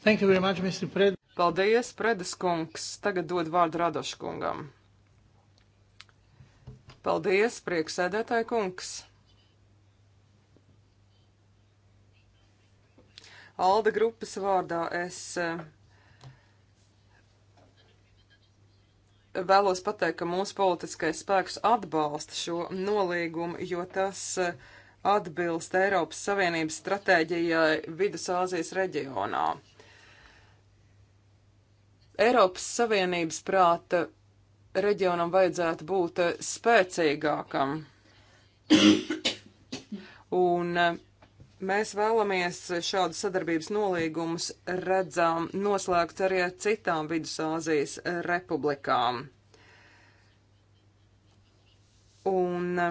Thank you very much, Mr. Pred. Paldies, Predes kungs. Tagad dod vārdu Radoškungam. Paldies, prieksēdētāji kungs. Alda grupas vārdā es eh, vēlos pateikt, ka mūsu politiskais spēks atbalsta šo nolīgumu, jo tas eh, atbilst Eiropas Savienības stratēģijai Vidusāzijas reģionā. Eiropas Savienības prāta reģionam vajadzētu būt eh, spēcīgākam. Un eh, mēs vēlamies šādu sadarbības nolīgumus redzam noslēgt arī ar citām Vidusāzijas eh, republikām. Un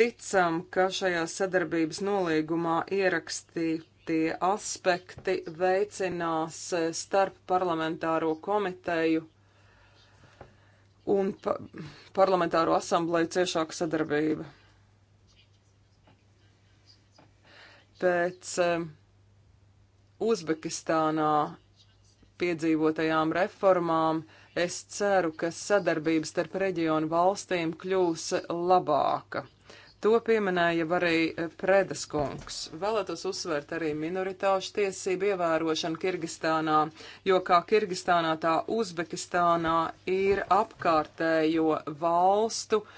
ticam, ka šajā sadarbības nolīgumā ierakstīt minētie aspekti veicinās eh, starp parlamentāro komiteju un pa parlamentāro asambleju ciešāku sadarbību. Pēc eh, Uzbekistānā piedzīvotajām reformām es ceru, ka sadarbības starp reģionu valstīm kļūs labāka. To pieminēja arī eh, Predes kungs. Vēlētos uzsvērt arī minoritāšu tiesību ievērošanu Kirgistānā, jo kā Kirgistānā tā Uzbekistānā ir apkārtējo valstu uh,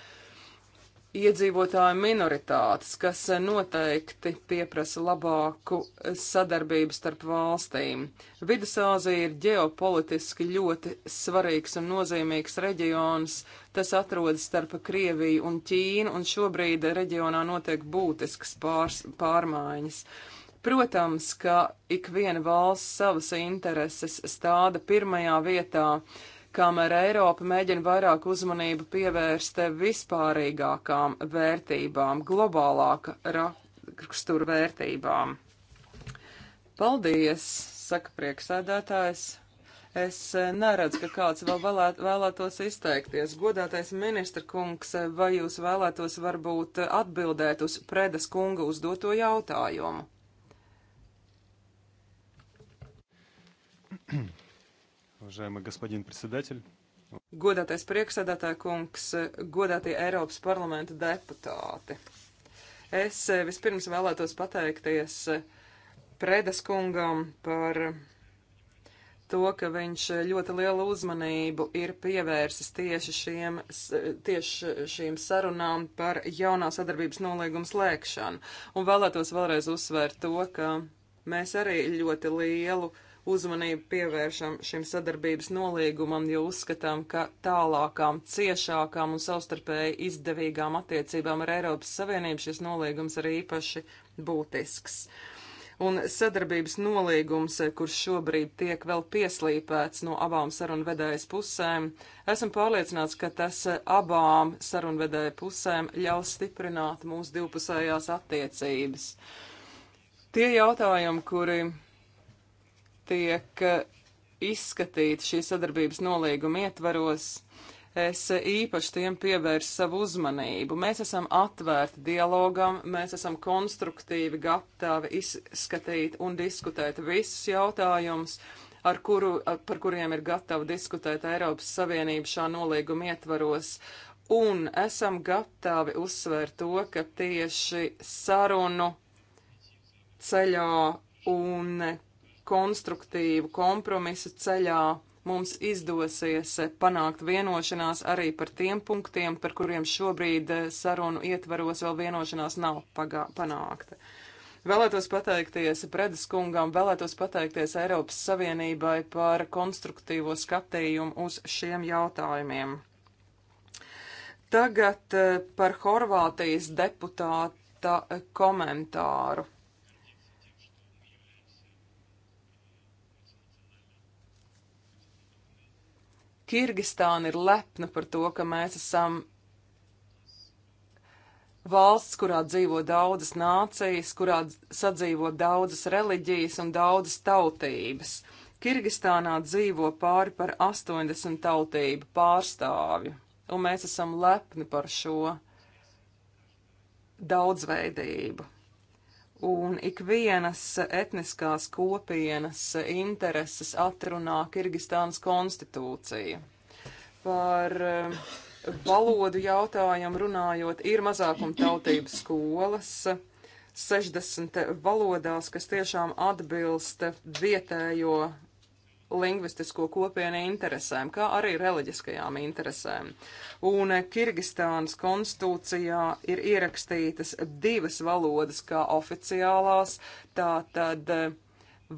iedzīvotāju minoritātes, kas noteikti pieprasa labāku sadarbību starp valstīm. Vidusāzija ir ģeopolitiski ļoti svarīgs un nozīmīgs reģions. Tas atrodas starp Krieviju un Ķīnu, un šobrīd reģionā notiek būtiskas pārs, pārmaiņas. Protams, ka ik viena valsts savas intereses stāda pirmajā vietā, uh, kamēr Eiropa mēģina vairāk uzmanību pievērst vispārīgākām vērtībām, globālāka rakstura vērtībām. Paldies, saka prieksēdētājs. Es eh, neredzu, ka kāds vēl vēlēt, vēlētos izteikties. Godātais ministra kungs, vai jūs vēlētos varbūt atbildēt uz Predes kunga uzdoto jautājumu? Уважаемый господин председатель. Godātais priekšsēdētāja kungs, godātie Eiropas parlamenta deputāti. Es vispirms vēlētos pateikties Predes kungam par to, ka viņš ļoti lielu uzmanību ir pievērsis tieši šiem, tieši šiem sarunām par jaunā sadarbības nolīgumu slēgšanu. Un vēlētos vēlreiz uzsvērt to, ka mēs arī ļoti lielu uh, uzmanību pievēršam šim sadarbības nolīgumam, jo uzskatām, ka tālākām, ciešākām un savstarpēji izdevīgām attiecībām ar Eiropas Savienību šis nolīgums ir īpaši būtisks. Un sadarbības nolīgums, kurš šobrīd tiek vēl pieslīpēts no abām sarunvedējas pusēm, esam pārliecināts, ka tas abām sarunvedēja pusēm ļaus stiprināt mūsu divpusējās attiecības. Tie jautājumi, kuri tiek izskatīti šīs sadarbības nolīguma ietvaros, es īpaši tiem pievēršu savu uzmanību. Mēs esam atvērti dialogam, mēs esam konstruktīvi gatavi izskatīt un diskutēt visus jautājumus, ar kuru, par kuriem ir gatava diskutēt Eiropas Savienība šā nolīguma ietvaros. Un esam gatavi uzsvērt to, ka tieši sarunu ceļā un konstruktīvu kompromisu ceļā mums izdosies panākt vienošanās arī par tiem punktiem, par kuriem šobrīd eh, sarunu ietvaros vēl vienošanās nav pagā, panākta. Vēlētos pateikties Predeskungam, vēlētos pateikties Eiropas Savienībai par konstruktīvo skatījumu uz šiem jautājumiem. Tagad eh, par Horvātijas deputāta komentāru. Kirgistāna ir lepna par to, ka mēs esam valsts, kurā dzīvo daudzas nācijas, kurā sadzīvo daudzas reliģijas un daudzas tautības. Kirgistānā dzīvo pāri par 80 tautību pārstāvju, un mēs esam lepni par šo daudzveidību un ikvienas etniskās kopienas intereses atrunā Kirgistānas konstitūcija. Par eh, valodu jautājumu runājot, ir mazākumtautības skolas 60 valodās, kas tiešām atbilst vietējo lingvistisko kopienu interesēm, kā arī reliģiskajām interesēm. Un Kirgistānas konstitūcijā ir ierakstītas divas valodas kā oficiālās, tā tad eh,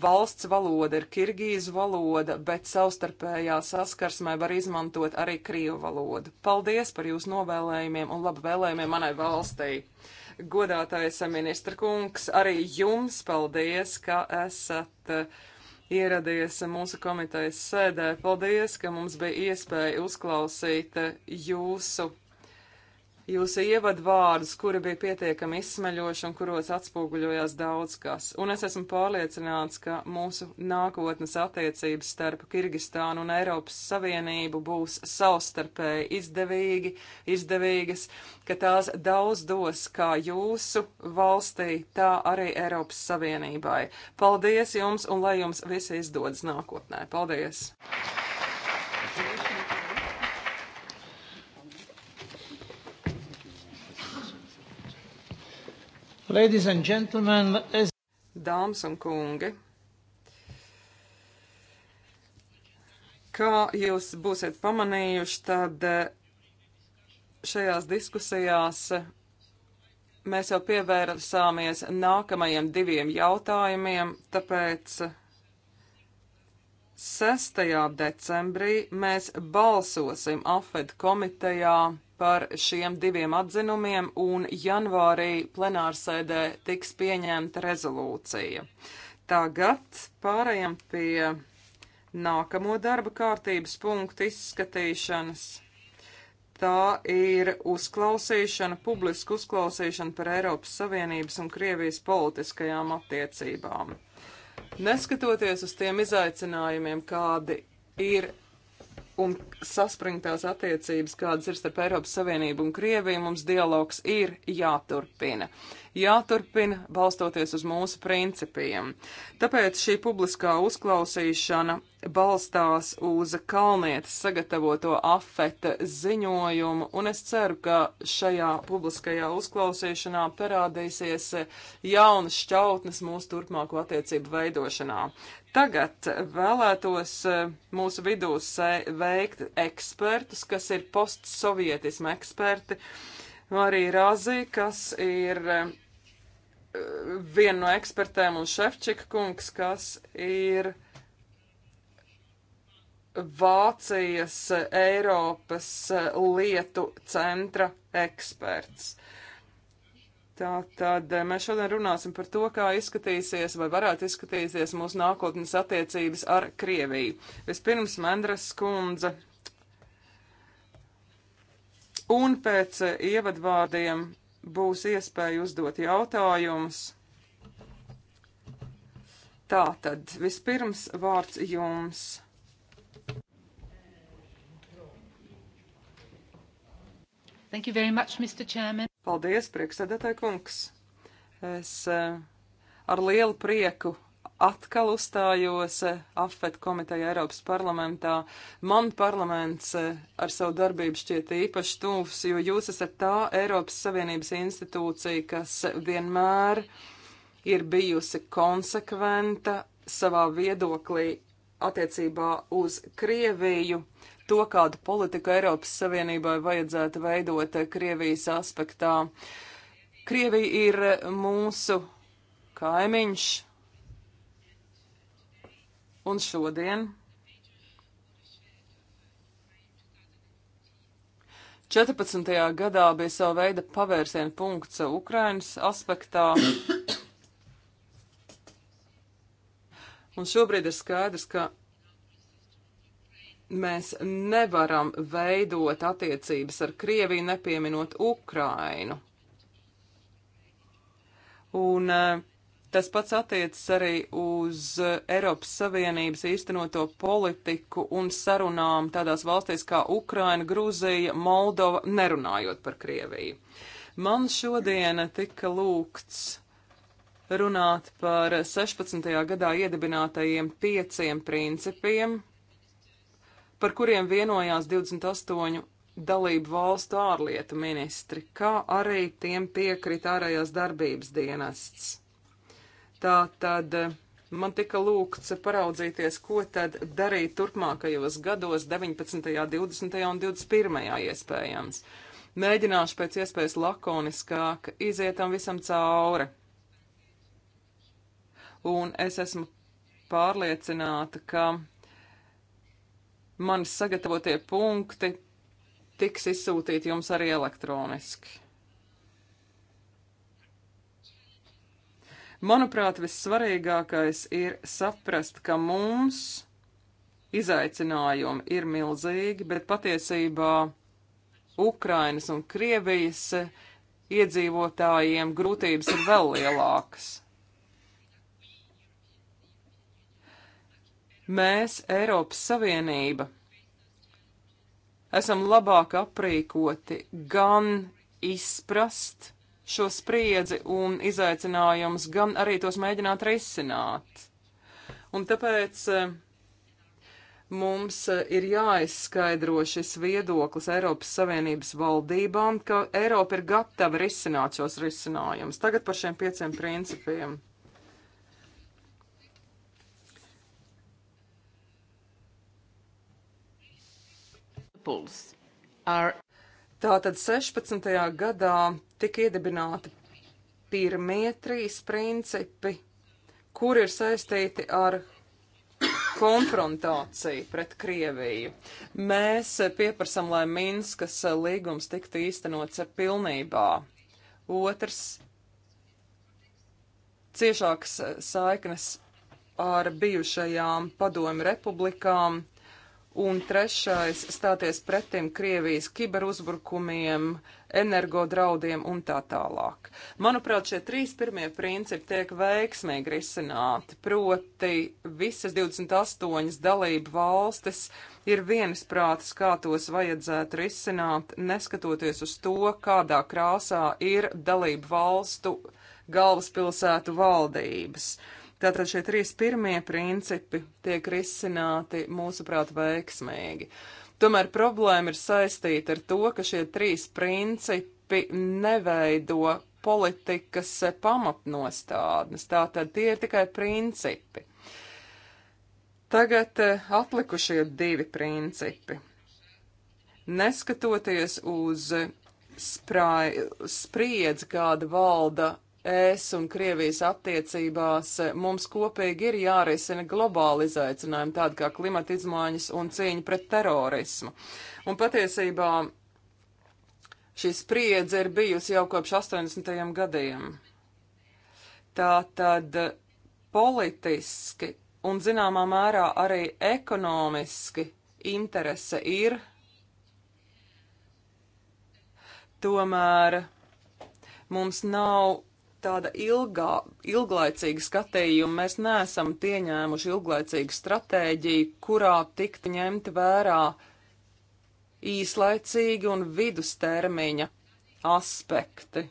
valsts valoda ir Kirgīzu valoda, bet savstarpējā saskarsmē var izmantot arī Krievu valodu. Paldies par jūsu novēlējumiem un labu vēlējumiem manai valstī! godātais ministra kungs, arī jums paldies, ka esat eh, ieradies mūsu komitejas sēdē. Paldies, ka mums bija iespēja uzklausīt jūsu jūsu ievadvārdus, kuri bija pietiekami izsmeļoši un kuros atspoguļojās daudz kas. Un es esmu pārliecināts, ka mūsu nākotnes attiecības starp Kirgistānu un Eiropas Savienību būs savstarpēji izdevīgi, izdevīgas, ka tās daudz dos kā jūsu valstī, tā arī Eiropas Savienībai. Paldies jums un lai jums viss izdodas nākotnē. Paldies! Thank you. Ladies and gentlemen, es... Dāmas un kungi, kā jūs būsiet pamanījuši, tad eh, šajās diskusijās mēs jau pievērsāmies nākamajiem diviem jautājumiem, tāpēc 6. decembrī mēs balsosim AFED komitejā par šiem diviem atzinumiem un janvārī plenārsēdē tiks pieņemta rezolūcija. Tagad pārējām pie nākamo darba kārtības punktu izskatīšanas. Tā ir uzklausīšana, publiska uzklausīšana par Eiropas Savienības un Krievijas politiskajām attiecībām. Neskatoties uz tiem izaicinājumiem, kādi ir un saspringtās attiecības, kādas ir starp Eiropas Savienību un Krieviju, mums dialogs ir jāturpina jāturpina balstoties uz mūsu principiem. Tāpēc šī publiskā uzklausīšana balstās uz Kalnietes sagatavoto afeta ziņojumu, un es ceru, ka šajā publiskajā uzklausīšanā parādīsies jaunas šķautnes mūsu turpmāko attiecību veidošanā. Tagad vēlētos eh, mūsu vidū veikt ekspertus, kas ir postsovietisma eksperti, Marija Razī, kas ir eh, viena no ekspertēm un Šefčika kungs, kas ir Vācijas Eiropas lietu centra eksperts. Tā tad eh, mēs šodien runāsim par to, kā izskatīsies vai varētu izskatīsies mūsu nākotnes attiecības ar Krieviju. Vispirms Mendras kundze. Un pēc ievadvārdiem būs iespēja uzdot jautājumus. Tātad vispirms vārds jums. Thank you very much, Mr. Chairman. Paldies, priekšsēdētāji kungs. Es eh, ar lielu prieku atkal uzstājos eh, AFET komiteja Eiropas parlamentā. Man parlaments eh, ar savu darbību šķiet īpaši tuvs, jo jūs esat tā Eiropas Savienības institūcija, kas vienmēr ir bijusi konsekventa savā viedoklī attiecībā uz Krieviju, to, kādu politiku Eiropas Savienībai vajadzētu veidot eh, Krievijas aspektā. Krievija ir mūsu kaimiņš, Un šodien 14. gadā bija sava veida pavērsiena punkts Ukrainas aspektā. Un šobrīd ir skaidrs, ka mēs nevaram veidot attiecības ar Krieviju, nepieminot Ukrainu. Un uh, Tas pats attiecas arī uz Eiropas Savienības īstenoto politiku un sarunām tādās valstīs kā Ukraina, Grūzija, Moldova, nerunājot par Krieviju. Man šodien tika lūgts runāt par 16. gadā iedibinātajiem pieciem principiem, par kuriem vienojās 28 dalību valstu ārlietu ministri, kā arī tiem piekrita ārējās darbības dienests. Tā tad eh, man tika lūgts paraudzīties, ko tad darīt turpmākajos gados, 19., 20. un 21. iespējams. Mēģināšu pēc iespējas lakoniskāk iziet tam visam cauri. Un es esmu pārliecināta, ka manis sagatavotie punkti tiks izsūtīti jums arī elektroniski. Manuprāt, vissvarīgākais ir saprast, ka mums izaicinājumi ir milzīgi, bet patiesībā Ukrainas un Krievijas iedzīvotājiem grūtības ir vēl lielākas. Mēs, Eiropas Savienība, esam labāk aprīkoti gan izprast, šo spriedzi un izaicinājumus, gan arī tos mēģināt risināt. Un tāpēc eh, mums eh, ir jāizskaidro šis viedoklis Eiropas Savienības valdībām, ka Eiropa ir gatava risināt šos risinājumus. Tagad par šiem pieciem principiem. Are... Tātad 16. gadā tika iedibināti pirmie trīs principi, kur ir saistīti ar konfrontāciju pret Krieviju. Mēs pieprasam, lai Minskas līgums tiktu īstenots pilnībā. Otrs - ciešākas saiknes ar bijušajām padomu republikām, Un trešais - stāties pretim Krievijas kiberuzbrukumiem, energodraudiem un tā tālāk. Manuprāt, šie trīs pirmie principi tiek veiksmīgi risināti, proti visas 28 dalību valstis ir viensprātis, kā tos vajadzētu risināt, neskatoties uz to, kādā krāsā ir dalību valstu galvaspilsētu valdības. Uh, Tātad šie trīs pirmie principi tiek risināti mūsuprāt veiksmīgi. Tomēr problēma ir saistīta ar to, ka šie trīs principi neveido politikas pamatnostādnes. Tātad tie ir tikai principi. Tagad eh, atlikušie divi principi. Neskatoties uz sprāj, spriedzi, kāda valda es un Krievijas attiecībās e, mums kopīgi ir jārisina globāli izaicinājumi, tādi kā klimata izmaiņas un cīņa pret terorismu. Un patiesībā šī spriedze ir bijusi jau kopš 80. gadiem. Tā tad politiski un zināmā mērā arī ekonomiski interese ir. Tomēr mums nav tāda ilgā, ilglaicīga skatījuma. Mēs neesam pieņēmuši ilglaicīgu stratēģiju, kurā tiktu ņemti vērā īslaicīgi un vidustermiņa aspekti.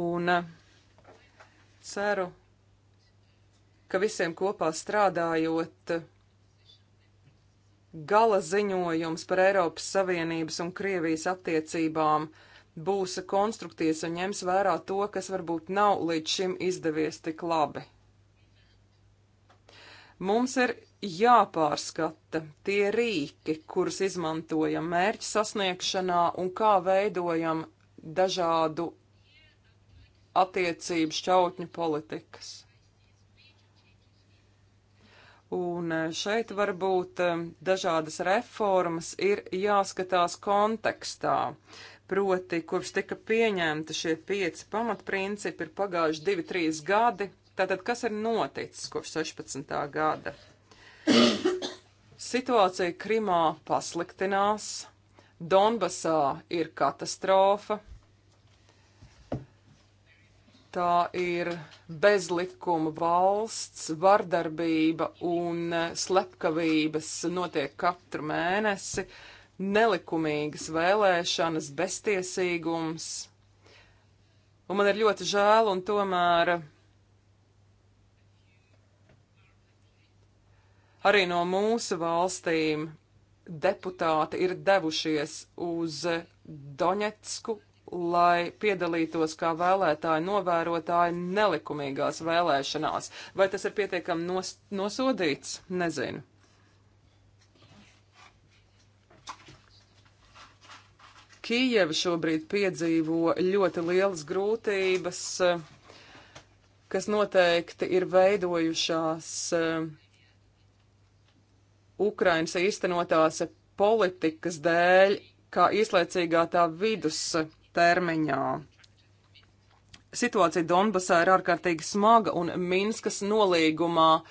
Un eh, ceru, ka visiem kopā strādājot, eh, gala ziņojums par Eiropas Savienības un Krievijas attiecībām būs konstruktīvs un ņems vērā to, kas varbūt nav līdz šim izdevies tik labi. Mums ir jāpārskata tie rīki, kurus izmantojam mērķu sasniegšanā un kā veidojam dažādu attiecību šķautņu politikas. Un eh, šeit varbūt eh, dažādas reformas ir jāskatās kontekstā. Uh, Proti, kopš tika pieņemta šie pieci pamatprincipi, ir pagājuši divi, trīs gadi. Tātad, kas ir noticis kopš 16. gada? Situācija Krimā pasliktinās, Donbasā ir katastrofa, tā ir bezlikuma valsts, vardarbība un slepkavības notiek katru mēnesi. Uh, nelikumīgas vēlēšanas, beztiesīgums. Un man ir ļoti žēl, un tomēr arī no mūsu valstīm deputāti ir devušies uz Doņetsku, lai piedalītos kā vēlētāji novērotāji nelikumīgās vēlēšanās. Vai tas ir pietiekami nos nosodīts? Nezinu. Kijeva šobrīd piedzīvo ļoti lielas grūtības, kas noteikti ir veidojušās eh, Ukrainas īstenotās politikas dēļ, kā īslaicīgā tā vidus termiņā. Situācija Donbasā ir ārkārtīgi smaga un Minskas nolīgumā uh,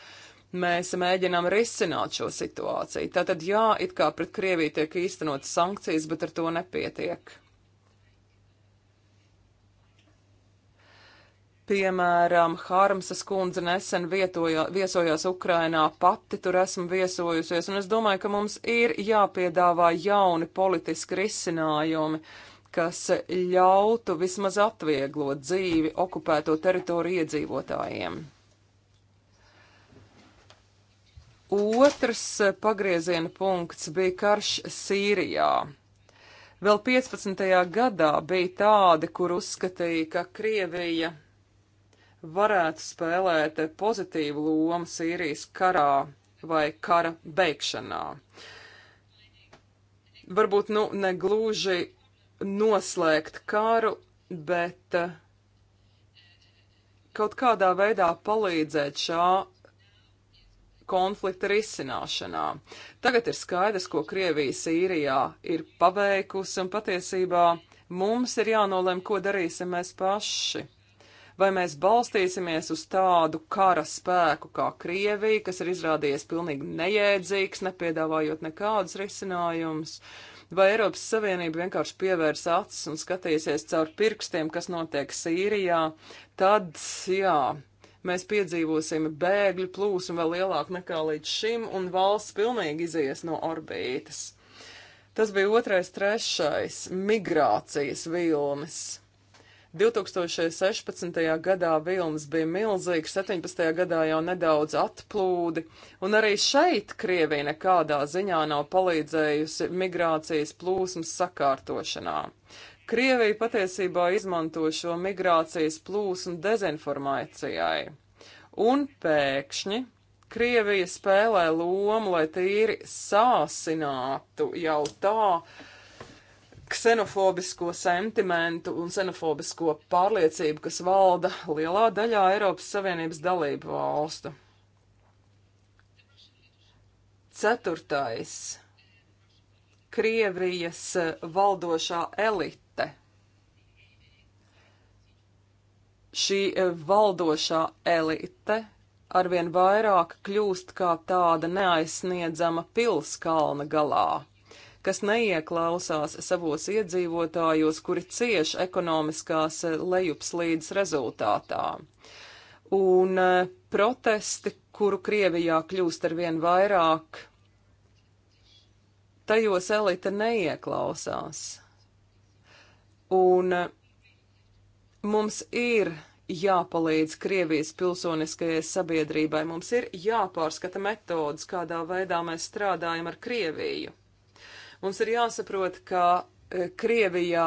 mēs mēģinām risināt šo situāciju. Tātad, jā, it kā pret Krieviju tiek īstenotas sankcijas, bet ar to nepietiek. Piemēram, Hārmsas kundze nesen vietoja, viesojās Ukrainā, pati tur esmu viesojusies, un es domāju, ka mums ir jāpiedāvā jauni politiski risinājumi, kas ļautu vismaz atvieglot dzīvi okupēto teritoriju iedzīvotājiem. Otrs eh, pagrieziena punkts bija karš Sīrijā. Vēl 15. gadā bija tādi, kur uzskatīja, ka Krievija varētu spēlēt pozitīvu lomu Sīrijas karā vai kara beigšanā. Varbūt nu negluži noslēgt karu, bet eh, kaut kādā veidā palīdzēt šā konflikta risināšanā. Tagad ir skaidrs, ko Krievija Sīrijā ir paveikusi, un patiesībā mums ir jānolem, ko darīsim mēs paši. Vai mēs balstīsimies uz tādu kara spēku kā Krievija, kas ir izrādījies pilnīgi nejēdzīgs, nepiedāvājot nekādus risinājumus, vai Eiropas Savienība vienkārši pievērs acis un skatīsies caur pirkstiem, kas notiek Sīrijā, tad, jā, mēs piedzīvosim bēgļu plūsmu vēl lielāku nekā līdz šim, un valsts pilnīgi izies no orbītas. Tas bija otrais, trešais - migrācijas vilnis. 2016. gadā vilnis bija milzīgs, 17. gadā jau nedaudz atplūdi, un arī šeit Krievija nekādā ziņā nav palīdzējusi migrācijas plūsmas sakārtošanā. Krievija patiesībā izmanto šo migrācijas plūsmu dezinformācijai. Un pēkšņi Krievija spēlē lomu, lai tīri sāsinātu jau tā ksenofobisko sentimentu un ksenofobisko pārliecību, kas valda lielā daļā Eiropas Savienības dalību valstu. Ceturtais. Krievijas valdošā elite šī e, valdošā elite arvien vairāk kļūst kā tāda neaizsniedzama pilskalna galā, kas neieklausās savos iedzīvotājos, kuri cieš ekonomiskās e, lejupslīdes rezultātā. Un e, protesti, kuru Krievijā kļūst arvien vairāk, tajos elite neieklausās. Un Mums ir jāpalīdz Krievijas pilsoniskajai sabiedrībai, mums ir jāpārskata metodas, kādā veidā mēs strādājam ar Krieviju. Mums ir jāsaprot, ka e, Krievijā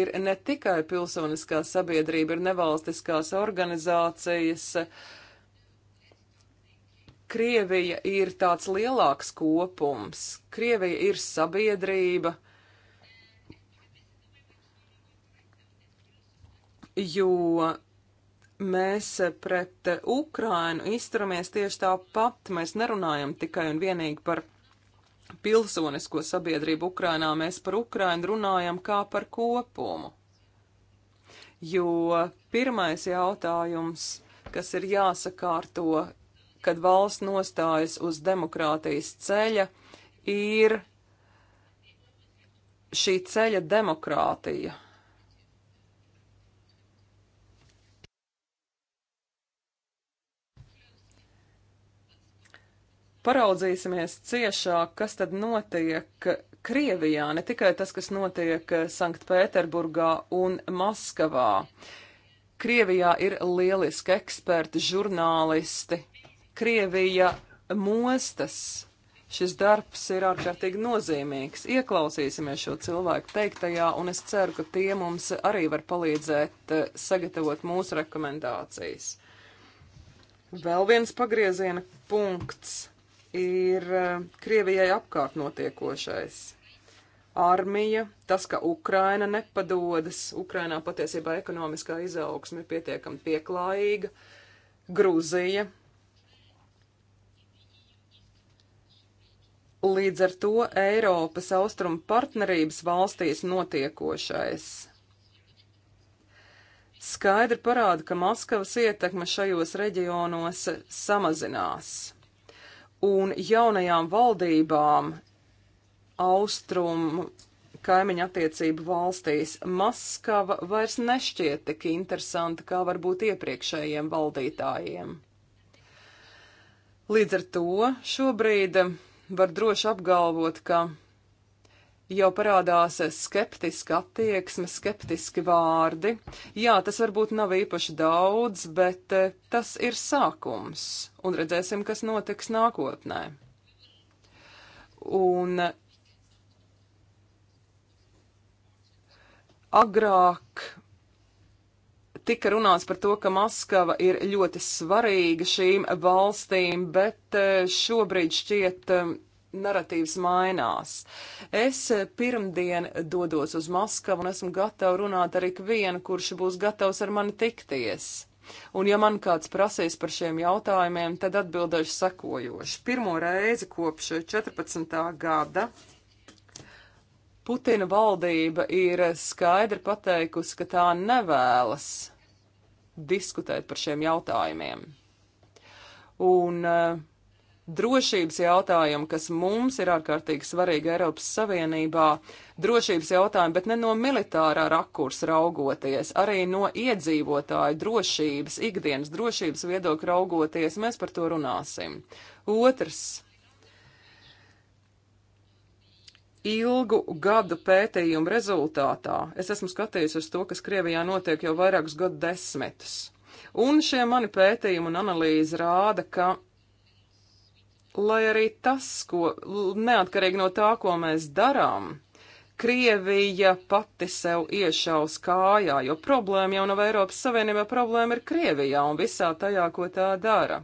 ir ne tikai pilsoniskā sabiedrība, ir nevalstiskās organizācijas. Krievija ir tāds lielāks kopums. Krievija ir sabiedrība, jo mēs pret Ukrainu izturamies tieši tāpat. Mēs nerunājam tikai un vienīgi par pilsonisko sabiedrību Ukrainā, mēs par Ukrainu runājam kā par kopumu. Jo pirmais jautājums, kas ir jāsakārto, kad valsts nostājas uz demokrātijas ceļa, ir šī ceļa demokrātija paraudzīsimies ciešāk, kas tad notiek Krievijā, ne tikai tas, kas notiek Sanktpēterburgā un Maskavā. Krievijā ir lieliski eksperti, žurnālisti. Krievija mostas. Šis darbs ir ārkārtīgi nozīmīgs. Ieklausīsimies šo cilvēku teiktajā, un es ceru, ka tie mums arī var palīdzēt eh, sagatavot mūsu rekomendācijas. Vēl viens pagrieziena punkts ir e, Krievijai apkārt notiekošais. Armija, tas, ka Ukraina nepadodas, Ukrainā patiesībā ekonomiskā izaugsme ir pietiekami pieklājīga, Gruzija. Līdz ar to Eiropas austrumu partnerības valstīs notiekošais skaidri parāda, ka Maskavas ietekme šajos reģionos samazinās un jaunajām valdībām austrumu kaimiņu attiecību valstīs Maskava vairs nešķiet tik interesanta kā varbūt iepriekšējiem valdītājiem. Līdz ar to šobrīd var droši apgalvot, ka jau parādās skeptiska attieksme, skeptiski vārdi. Jā, tas varbūt nav īpaši daudz, bet eh, tas ir sākums, un redzēsim, kas notiks nākotnē. Un agrāk tika runāts par to, ka Maskava ir ļoti svarīga šīm valstīm, bet eh, šobrīd šķiet eh, naratīvs mainās. Es eh, pirmdien dodos uz Maskavu un esmu gatava runāt ar ikvienu, kurš būs gatavs ar mani tikties. Un ja man kāds prasīs par šiem jautājumiem, tad atbildēšu sekojoši. Pirmo reizi kopš 14. gada Putina valdība ir skaidri pateikusi, ka tā nevēlas diskutēt par šiem jautājumiem. Un uh, drošības jautājumi, kas mums ir ārkārtīgi svarīgi Eiropas Savienībā, drošības jautājumi, bet ne no militārā rakursa raugoties, arī no iedzīvotāju drošības, ikdienas drošības viedokļa raugoties, mēs par to runāsim. Otrs. ilgu gadu pētījumu rezultātā. Es esmu skatījusi uz to, kas Krievijā notiek jau vairākus gadu desmitus. Un šie mani pētījumi un analīze rāda, ka lai arī tas, ko neatkarīgi no tā, ko mēs darām, Krievija pati sev iešaus kājā, jo problēma jau nav Eiropas Savienībā, problēma ir Krievijā un visā tajā, ko tā dara.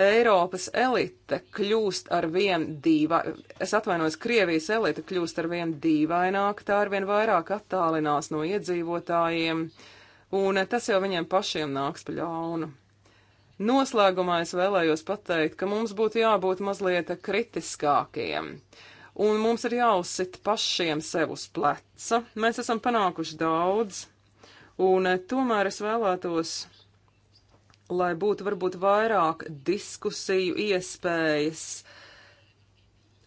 Eiropas elite kļūst ar vien dīva, es atvainojos, Krievijas elite kļūst ar vien dīvaināk, tā ar vien vairāk attālinās no iedzīvotājiem, un tas jau viņiem pašiem nāks pa ļaunu. Noslēgumā es vēlējos pateikt, ka mums būtu jābūt mazliet kritiskākiem. Un mums ir jāuzsit pašiem sev uz pleca. Mēs esam panākuši daudz, un eh, tomēr es vēlētos, lai būtu varbūt vairāk diskusiju iespējas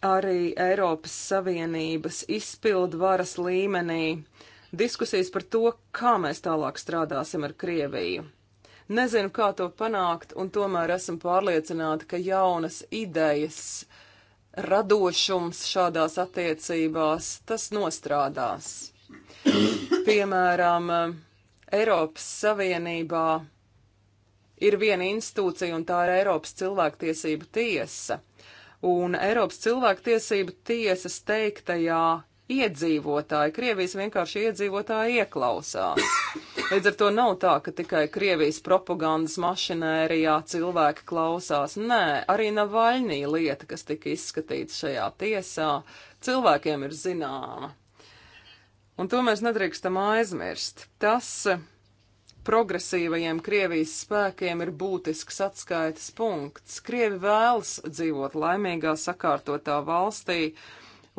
arī Eiropas Savienības izpildvaras līmenī diskusijas par to, kā mēs tālāk strādāsim ar Krieviju. Nezinu, kā to panākt, un tomēr esmu pārliecināta, ka jaunas idejas, radošums šādās attiecībās, tas nostrādās. Piemēram, Eiropas Savienībā ir viena institūcija, un tā ir Eiropas cilvēktiesība tiesa. Un Eiropas cilvēktiesība tiesas teiktajā iedzīvotāji, Krievijas vienkārši iedzīvotāji ieklausās. Līdz ar to nav tā, ka tikai Krievijas propagandas mašinērijā cilvēki klausās. Nē, arī Navaļnī lieta, kas tika izskatīta šajā tiesā, cilvēkiem ir zināma. Un to mēs nedrīkstam aizmirst. Tas progresīvajiem Krievijas spēkiem ir būtisks atskaites punkts. Krievi vēlas dzīvot laimīgā, sakārtotā valstī,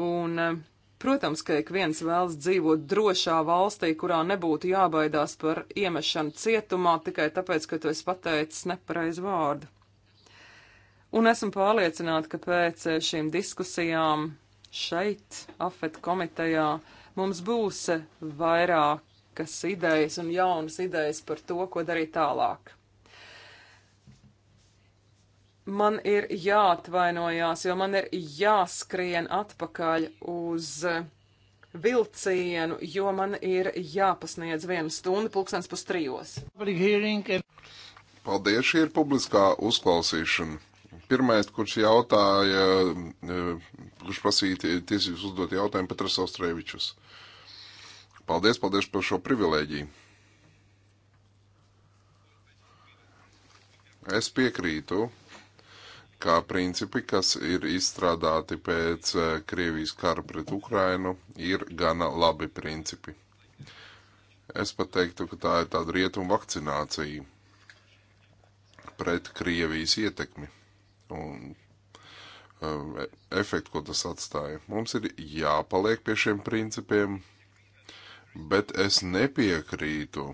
un Protams, ka ik viens vēlas dzīvot drošā valstī, kurā nebūtu jābaidās par iemešanu cietumā tikai tāpēc, ka tu esi pateicis nepareizu vārdu. Un esmu pārliecināta, ka pēc šīm diskusijām šeit, AFET komitejā, mums būs vairākas idejas un jaunas idejas par to, ko darīt tālāk man ir jāatvainojās, jo man ir jāskrien atpakaļ uz vilcienu, jo man ir jāpasniedz viena stunda, pulkstens pus trijos. Paldies, šī ir publiskā uzklausīšana. Pirmais, kurš jautāja, e, kurš prasīja tiesības uzdot jautājumu Petras Austrēvičus. Paldies, paldies par šo privilēģiju. Es piekrītu kā principi, kas ir izstrādāti pēc eh, Krievijas kara pret Ukrainu, ir gana labi principi. Es pat teiktu, ka tā ir tāda rietuma vakcinācija pret Krievijas ietekmi un um, efektu, ko tas atstāja. Mums ir jāpaliek pie šiem principiem, bet es nepiekrītu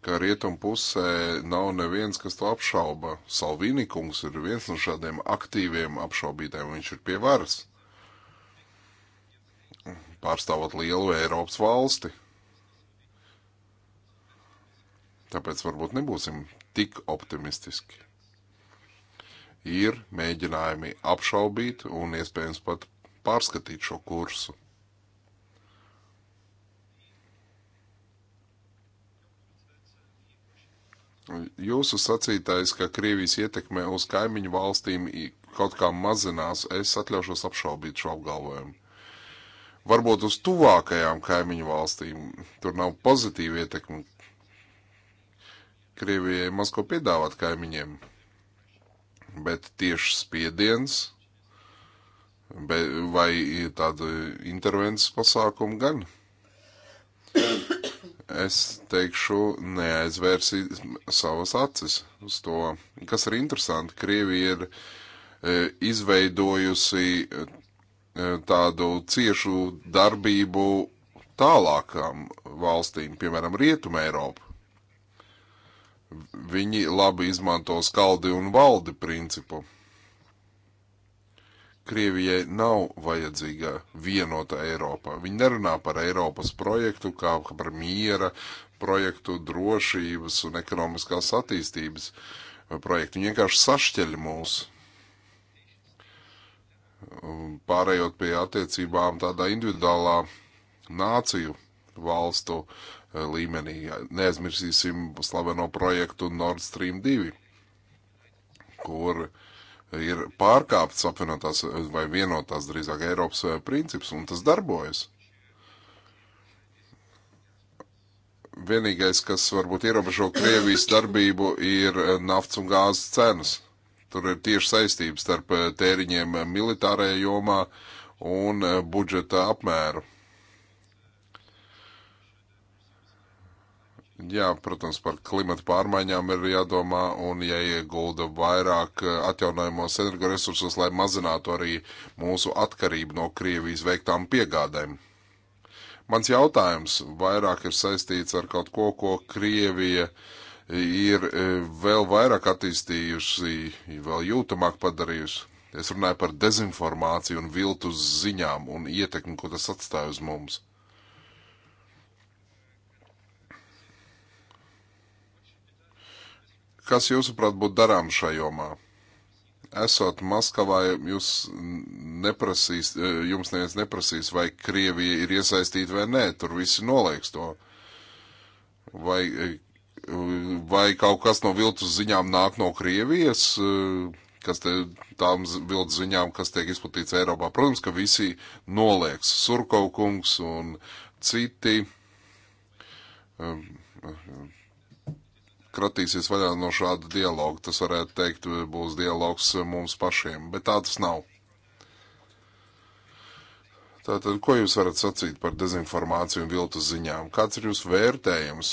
ka rietum pusē nav neviens, kas to apšauba. Salvīni kungs ir viens no šādiem aktīviem apšaubītēm, viņš ir pie varas. Pārstāvot lielu Eiropas valsti. Tāpēc varbūt nebūsim tik optimistiski. Ir mēģinājumi apšaubīt un iespējams pat pārskatīt šo kursu. Jūsu sacītais, ka Krievijas ietekme uz kaimiņu valstīm kaut kā mazinās, es atļaušos apšaubīt šo apgalvojumu. Varbūt uz tuvākajām kaimiņu valstīm tur nav pozitīva ietekme. Krievijai maz ko piedāvāt kaimiņiem, bet tieši spiediens be, vai tāda intervences pasākuma gan. es teikšu, neaizvērsi savas acis uz to. Kas ir interesanti, Krievija ir e, izveidojusi e, tādu ciešu darbību tālākām valstīm, piemēram, Rietuma Eiropu. Viņi labi izmanto skaldi un valdi principu. Krievijai nav vajadzīga vienota Eiropa. Viņi nerunā par Eiropas projektu kā par miera projektu, drošības un ekonomiskās attīstības projektu. Viņi vienkārši sašķeļ mūs, pārējot pie attiecībām tādā individuālā nāciju valstu eh, līmenī. Neaizmirsīsim slaveno projektu Nord Stream 2, kur ir pārkāpts apvienotās vai vienotās drīzāk Eiropas eh, princips, un tas darbojas. Vienīgais, kas varbūt ierobežo Krievijas darbību, ir eh, nafts un gāzes cenas. Tur ir tieši saistības starp eh, tēriņiem militārajā jomā un budžeta apmēru. Jā, protams, par klimatu pārmaiņām ir jādomā un jāiegulda ja vairāk eh, atjaunojumos energoresursos, lai mazinātu arī mūsu atkarību no Krievijas veiktām piegādēm. Mans jautājums vairāk ir saistīts ar kaut ko, ko Krievija ir eh, vēl vairāk attīstījusi, vēl jūtamāk padarījusi. Es runāju par dezinformāciju un viltus ziņām un ietekmi, ko tas atstāja uz mums. Kas jūsuprāt būtu darām šajā jomā? Esot Maskavā, jūs neprasīs, jums neviens neprasīs, vai Krievija ir iesaistīta vai nē, tur visi nolaiks to. Vai, vai kaut kas no viltus ziņām nāk no Krievijas, kas te, tām viltu ziņām, kas tiek izplatīts Eiropā. Protams, ka visi nolieks Surkaukungs un citi. Um, um, kratīsies vaļā no šāda dialoga. Tas varētu teikt, būs dialogs mums pašiem, bet tā tas nav. Tātad, ko jūs varat sacīt par dezinformāciju un viltus ziņām? Kāds ir jūsu vērtējums?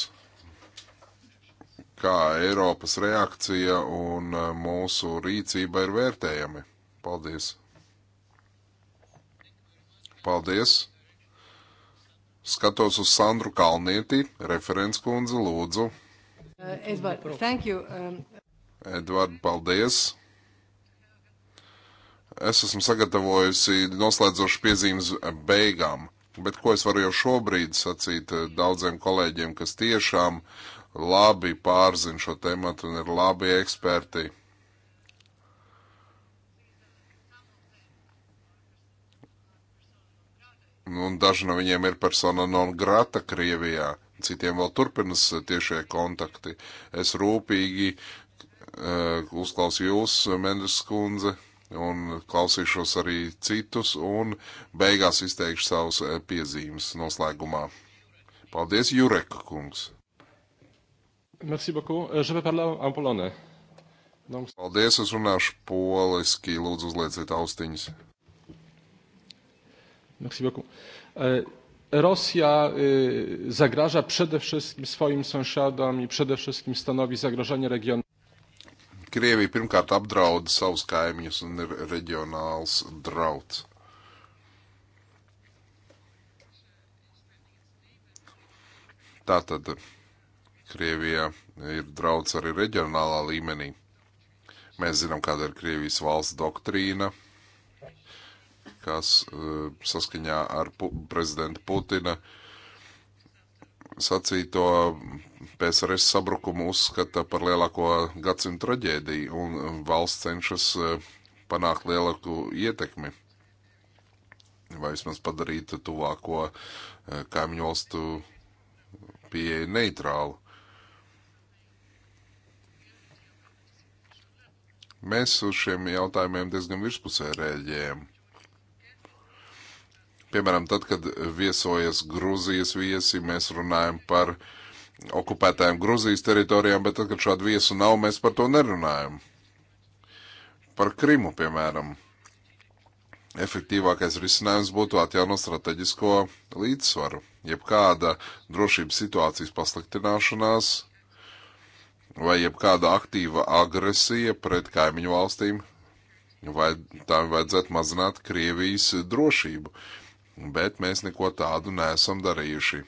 Kā Eiropas reakcija un eh, mūsu rīcība ir vērtējami? Paldies! Paldies! Skatos uz Sandru Kalnieti, referents kundze, lūdzu. Uh, Edvard, thank you. Um... Edvard, paldies. Es esmu sagatavojusi noslēdzošu piezīmes beigām, bet ko es varu jau šobrīd sacīt eh, daudziem kolēģiem, kas tiešām labi pārzina šo tematu un ir labi eksperti. Nu, un daži no viņiem ir persona non grata Krievijā citiem vēl turpinās eh, tiešie kontakti. Es rūpīgi uh, uzklausīju jūs, Mendes kundze, un klausīšos arī citus, un beigās izteikšu savus eh, piezīmes noslēgumā. Paldies, Jurek kungs! Merci beaucoup. Euh, je vais parler en polonais. Donc... Paldies, es runāšu poliski. Lūdzu, uzlieciet austiņas. Merci beaucoup. Uh... Rosja zagraża przede wszystkim swoim sąsiadom i przede wszystkim stanowi zagrożenie regionom. Krievija pirmkārt apdraud savus kaimiņus un ir reģionāls drauds. Tātad Krievija ir drauds arī reģionālā līmenī. Mēs zinām, kāda ir Krievijas valsts doktrīna kas eh, saskaņā ar pu prezidenta Putina sacīto PSRS sabrukumu uzskata par lielāko gadsimtu traģēdiju un valsts cenšas eh, panākt lielāku ietekmi vai vismaz padarīt tuvāko eh, kaimiņu valstu pieeja neitrālu. Mēs uz šiem jautājumiem diezgan virspusē rēģējam. Piemēram, tad, kad viesojas Grūzijas viesi, mēs runājam par okupētajām Grūzijas teritorijām, bet tad, kad šādu viesu nav, mēs par to nerunājam. Par Krimu, piemēram. Efektīvākais risinājums būtu atjaunot strateģisko līdzsvaru. Jebkāda drošības situācijas pasliktināšanās vai jebkāda aktīva agresija pret kaimiņu valstīm, vai tā vajadzētu mazināt Krievijas drošību. Uh, bet mēs neko tādu neesam darījuši.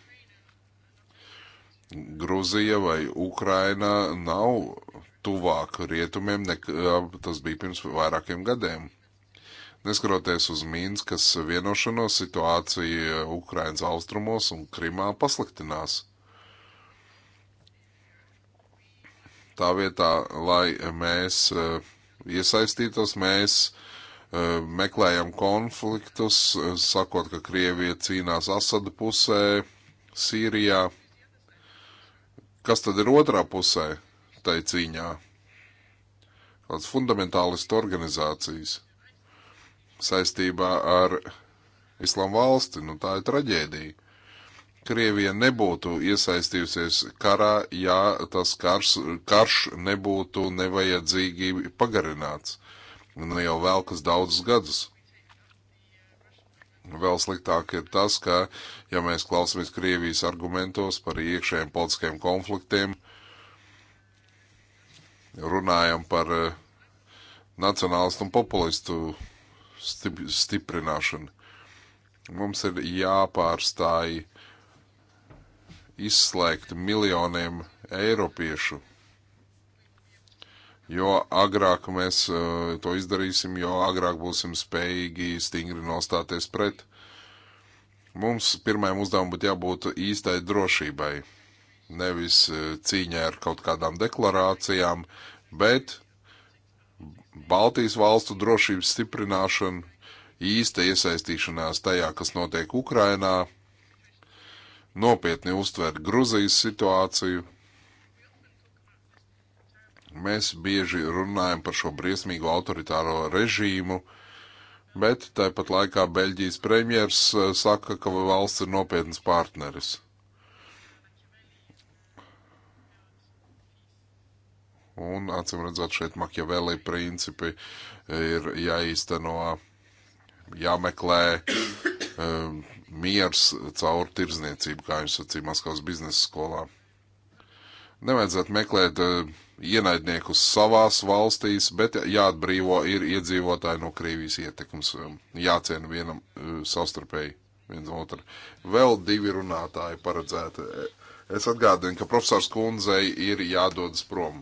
Gruzija vai Ukraina nav tuvāk rietumiem nekā tas bija pirms vairākiem gadiem. Neskaroties uz Mīnskas vienošanos, situācija Ukrainas austrumos un Krimā pasliktinās. Tā vietā, lai mēs eh, iesaistītos, mēs uh, Eh, meklējam konfliktus, eh, sakot, ka Krievija cīnās Asada pusē, Sīrijā. Kas tad ir otrā pusē tai cīņā? Kāds fundamentālistu organizācijas saistībā ar Islām valsti, nu tā ir traģēdija. Krievija nebūtu iesaistījusies karā, ja tas karš, karš nebūtu nevajadzīgi pagarināts nu jau velkas daudzus gadus. Vēl sliktāk ir tas, ka, ja mēs klausamies Krievijas argumentos par iekšējiem politiskiem konfliktiem, runājam par eh, nacionālistu un populistu stiprināšanu. Mums ir jāpārstāj izslēgt miljoniem eiropiešu jo agrāk mēs eh, to izdarīsim, jo agrāk būsim spējīgi stingri nostāties pret. Mums pirmajam uzdevumam būtu jābūt īstai drošībai, nevis eh, cīņai ar kaut kādām deklarācijām, bet Baltijas valstu drošības stiprināšana, īsta iesaistīšanās tajā, kas notiek Ukrainā, nopietni uztver Gruzijas situāciju Mēs bieži runājam par šo briesmīgo autoritāro režīmu, bet tāpat laikā Beļģijas premjers eh, saka, ka valsts ir nopietns partneris. Un, acīm redzot, šeit Makjavēlī principi ir jāīsteno, jāmeklē um, miers caur tirzniecību, kā jūs sacījāt Maskavas biznesa skolā. Nevajadzētu meklēt uh, ienaidniekus savās valstīs, bet jāatbrīvo ir iedzīvotāji no Krievijas ietekmes, um, jāciena vienam uh, savstarpēji viens otru. Vēl divi runātāji paredzēti. Es atgādinu, ka profesors Kunzei ir jādodas prom.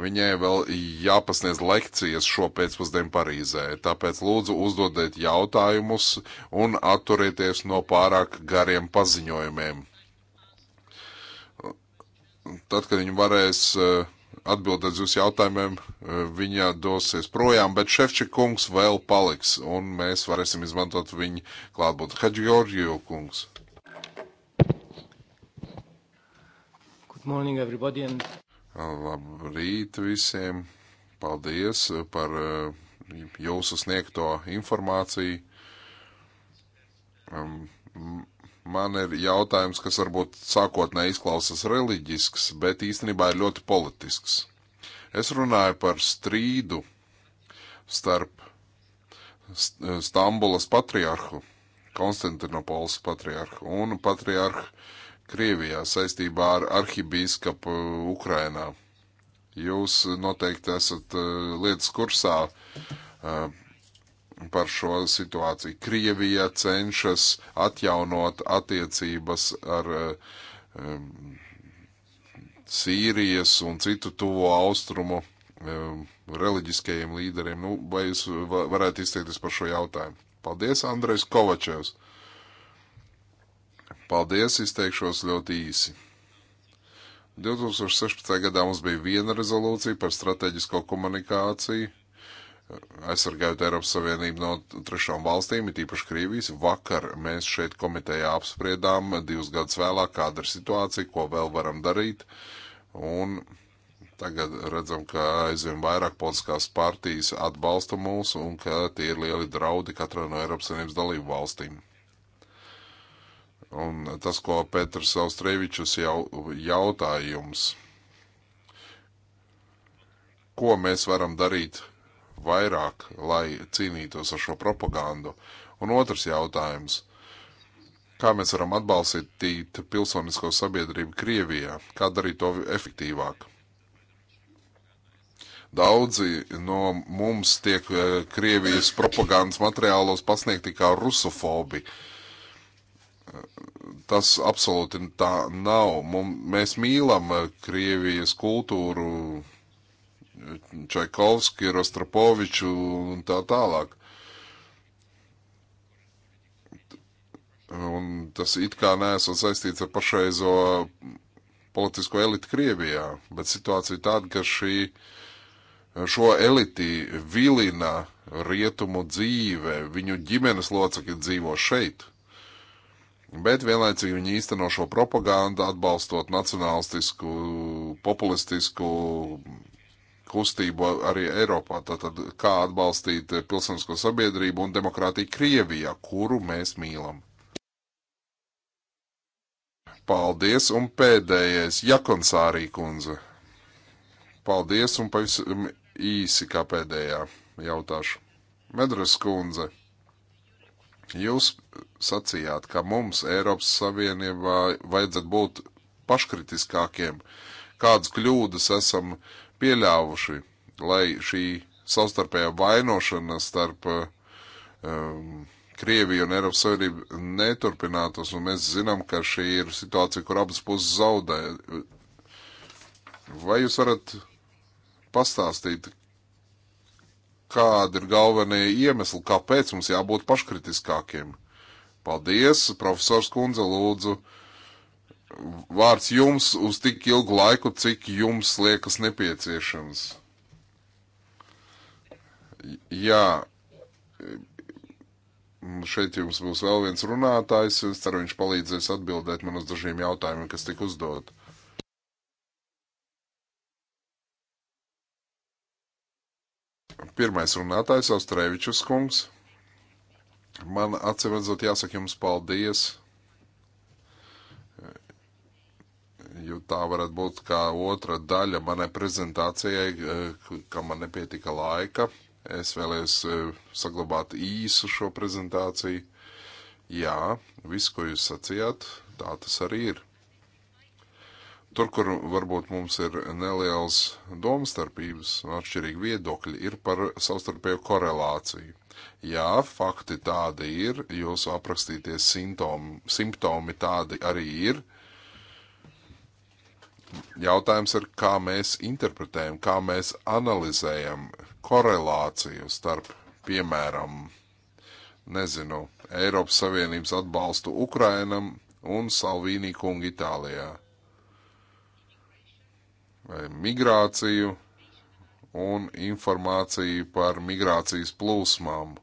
Viņai vēl jāpasniedz lekcijas šo pēcpusdienu Parīzē, tāpēc lūdzu uzdodiet jautājumus un atturieties no pārāk gariem paziņojumiem tad, kad viņa varēs eh, atbildēt uz jautājumiem, eh, viņa dosies projām, bet Šefčikungs vēl paliks, un mēs varēsim izmantot viņu klātbūtni. Hadžgeorgiju kungs. Good morning, everybody. And... Labrīt visiem. Paldies eh, par jūsu sniegto informāciju. Man ir jautājums, kas varbūt sākotnē izklausās reliģisks, bet īstenībā ir ļoti politisks. Es runāju par strīdu starp Stambulas patriarhu, Konstantinopols patriarhu un patriarhu Krievijā saistībā ar arhibīskapu Ukrainā. Jūs noteikti esat eh, lietas kursā eh, par šo situāciju. Krievija cenšas atjaunot attiecības ar um, Sīrijas un citu tuvo austrumu um, reliģiskajiem līderiem. Nu, vai jūs varētu izteikties par šo jautājumu? Paldies, Andrejs Kovačevs. Paldies, izteikšos ļoti īsi. 2016. gadā mums bija viena rezolūcija par strateģisko komunikāciju aizsargājot Eiropas Savienību no trešām valstīm, it īpaši Krievijas. Vakar mēs šeit komitejā apspriedām divus gadus vēlāk, kāda ir situācija, ko vēl varam darīt. Un tagad redzam, ka aizvien vairāk politiskās partijas atbalsta mūs un ka tie ir lieli draudi katrai no Eiropas Savienības dalību valstīm. Un tas, ko Pēters Austrēvičus jau jautājums, ko mēs varam darīt vairāk, lai cīnītos ar šo propagandu. Un otrs jautājums - kā mēs varam atbalstīt pilsonisko sabiedrību Krievijā, kā darīt to efektīvāk? Daudzi no mums tiek eh, Krievijas propagandas materiālos pasniegti kā rusofobi. Tas absolūti tā nav. Mums, mēs mīlam eh, Krievijas kultūru, Čaikovski, Rostropoviču un tā tālāk. Un tas it kā nesot saistīts ar pašreizo politisko elitu Krievijā, bet situācija tāda, ka šī, šo eliti vilina rietumu dzīve, viņu ģimenes locekļi dzīvo šeit, bet vienlaicīgi viņi īsteno šo propagandu, atbalstot nacionālistisku, populistisku kustību arī Eiropā, tātad kā atbalstīt pilsonisko sabiedrību un demokrātiju Krievijā, kuru mēs mīlam. Paldies, un pēdējais, Jakonsārī kundze. Paldies, un pavisam īsi kā pēdējā jautāšu. Medras kundze, jūs sacījāt, ka mums Eiropas Savienībā vajadzētu būt paškritiskākiem, kādas kļūdas esam uh, pieļāvuši, lai šī savstarpējā vainošana starp eh, um, Krieviju un Eiropas Savienību neturpinātos, un mēs zinām, ka šī ir situācija, kur abas puses zaudē. Vai jūs varat pastāstīt, kādi ir galvenie iemesli, kāpēc mums jābūt paškritiskākiem? Paldies, profesors Kundze, lūdzu. Uh, vārds jums uz tik ilgu laiku, cik jums liekas nepieciešams. Jā, šeit jums būs vēl viens runātājs, es ceru, viņš palīdzēs atbildēt man uz dažiem jautājumiem, kas tik uzdot. Pirmais runātājs - Austrēvičus kungs. Man acīm redzot, jāsaka jums paldies tā varētu būt kā otra daļa manai prezentācijai, eh, kam man nepietika laika. Es vēlējos eh, saglabāt īsu šo prezentāciju. Jā, viss, ko jūs sacījāt, tā tas arī ir. Tur, kur varbūt mums ir nelielas domstarpības un atšķirīgi viedokļi, ir par savstarpēju korelāciju. Jā, fakti tādi ir, jūsu aprakstītie simptomi, simptomi tādi arī ir. Uh, Jautājums ir, kā mēs interpretējam, kā mēs analizējam korelāciju starp, piemēram, nezinu, Eiropas Savienības atbalstu Ukrainam un Salvīnī kungu Itālijā. Vai migrāciju un informāciju par migrācijas plūsmām.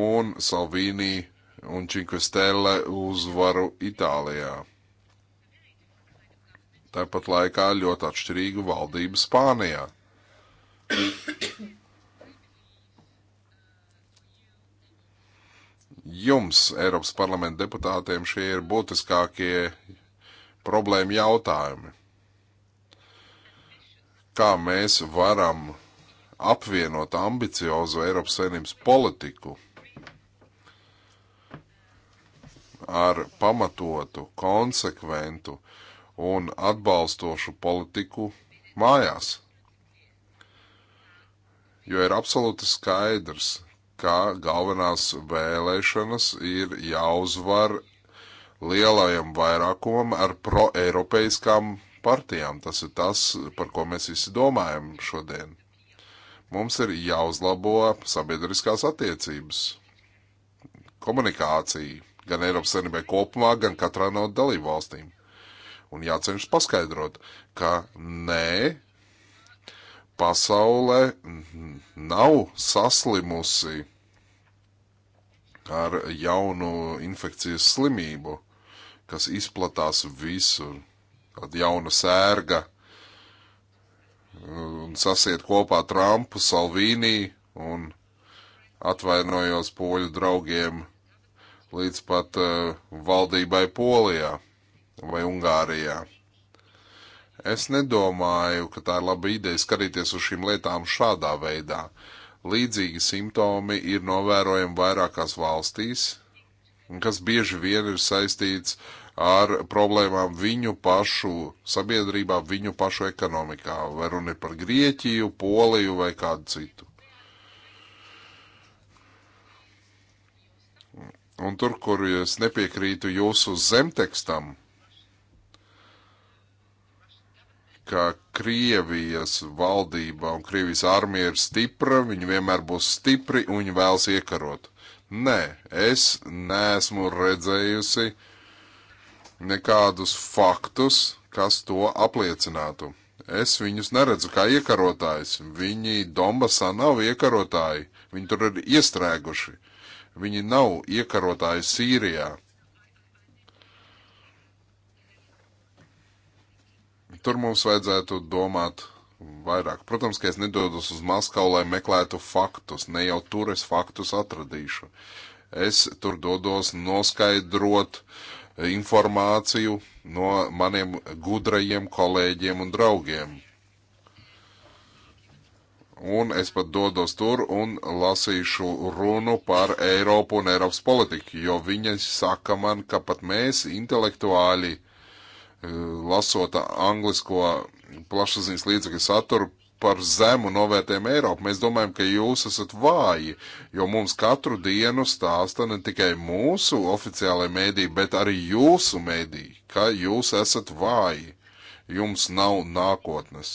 Un Salvīnī un Činkvestēle uzvaru Itālijā. Tāpat laikā ļoti atšķirīga valdība Spānijā. Jums, Eiropas parlamenta deputātiem, šie ir būtiskākie problēma jautājumi. Kā mēs varam apvienot ambiciozu Eiropas Savienības politiku ar pamatotu, konsekventu un atbalstošu politiku mājās. Jo ir absolūti skaidrs, ka galvenās vēlēšanas ir jāuzvar lielajam vairākumam ar proeiropeiskām partijām. Tas ir tas, par ko mēs visi domājam šodien. Mums ir jāuzlabo sabiedriskās attiecības, komunikācija gan Eiropas Savienībai kopumā, gan katrā no dalību valstīm un jācenšas paskaidrot, ka nē, pasaulē nav saslimusi ar jaunu infekcijas slimību, kas izplatās visur. Tāda jauna sērga un sasiet kopā Trumpu, Salvīnī un atvainojos poļu draugiem līdz pat uh, valdībai Polijā vai Ungārijā. Es nedomāju, ka tā ir laba ideja skatīties uz šīm lietām šādā veidā. Līdzīgi simptomi ir novērojami vairākās valstīs, kas bieži vien ir saistīts ar problēmām viņu pašu sabiedrībā, viņu pašu ekonomikā, vai runa ir par Grieķiju, Poliju vai kādu citu. Un tur, kur es nepiekrītu jūsu zemtekstam, ka Krievijas valdība un Krievijas armija ir stipra, viņi vienmēr būs stipri un viņi vēlas iekarot. Nē, es neesmu redzējusi nekādus faktus, kas to apliecinātu. Es viņus neredzu kā iekarotājus. Viņi Donbasā nav iekarotāji. Viņi tur ir iestrēguši. Viņi nav iekarotāji Sīrijā. Tur mums vajadzētu domāt vairāk. Protams, ka es nedodos uz Maskavu, lai meklētu faktus. Ne jau tur es faktus atradīšu. Es tur dodos noskaidrot informāciju no maniem gudrajiem kolēģiem un draugiem. Un es pat dodos tur un lasīšu runu par Eiropu un Eiropas politiku, jo viņi saka man, ka pat mēs, intelektuāļi, E, lasot anglisko plašsaziņas līdzekļu saturu par zemu novērtējumu Eiropu. Mēs domājam, ka jūs esat vāji, jo mums katru dienu stāsta ne tikai mūsu oficiālajā mēdī, bet arī jūsu mēdī, ka jūs esat vāji. Jums nav nākotnes.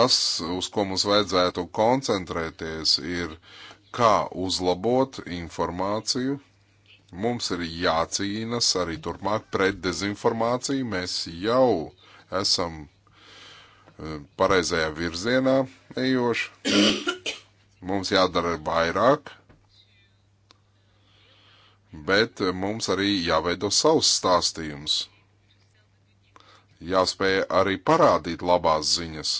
Tas, uz ko mums vajadzētu koncentrēties, ir kā uzlabot informāciju Mums ir jācīnas arī turpmāk pret dezinformāciju. Mēs jau esam e, pareizajā virzienā ejoši. Mums jādara vairāk, bet mums arī jāveido savs stāstījums. Jāspēj arī parādīt labās ziņas.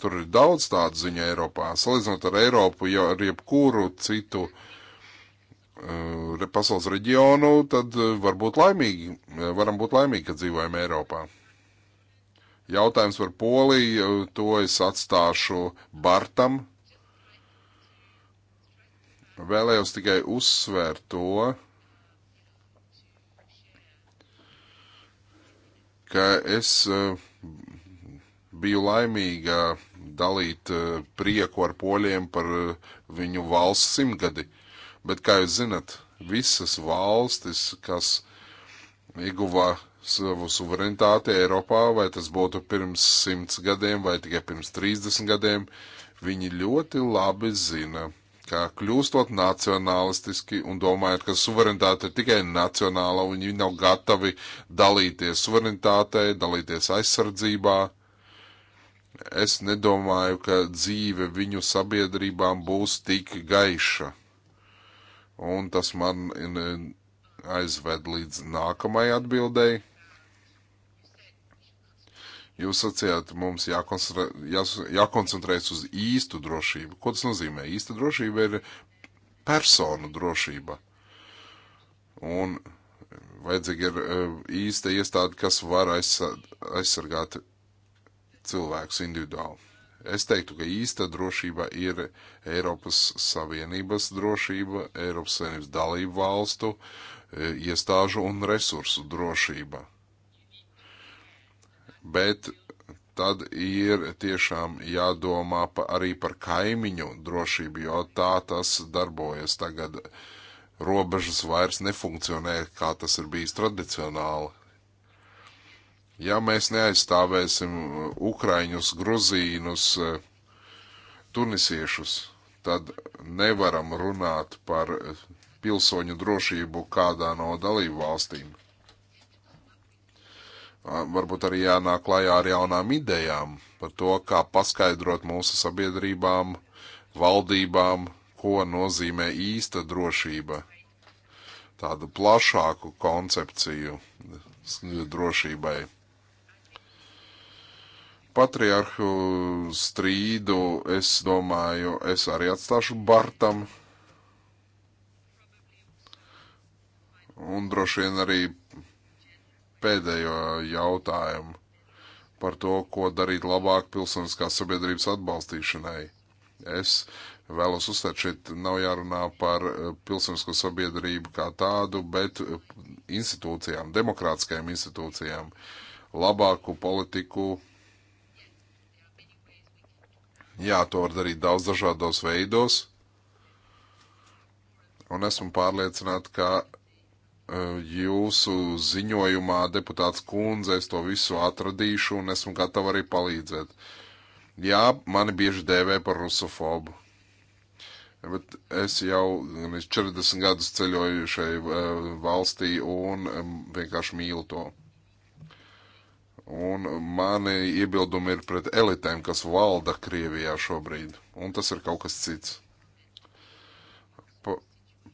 Tur ir daudz tādu ziņu Eiropā. Salīdzinot ar Eiropu, jau ar jebkuru citu uh, pasaules reģionu, tad eh, var būt laimīgi, eh, varam būt laimīgi, ka dzīvojam Eiropā. Jautājums par Poliju, eh, to es atstāšu Bartam. Vēlējos tikai uzsvērt to, ka es biju laimīga dalīt prieku ar poļiem par viņu valsts simtgadi. Bet, kā jūs zinat, visas valstis, kas ieguva savu suverenitāti Eiropā, vai tas būtu pirms simts gadiem vai tikai pirms trīsdesmit gadiem, viņi ļoti labi zina, ka kļūstot nacionālistiski un domājot, ka suverenitāte ir tikai nacionāla, viņi nav gatavi dalīties suverenitātei, dalīties aizsardzībā. Es nedomāju, ka dzīve viņu sabiedrībām būs tik gaiša. Un tas man aizved līdz nākamajai atbildēji. Jūs sacījāt, mums jākoncentrējas uz īstu drošību. Ko tas nozīmē? Īsta drošība ir personu drošība. Un vajadzīga ir e, īsta iestāde, kas var aizsargāt cilvēkus individuāli. Es teiktu, ka īsta drošība ir Eiropas Savienības drošība, Eiropas Savienības dalību valstu, e, iestāžu un resursu drošība. Bet tad ir tiešām jādomā pa, arī par kaimiņu drošību, jo tā tas darbojas tagad. Robežas vairs nefunkcionē, kā tas ir bijis tradicionāli. Ja mēs neaizstāvēsim uh, ukraiņus, gruzīnus, uh, tunisiešus, tad nevaram runāt par uh, pilsoņu drošību kādā no dalību valstīm. Varbūt arī jānāk klajā ar jaunām idejām par to, kā paskaidrot mūsu sabiedrībām, valdībām, ko nozīmē īsta drošība, tādu plašāku koncepciju drošībai patriarhu strīdu, es domāju, es arī atstāšu Bartam. Un droši vien arī pēdējo jautājumu par to, ko darīt labāk pilsoniskās sabiedrības atbalstīšanai. Es vēlos uzsvērt, šeit nav jārunā par eh, pilsonisko sabiedrību kā tādu, bet eh, institūcijām, demokrātiskajām institūcijām, labāku politiku, Jā, to var darīt daudz dažādos veidos. Un esmu pārliecināta, ka e, jūsu ziņojumā, deputāts kundze, es to visu atradīšu un esmu gatava arī palīdzēt. Jā, mani bieži dēvē par rusofobu. Bet es jau 40 gadus ceļoju šai e, valstī un e, vienkārši mīlu to. Un mani iebildumi ir pret elitēm, kas valda Krievijā šobrīd. Un tas ir kaut kas cits. Pa,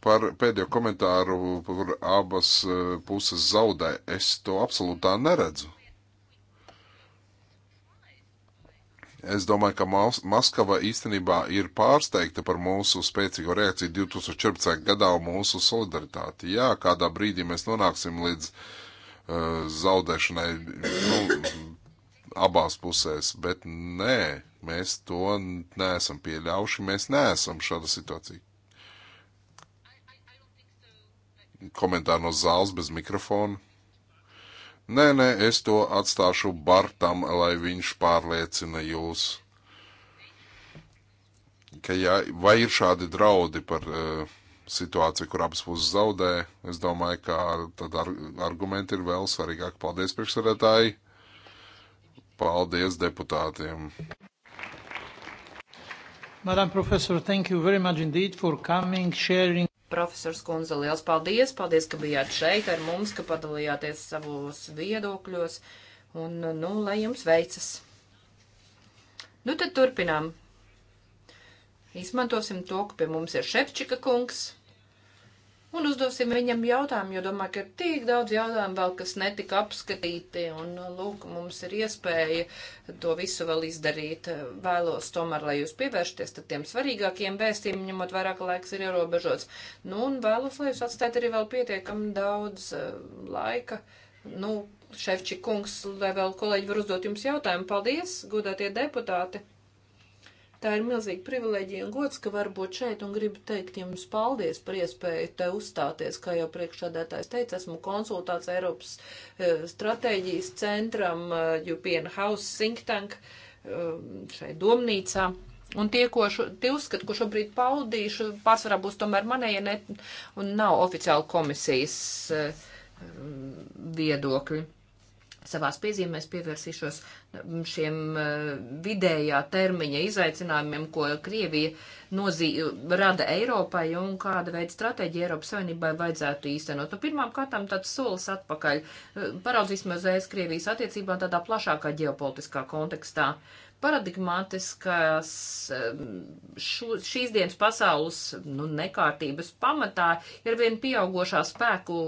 par pēdējo komentāru, kur abas eh, puses zaudē, es to absolūtā neredzu. Es domāju, ka Maskava īstenībā ir pārsteigta par mūsu spēcīgo reakciju 2014. gadā un mūsu solidaritāti. Jā, kādā brīdī mēs nonāksim līdz uh, Eh, zaudēšanai nu, abās pusēs, bet nē, mēs to neesam pieļauši, mēs neesam šāda situācija. Komentāri no zāles bez mikrofona. Nē, nē, es to atstāšu Bartam, lai viņš pārliecina jūs, ka jā, vai ir šādi draudi par uh, situācija, kur abas puses zaudē. Es domāju, ka tad ar, argumenti ir vēl svarīgāk. Paldies priekšsarētāji. Paldies deputātiem. Madam Professor, thank you very much indeed for coming, sharing. Profesors Kunze, liels paldies! Paldies, ka bijāt šeit ar mums, ka padalījāties savos viedokļos. Un, nu, lai jums veicas! Nu, tad turpinām. Izmantosim to, ka pie mums ir Šefčika kungs un uzdosim viņam jautājumu, jo domāju, ka ir tik daudz jautājumu vēl, kas netika apskatīti, un lūk, mums ir iespēja to visu vēl izdarīt. Vēlos tomēr, lai jūs pievēršaties tad tiem svarīgākiem vēstījumiem, ņemot vairāk laiks ir ierobežots. Nu, un vēlos, lai jūs atstājat arī vēl pietiekam daudz uh, laika. Nu, Šefči kungs, lai vēl kolēģi var uzdot jums jautājumu. Paldies, godātie deputāti! Tā ir milzīga privileģija un gods, ka var būt šeit un gribu teikt jums paldies par iespēju te uzstāties. Kā jau priekšādētājs teica, esmu konsultāts Eiropas uh, stratēģijas centram uh, European House Think Tank uh, šai domnīcā. Un tie, ko šo, tie uzskat, ko šobrīd paudīšu, pārsvarā būs tomēr manēja ne, un nav oficiāli komisijas uh, viedokļi. Uh, Savās piezīmēs pievērsīšos šiem vidējā termiņa izaicinājumiem, ko Krievija nozī, rada Eiropai un kāda veida stratēģija Eiropas Savienībai vajadzētu īstenot. Nu, pirmām kārtām tāds solis atpakaļ. E, Paraudzīsimies uz ES Krievijas attiecībām tādā plašākā ģeopolitiskā kontekstā. Paradigmātiskās e, šīs dienas pasaules nu, nekārtības pamatā ir vien pieaugošā spēku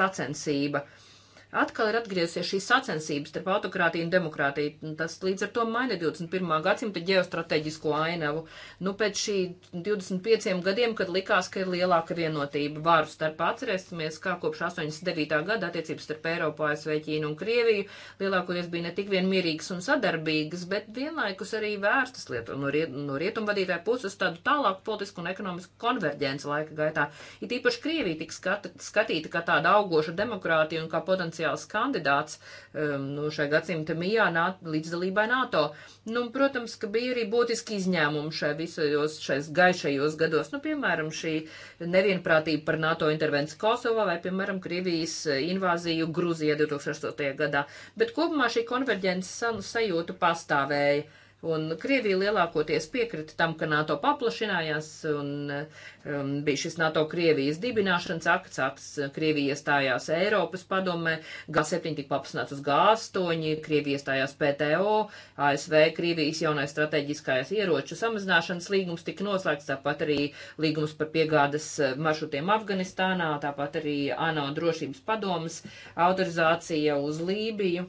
sacensība. Uh, atkal ir atgriezies šī sacensības starp autokrātiju un demokrātiju. Tas līdz ar to maina 21. gadsimta ģeostrateģisko ainavu. Nu, pēc šī 25 gadiem, kad likās, ka ir lielāka vienotība varu starp, atcerēsimies, kā kopš 89. gada attiecības starp Eiropu, ASV, Ķīnu un Krieviju lielākoties bija ne tik vien mierīgas un sadarbīgas, bet vienlaikus arī vērstas lietu no, riet, no rietumvadītāja puses tādu tālāku politisku un ekonomisku konverģenci laika gaitā. It īpaši Krievija tika skat, skatīta kā tāda augoša demokrātija un kā potenciāla potenciāls kandidāts um, nu, šai gadsimta mijā nāt, līdzdalībai NATO. Nu, protams, ka bija arī būtiski izņēmumi šai visos šais gaišajos gados, nu, piemēram, šī nevienprātība par NATO intervenciju Kosovā vai, piemēram, Krievijas invāziju Gruzijā 2008. gadā. Bet kopumā šī konverģences sajūta pastāvēja Un Krievija lielākoties piekrita tam, ka NATO paplašinājās un um, bija šis NATO Krievijas dibināšanas akts, akts Krievija iestājās Eiropas padomē, G7 tika paplašināts uz G8, Krievija iestājās PTO, ASV Krievijas jaunais strateģiskais ieroču samazināšanas līgums tika noslēgts, tāpat arī līgums par piegādes eh, maršrutiem Afganistānā, tāpat arī ANO drošības padomas autorizācija uz Lībiju.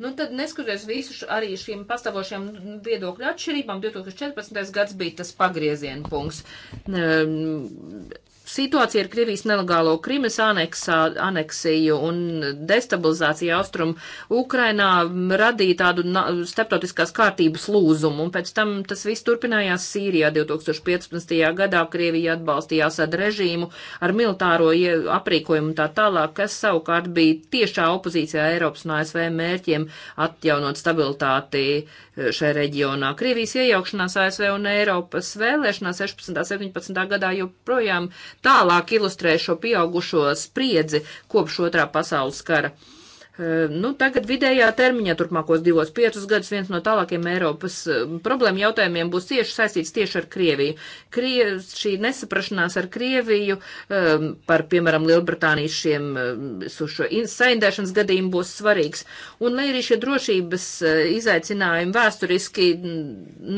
Nu, tad neskatoties visu arī šīm pastāvošajām viedokļu atšķirībām, 2014. gads bija tas pagrieziena punkts. Ehm, Situācija ar Krievijas nelegālo Krimas aneksā, aneksiju un destabilizāciju austrumu Ukrainā radīja tādu starptautiskās kārtības lūzumu, un pēc tam tas viss turpinājās Sīrijā 2015. gadā. Krievija atbalstīja Asad režīmu ar militāro aprīkojumu un tā tālāk, kas savukārt bija tiešā opozīcijā Eiropas un ASV mērķiem atjaunot stabilitāti e, šajā reģionā. Krievijas iejaukšanās ASV un Eiropas vēlēšanās 16. un 17. gadā joprojām tālāk ilustrē šo pieaugušo spriedzi kopš otrā pasaules kara. Uh, Nu, tagad vidējā termiņā turpmākos divos piecus gadus viens no tālākiem Eiropas problēma jautājumiem būs tieši saistīts tieši ar Krieviju. Krie, šī nesaprašanās ar Krieviju par, piemēram, Lielbritānijas šiem šo saindēšanas gadījumu būs svarīgs. Un lai arī šie drošības izaicinājumi vēsturiski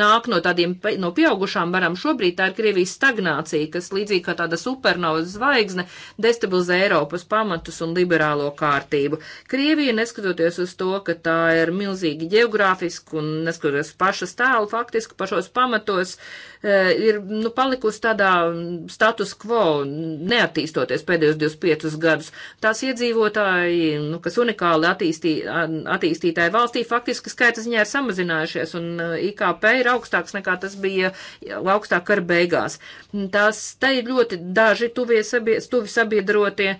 nāk no tādiem no pieaugušām varam, šobrīd tā ir Krievijas stagnācija, kas līdzīgi kā tāda supernovas zvaigzne destabilizē Eiropas pamatus un liberālo kārtību. Krie Krievija, neskatoties uz to, ka tā ir milzīgi geogrāfiski un neskatoties pašas tālu, faktiski pašos pamatos uh, Eh, ir nu, palikusi tādā status quo, neattīstoties pēdējos 25 gadus. Tās iedzīvotāji, nu, kas unikāli attīstī, attīstītāji valstī, faktiski skaita ziņā ir samazinājušies, un eh, IKP ir augstāks nekā tas bija augstāk ar beigās. Tās te ir ļoti daži tuvie sabiedrotie.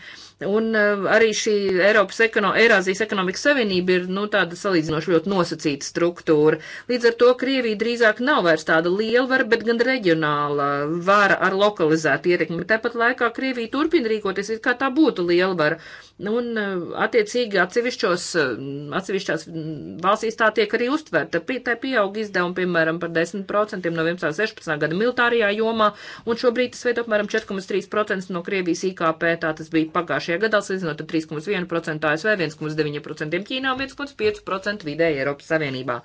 Un eh, arī šī Eiropas ekono, Eirāzijas ekonomikas savienība ir nu, tāda salīdzinoši ļoti nosacīta struktūra. Līdz ar to Krievija drīzāk nav vairs tāda lielvara, bet gan gan reģionāla vara ar lokalizētu ietekmi. Tāpat laikā Krievija turpina rīkoties, it kā tā būtu lielvara. Un, e, attiecīgi, atsevišķos, e, atsevišķās valstīs tā tiek arī uztverta. Tā pieauga izdevumi, piemēram, par 10% no 11. gada militārajā jomā, un šobrīd tas veido apmēram 4,3% no Krievijas IKP. Tā tas bija pagājušajā gadā, salīdzinot ar 3,1% ASV, 1,9% Ķīnā un 1,5% vidēji Eiropas Savienībā.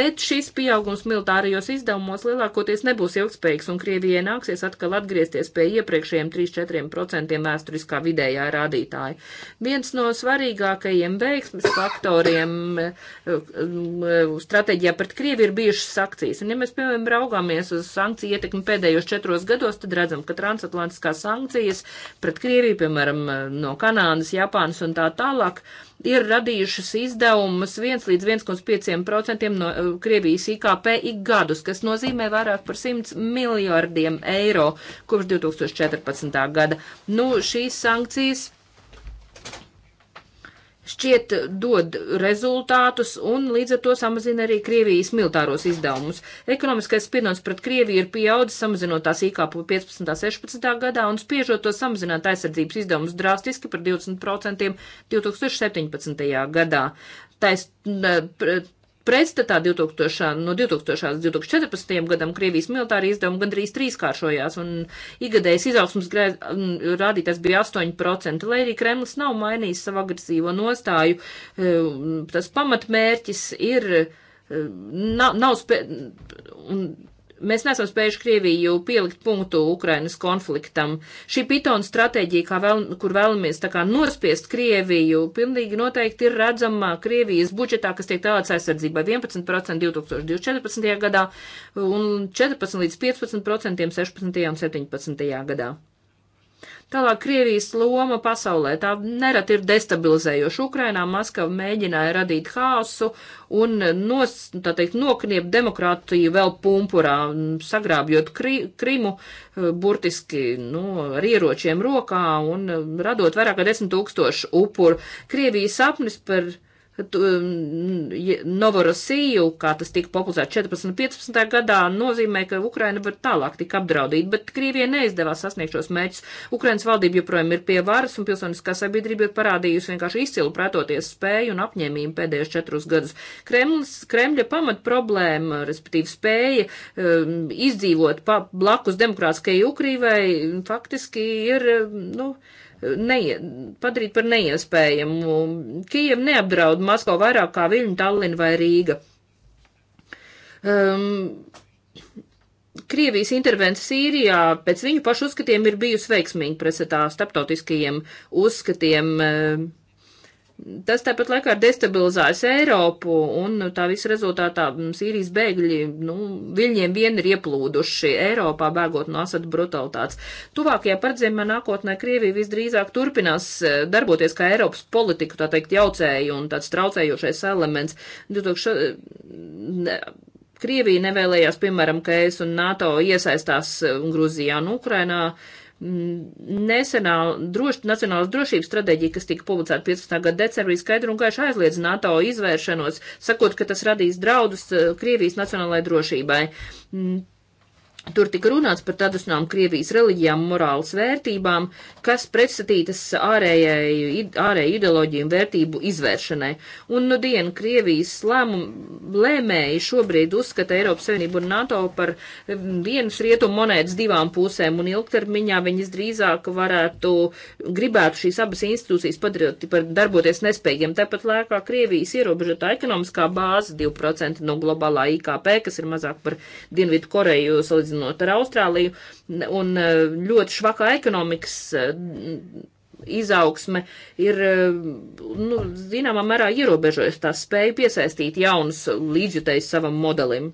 Bet šis pieaugums militārajos izdevumos lielākoties nebūs ilgspējīgs, un Krievijai nāksies atkal atgriezties pie iepriekšējiem 3-4% vēsturiskā vidējā rādītāja. Viens no svarīgākajiem veiksmes faktoriem eh, eh, stratēģijā pret Krievi ir bijušas sankcijas. Un ja mēs, piemēram, raugāmies uz sankciju ietekmi pēdējos četros gados, tad redzam, ka transatlantiskās sankcijas pret Krieviju, piemēram, eh, no Kanādas, Japānas un tā tālāk, ir radījušas izdevumus 1 līdz 1,5% no Krievijas IKP ik gadus, kas nozīmē vairāk par 100 miljardiem eiro kopš 2014. gada. Nu, šīs sankcijas šķiet dod rezultātus un līdz ar to samazina arī Krievijas militāros izdevumus. Ekonomiskais spiediens pret Krieviju ir pieaudzis, samazinot tās IKP 15. un 16. gadā un spiežot to samazināt aizsardzības izdevumus drastiski par 20% 2017. gadā. Tais, Pretstatā 2000, no 2000 līdz 2014. gadam Krievijas militāri izdevumi gandrīz trīskāršojās, un igadējas izaugsmas rādītājs bija 8%, lai arī Kremlis nav mainījis savu agresīvo nostāju. Eh, tas pamatmērķis ir, eh, nav, nav spē, un Mēs nesam spējuši Krieviju pielikt punktu Ukrainas konfliktam. Šī pitona stratēģija, vēl, kur vēlamies tā kā nospiest Krieviju, pilnīgi noteikti ir redzama Krievijas budžetā, kas tiek tēlēts aizsardzībai 11% 2014. gadā un 14 līdz 15% 16. un 17. gadā. Tālāk Krievijas loma pasaulē tā nerad ir destabilizējoša. Ukrainā Maskava mēģināja radīt hāsu un nos, tā teikt, nokniept demokrātiju vēl pumpurā, sagrābjot kri, Krimu eh, burtiski nu, ar ieročiem rokā un eh, radot vairāk kā desmit tūkstošu upuru. Krievijas sapnis par Um, Novorosiju, kā tas tika populizēts 14. un 15. gadā, nozīmē, ka Ukraina var tālāk tik apdraudīt, bet Krievijai neizdevās sasniegt šos mērķus. Ukrainas valdība joprojām ir pie varas un pilsoniskā sabiedrība ir parādījusi vienkārši izcilu pretoties spēju un apņēmību pēdējos četrus gadus. Kremlis, Kremļa pamat problēma, respektīvi spēja um, izdzīvot pa, blakus demokrātiskajai Ukrīvai, faktiski ir, um, nu, uh, neie, padarīt par neiespējamu. Kijam neapdraud Masko vairāk kā Viļņu, Tallinu vai Rīga. Um, Krievijas intervence Sīrijā pēc viņu pašu uzskatiem ir bijusi veiksmīga pretstatā starptautiskajiem uzskatiem. Um, Tas tāpat laikā destabilizējas Eiropu, un tā visa rezultātā mm, Sīrijas bēgļi, nu, viņiem vien ir ieplūduši Eiropā, bēgot no asadu brutalitātes. Tuvākajā paredzējumā nākotnē Krievija visdrīzāk turpinās eh, darboties kā Eiropas politiku, tā teikt, jaucēju un tāds traucējošais elements. 2000... Eh, Krievija nevēlējās, piemēram, ka es un NATO iesaistās eh, Gruzijā un Ukrainā. Uh, Mm, nesenā droš, nacionālas drošības stratēģija, kas tika publicēta 15. gada decembrī, skaidri un gaiši aizliedz NATO izvēršanos, sakot, ka tas radīs draudus eh, Krievijas nacionālajai drošībai. Mm, Tur tika runāts par tradicionālām Krievijas reliģijām, morāles vērtībām, kas pretstatītas ārējai, ārējai ideoloģiju un vērtību izvēršanai. Un nu no dienu Krievijas lēmumu lēmēji šobrīd uzskata Eiropas Savienību un NATO par mm, vienas rietumu monētas divām pusēm, un ilgtermiņā viņas drīzāk varētu, gribētu šīs abas institūcijas padarīt par darboties nespējiem. Tāpat lēkā Krievijas ierobežotā ekonomiskā bāze 2% no globālā IKP, kas ir mazāk par Dienvidu Koreju salīdzinājumā salīdzinot ar Austrāliju, un e, ļoti švakā ekonomikas e, izaugsme ir, e, nu, zināmā mērā ierobežojas tā spēja piesaistīt jaunus līdzjutējus savam modelim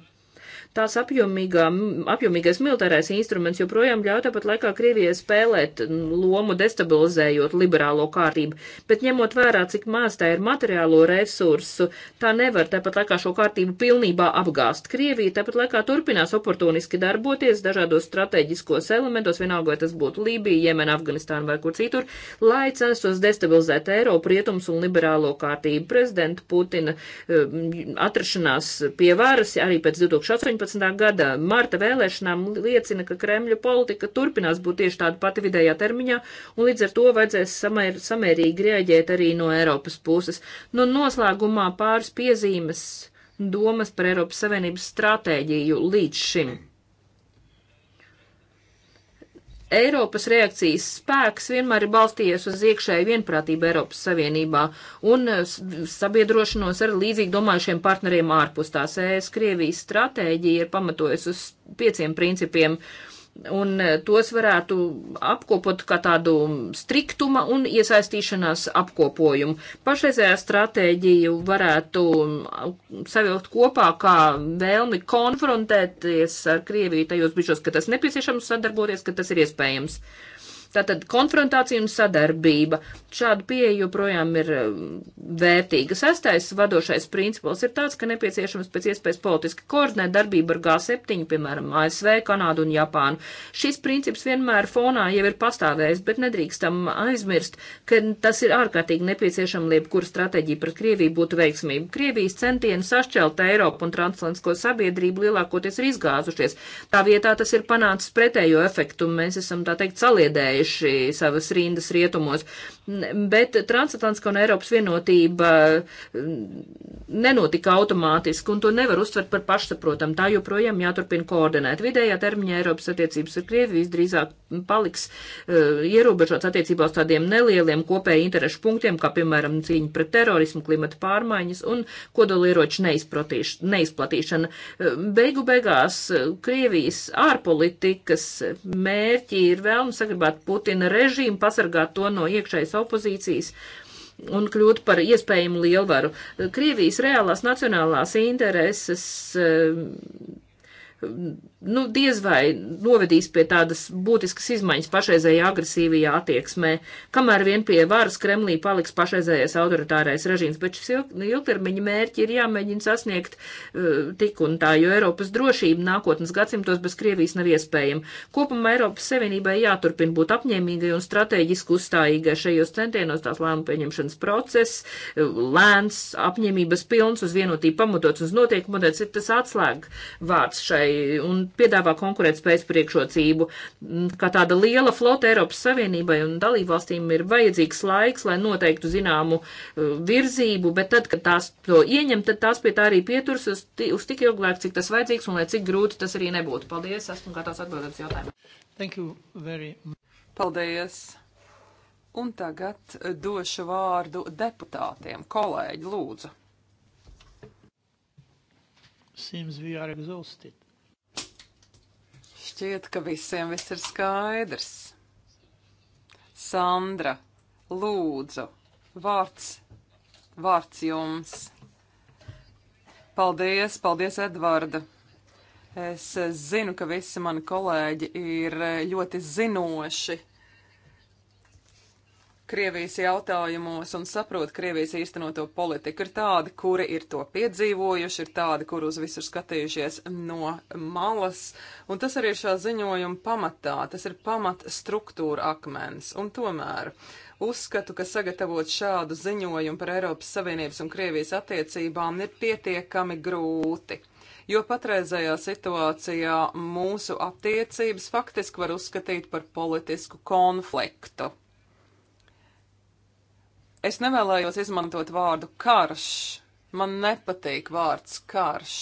tās apjomīgā, apjomīgais militārais instruments joprojām ļauj tāpat laikā Krievijai spēlēt mm, lomu destabilizējot liberālo kārtību, bet ņemot vērā, cik maz tā ir materiālo resursu, tā nevar tāpat laikā šo kārtību pilnībā apgāst. Krievija tāpat laikā turpinās oportuniski darboties dažādos strateģiskos elementos, vienalga vai tas būtu Lībija, Jemena, Afganistāna vai kur citur, lai censtos destabilizēt Eiropu, rietums un liberālo kārtību. Prezidenta Putina eh, atrašanās pie varas arī pēc 2018. 2018. gada marta vēlēšanām liecina, ka Kremļa politika turpinās būt tieši tāda pati vidējā termiņā, un līdz ar to vajadzēs samēr, samērīgi rēģēt arī no Eiropas puses. Nu, noslēgumā pāris piezīmes domas par Eiropas Savienības stratēģiju līdz šim. Mm. Eiropas reakcijas spēks vienmēr ir balstījies uz iekšēju vienprātību Eiropas Savienībā un eh, sabiedrošanos ar līdzīgi domājušiem partneriem ārpus tās. ES Krievijas stratēģija ir pamatojas uz pieciem principiem. Uh, un e, tos varētu apkopot kā tādu striktuma un iesaistīšanās apkopojumu. Pašreizējā stratēģiju varētu savilkt kopā kā vēlmi konfrontēties ar Krieviju tajos bišos, ka tas nepieciešams sadarboties, ka tas ir iespējams. Uh, Tātad konfrontācija un sadarbība. Šāda pieeja joprojām ir eh, vērtīga. Sastais vadošais principls ir tāds, ka nepieciešams pēc iespējas politiski koordinēt darbību ar G7, piemēram, ASV, Kanādu un Japānu. Šis princips vienmēr fonā jau ir pastāvējis, bet nedrīkstam aizmirst, ka tas ir ārkārtīgi nepieciešams, lai jebkura stratēģija pret Krieviju būtu veiksmība. Krievijas centieni sašķelt Eiropu un transatlantisko sabiedrību lielākoties ir izgāzušies. Tā vietā tas ir panācis pretējo efektu, un mēs esam, tā teikt, saliedējuši noslēguši savas rindas rietumos, bet transatlantiskā un Eiropas vienotība nenotika automātiski, un to nevar uztvert par pašsaprotam. Tā joprojām jāturpina koordinēt. Vidējā termiņā Eiropas attiecības ar Krieviju visdrīzāk paliks uh, ierobežots attiecībā uz tādiem nelieliem kopēju interešu punktiem, kā piemēram cīņa pret terorismu, klimata pārmaiņas un kodolieroču neizplatīšana. E, beigu beigās e, Krievijas ārpolitikas mērķi ir vēlme saglabāt Putina režīmu, pasargāt to no iekšējas opozīcijas un kļūt par iespējamu lielvaru. Krievijas reālās nacionālās intereses eh, nu, diez vai novedīs pie tādas būtiskas izmaiņas pašreizējā agresīvajā attieksmē, kamēr vien pie varas Kremlī paliks pašreizējais autoritārais režīms, bet šis ilgtermiņa mērķi ir jāmēģina sasniegt uh, tik un tā, jo Eiropas drošība nākotnes gadsimtos bez Krievijas nav iespējama. Kopumā Eiropas Savienībai jāturpina būt apņēmīgai un strateģiski uzstājīgai šajos centienos tās lēmu pieņemšanas process, lēns, apņēmības pilns, uz vienotību pamatots, uz notiekumu, tas ir tas atslēgvārds šai flotai un piedāvā konkurētspējas priekšrocību. Mm, Kā tāda liela flota Eiropas Savienībai un dalībvalstīm ir vajadzīgs laiks, lai noteiktu zināmu uh, virzību, bet tad, kad tās to ieņem, tad tās pie tā arī pieturas uz, uz tik ilgu laiku, cik tas vajadzīgs un lai cik grūti tas arī nebūtu. Paldies, esmu gatavs atbildēt uz jautājumu. Paldies! Un tagad eh, došu vārdu deputātiem. Kolēģi, lūdzu. Seems we are exhausted šķiet, ka visiem viss ir skaidrs. Sandra, lūdzu, vārds, vārds jums. Paldies, paldies, Edvarda. Es zinu, ka visi mani kolēģi ir ļoti zinoši Krievijas jautājumos un saprot Krievijas īstenoto politiku. Ir tādi, kuri ir to piedzīvojuši, ir tādi, kur uz visu skatījušies no malas, un tas arī ir šā ziņojuma pamatā, tas ir pamat struktūra akmens. Un tomēr uzskatu, ka sagatavot šādu ziņojumu par Eiropas Savienības un Krievijas attiecībām ir pietiekami grūti. Jo patreizējā situācijā mūsu attiecības faktiski var uzskatīt par politisku konfliktu. Es nevēlējos izmantot vārdu karš. Man nepatīk vārds karš.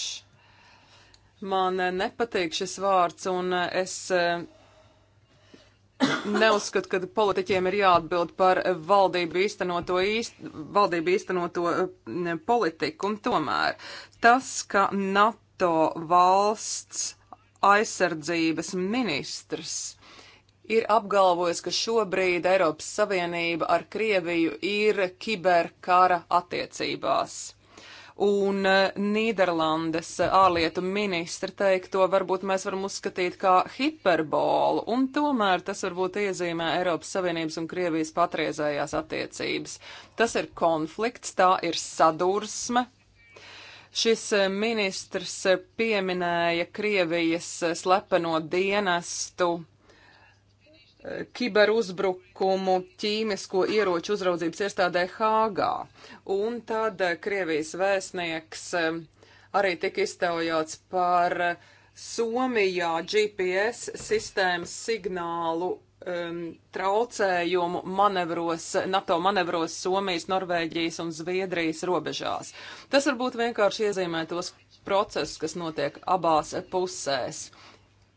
Man nepatīk šis vārds, un es eh, neuzskatu, ka politiķiem ir jāatbild par valdību īstenoto, īst, valdību īstenoto eh, politiku. Un tomēr tas, ka NATO valsts aizsardzības ministrs ir apgalvojis, ka šobrīd Eiropas Savienība ar Krieviju ir kiberkara attiecībās. Un e, Nīderlandes ārlietu ministra teikto varbūt mēs varam uzskatīt kā hiperbolu, un tomēr tas varbūt iezīmē Eiropas Savienības un Krievijas patreizējās attiecības. Tas ir konflikts, tā ir sadursme, Šis e, ministrs pieminēja Krievijas slepeno dienestu kiberuzbrukumu ķīmisko ieroču uzraudzības iestādē Hāgā. Un tad Krievijas vēstnieks um, arī tika iztaujāts par Somijā GPS sistēmas signālu um, traucējumu manevros, NATO manevros Somijas, Norvēģijas un Zviedrijas robežās. Tas varbūt vienkārši iezīmē tos procesus, kas notiek abās pusēs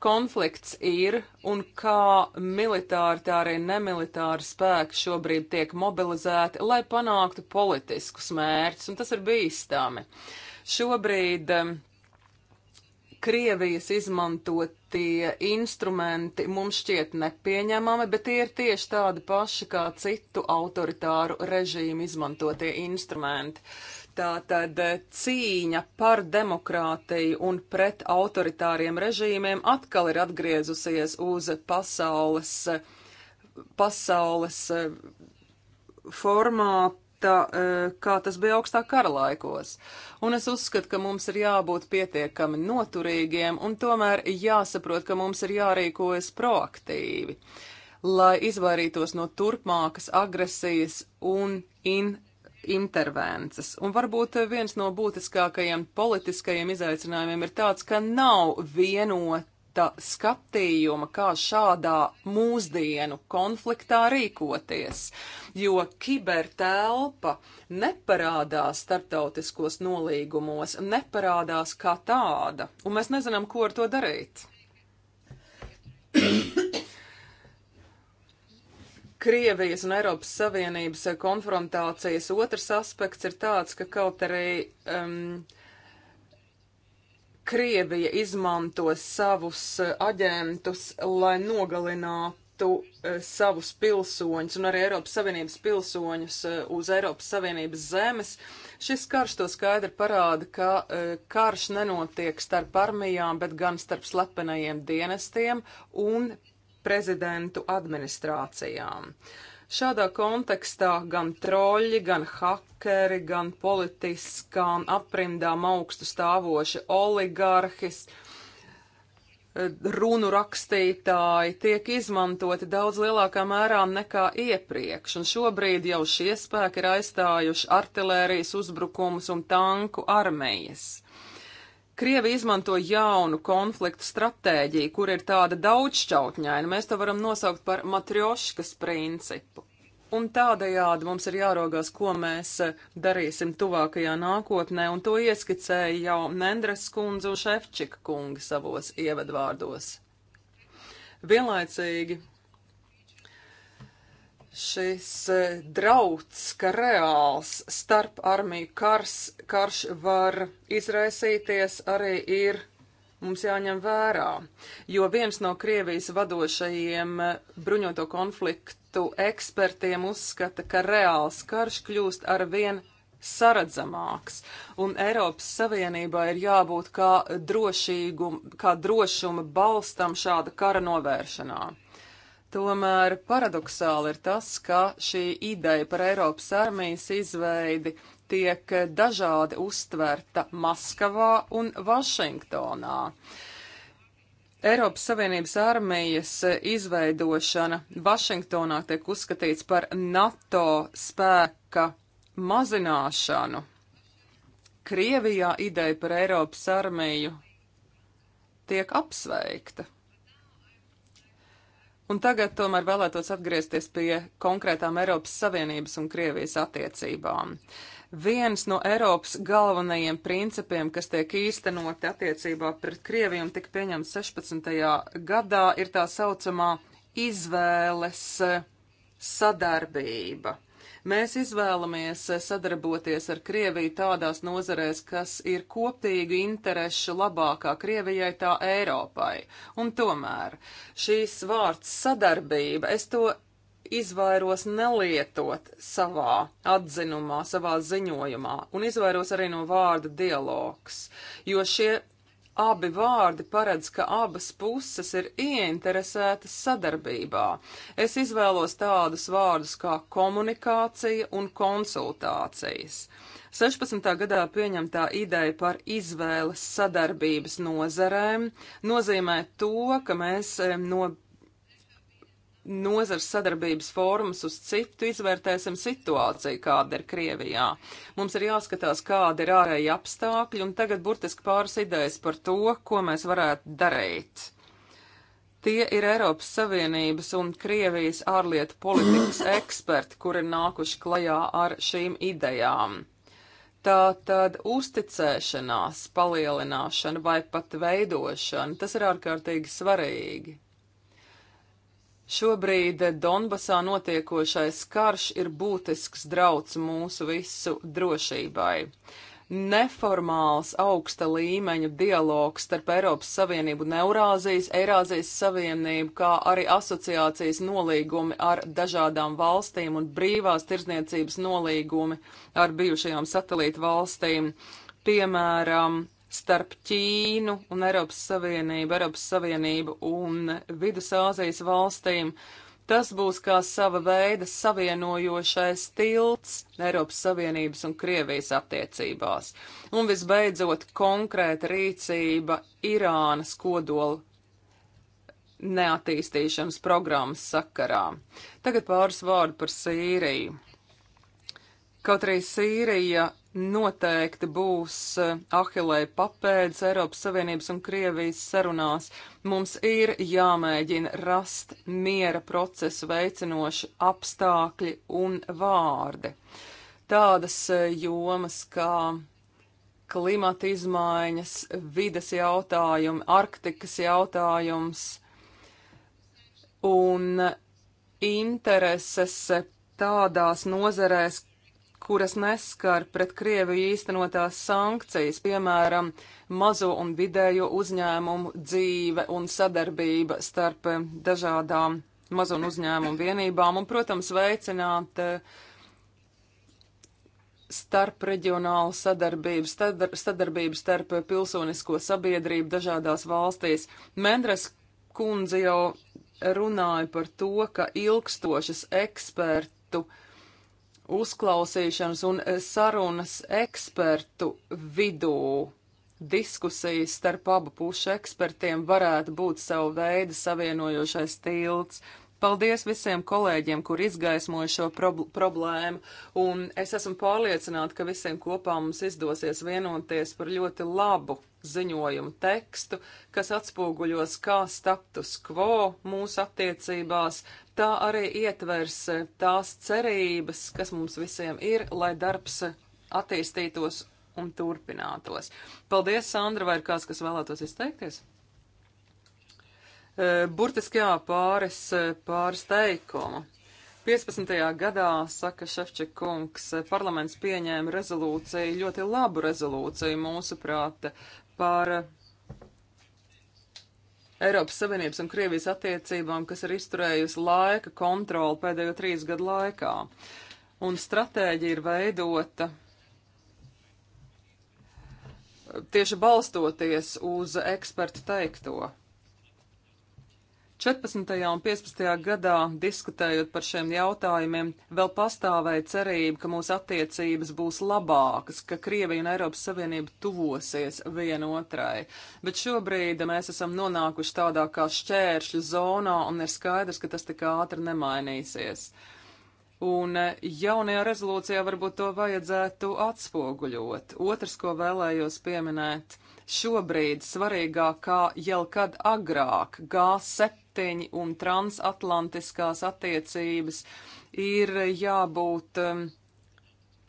konflikts ir un kā militāri, tā arī nemilitāri spēki šobrīd tiek mobilizēti, lai panāktu politiskus mērķus, un tas ir bīstami. Šobrīd Krievijas izmantotie instrumenti mums šķiet nepieņemami, bet tie ir tieši tādi paši kā citu autoritāru režīmu izmantotie instrumenti. Uh, Tātad eh, cīņa par demokrātiju un pret autoritāriem režīmiem atkal ir atgriezusies uz pasaules, pasaules eh, formāta, eh, kā tas bija augstā kara laikos. Un es uzskatu, ka mums ir jābūt pietiekami noturīgiem un tomēr jāsaprot, ka mums ir jārīkojas proaktīvi lai izvairītos no turpmākas agresijas un in intervences. Un varbūt viens no būtiskākajiem politiskajiem izaicinājumiem ir tāds, ka nav vienota skatījuma, kā šādā mūsdienu konfliktā rīkoties, jo kibertelpa neparādās starptautiskos nolīgumos, neparādās kā tāda, un mēs nezinām, ko ar to darīt. Krievijas un Eiropas Savienības konfrontācijas otrs aspekts ir tāds, ka kaut arī um, Krievija izmanto savus uh, aģentus, lai nogalinātu uh, savus pilsoņus un arī Eiropas Savienības pilsoņus uh, uz Eiropas Savienības zemes. Šis karš to skaidri parāda, ka uh, karš nenotiek starp armijām, bet gan starp slepenajiem dienestiem un prezidentu administrācijām. Šādā kontekstā gan troļi, gan hakeri, gan politiskām aprindām augstu stāvoši oligarhis, runu rakstītāji tiek izmantoti daudz lielākā mērā nekā iepriekš, un šobrīd jau šie spēki ir aizstājuši artilērijas uzbrukumus un tanku armijas. Krievi izmanto jaunu konfliktu stratēģiju, kur ir tāda daudzšķautņaina. Mēs to varam nosaukt par matrioškas principu. Un tādējādi mums ir jāraugās, ko mēs eh, darīsim tuvākajā nākotnē, un to ieskicēja jau Nendres kundze un Šefčika kungi savos ievadvārdos. Vienlaicīgi šis eh, drauds, ka reāls starp armiju kars, karš var izraisīties, arī ir mums jāņem vērā, jo viens no Krievijas vadošajiem eh, bruņoto konfliktu ekspertiem uzskata, ka reāls karš kļūst ar vien saredzamāks, un Eiropas Savienībā ir jābūt kā, drošīgu, kā drošuma balstam šāda kara novēršanā. Tomēr paradoxāli ir tas, ka šī ideja par Eiropas armijas izveidi tiek dažādi uztverta Maskavā un Vašingtonā. Eiropas Savienības armijas izveidošana Vašingtonā tiek uzskatīts par NATO spēka mazināšanu. Krievijā ideja par Eiropas armiju tiek apsveikta. Un tagad tomēr vēlētos atgriezties pie konkrētām Eiropas Savienības un Krievijas attiecībām. Viens no Eiropas galvenajiem principiem, kas tiek īstenoti attiecībā pret Krieviju un tika pieņemts 16. gadā, ir tā saucamā izvēles sadarbība. Mēs izvēlamies sadarboties ar Krieviju tādās nozarēs, kas ir koptīgu interešu labākā Krievijai tā Eiropai. Un tomēr šīs vārds sadarbība, es to izvairos nelietot savā atzinumā, savā ziņojumā, un izvairos arī no vārda dialogs, jo šie abi vārdi paredz, ka abas puses ir ieinteresētas sadarbībā. Es izvēlos tādus vārdus kā komunikācija un konsultācijas. 16. gadā pieņemtā ideja par izvēles sadarbības nozarēm nozīmē to, ka mēs no nozars sadarbības formas uz citu, izvērtēsim situāciju, kāda ir Krievijā. Mums ir jāskatās, kāda ir ārēja apstākļi, un tagad burtiski pāris idejas par to, ko mēs varētu darīt. Tie ir Eiropas Savienības un Krievijas ārlietu politikas eksperti, kuri ir nākuši klajā ar šīm idejām. Tā tad uzticēšanās palielināšana vai pat veidošana, tas ir ārkārtīgi svarīgi. Šobrīd Donbasā notiekošais karš ir būtisks drauds mūsu visu drošībai. Neformāls augsta līmeņa dialogs starp Eiropas Savienību un Eurāzijas, Eirāzijas Savienību, kā arī asociācijas nolīgumi ar dažādām valstīm un brīvās tirzniecības nolīgumi ar bijušajām satelītu valstīm, piemēram, starp Ķīnu un Eiropas Savienību, Eiropas Savienību un Vidusāzijas valstīm. Tas būs kā sava veida savienojošais tilts Eiropas Savienības un Krievijas attiecībās. Un visbeidzot, konkrēta rīcība Irānas kodola neattīstīšanas programmas sakarā. Tagad pāris vārdu par Sīriju. Kaut arī Sīrija noteikti būs eh, ahilēja papēdes Eiropas Savienības un Krievijas sarunās, mums ir jāmēģina rast miera procesu veicinoši apstākļi un vārdi. Tādas eh, jomas kā klimata izmaiņas, vides jautājumi, arktikas jautājums un intereses tādās nozerēs, kuras neskar pret Krieviju īstenotās sankcijas, piemēram, mazo un vidējo uzņēmumu dzīve un sadarbība starp eh, dažādām mazo un uzņēmumu vienībām un, protams, veicināt eh, starp reģionālu sadarbību, sadar, sadarbību starp pilsonisko sabiedrību dažādās valstīs. Mendres kundze jau runāja par to, ka ilgstošas ekspertu uh, uzklausīšanas un eh, sarunas ekspertu vidū. Diskusijas starp abu pušu ekspertiem varētu būt savu veidu savienojošais tilts. Paldies visiem kolēģiem, kur izgaismoja šo problēmu, un es esmu pārliecināta, ka visiem kopā mums izdosies vienoties par ļoti labu ziņojumu tekstu, kas atspoguļos kā status quo mūsu attiecībās, tā arī ietvers eh, tās cerības, kas mums visiem ir, lai darbs eh, attīstītos un turpinātos. Paldies, Sandra, vai ir kāds, kas vēlētos izteikties? E, burtiski jā, pāris, e, pāris teikumu. 15. gadā, saka Šefčik kungs, e, parlaments pieņēma rezolūciju, ļoti labu rezolūciju mūsuprāt par Eiropas Savienības un Krievijas attiecībām, kas ir izturējusi laika kontroli pēdējo trīs gadu laikā. Un stratēģija ir veidota tieši balstoties uz ekspertu teikto. 14. un 15. gadā, diskutējot par šiem jautājumiem, vēl pastāvēja cerība, ka mūsu attiecības būs labākas, ka Krievija un Eiropas Savienība tuvosies vienotrai. Bet šobrīd mēs esam nonākuši tādā kā šķēršļu zonā, un ir skaidrs, ka tas tik ātri nemainīsies. Un e, jaunajā rezolūcijā varbūt to vajadzētu atspoguļot. Otrs, ko vēlējos pieminēt šobrīd svarīgāk kā jau kad agrāk G7 un transatlantiskās attiecības ir jābūt um,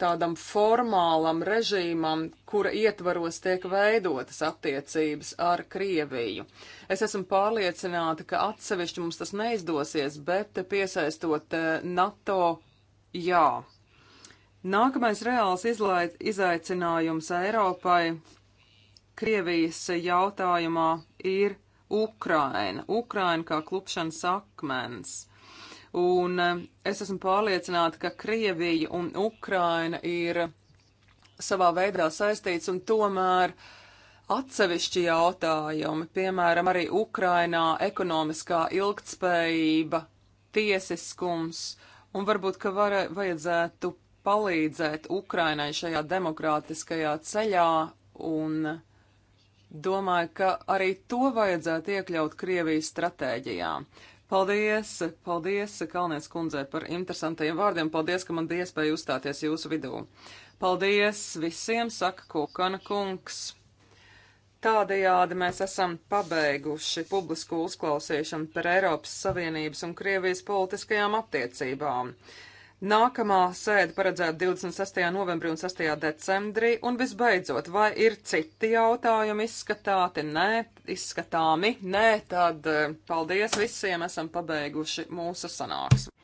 tādam formālam režīmam, kura ietvaros tiek veidotas attiecības ar Krieviju. Es esmu pārliecināta, ka atsevišķi mums tas neizdosies, bet piesaistot uh, NATO, jā. Nākamais reāls izlaic, izaicinājums Eiropai Krievijas jautājumā ir Ukraina. Ukraina kā klupšanas akmens. Un eh, es esmu pārliecināta, ka Krievija un Ukraina ir savā veidā saistīts un tomēr atsevišķi jautājumi, piemēram, arī Ukrainā ekonomiskā ilgtspējība, tiesiskums, un varbūt, ka var, vajadzētu palīdzēt Ukrainai šajā demokrātiskajā ceļā un Domāju, ka arī to vajadzētu iekļaut Krievijas stratēģijā. Paldies, paldies Kalnies kundzei par interesantajiem vārdiem. Paldies, ka man bija iespēja uzstāties jūsu vidū. Paldies visiem, saka Kukana kungs. Tādējādi mēs esam pabeiguši publisku uzklausīšanu par Eiropas Savienības un Krievijas politiskajām attiecībām. Nākamā sēde paredzēta 26. novembrī un 6. decembrī, un visbeidzot, vai ir citi jautājumi izskatāti, nē, izskatāmi, nē, tad eh, paldies visiem, esam pabeiguši mūsu sanāksmi.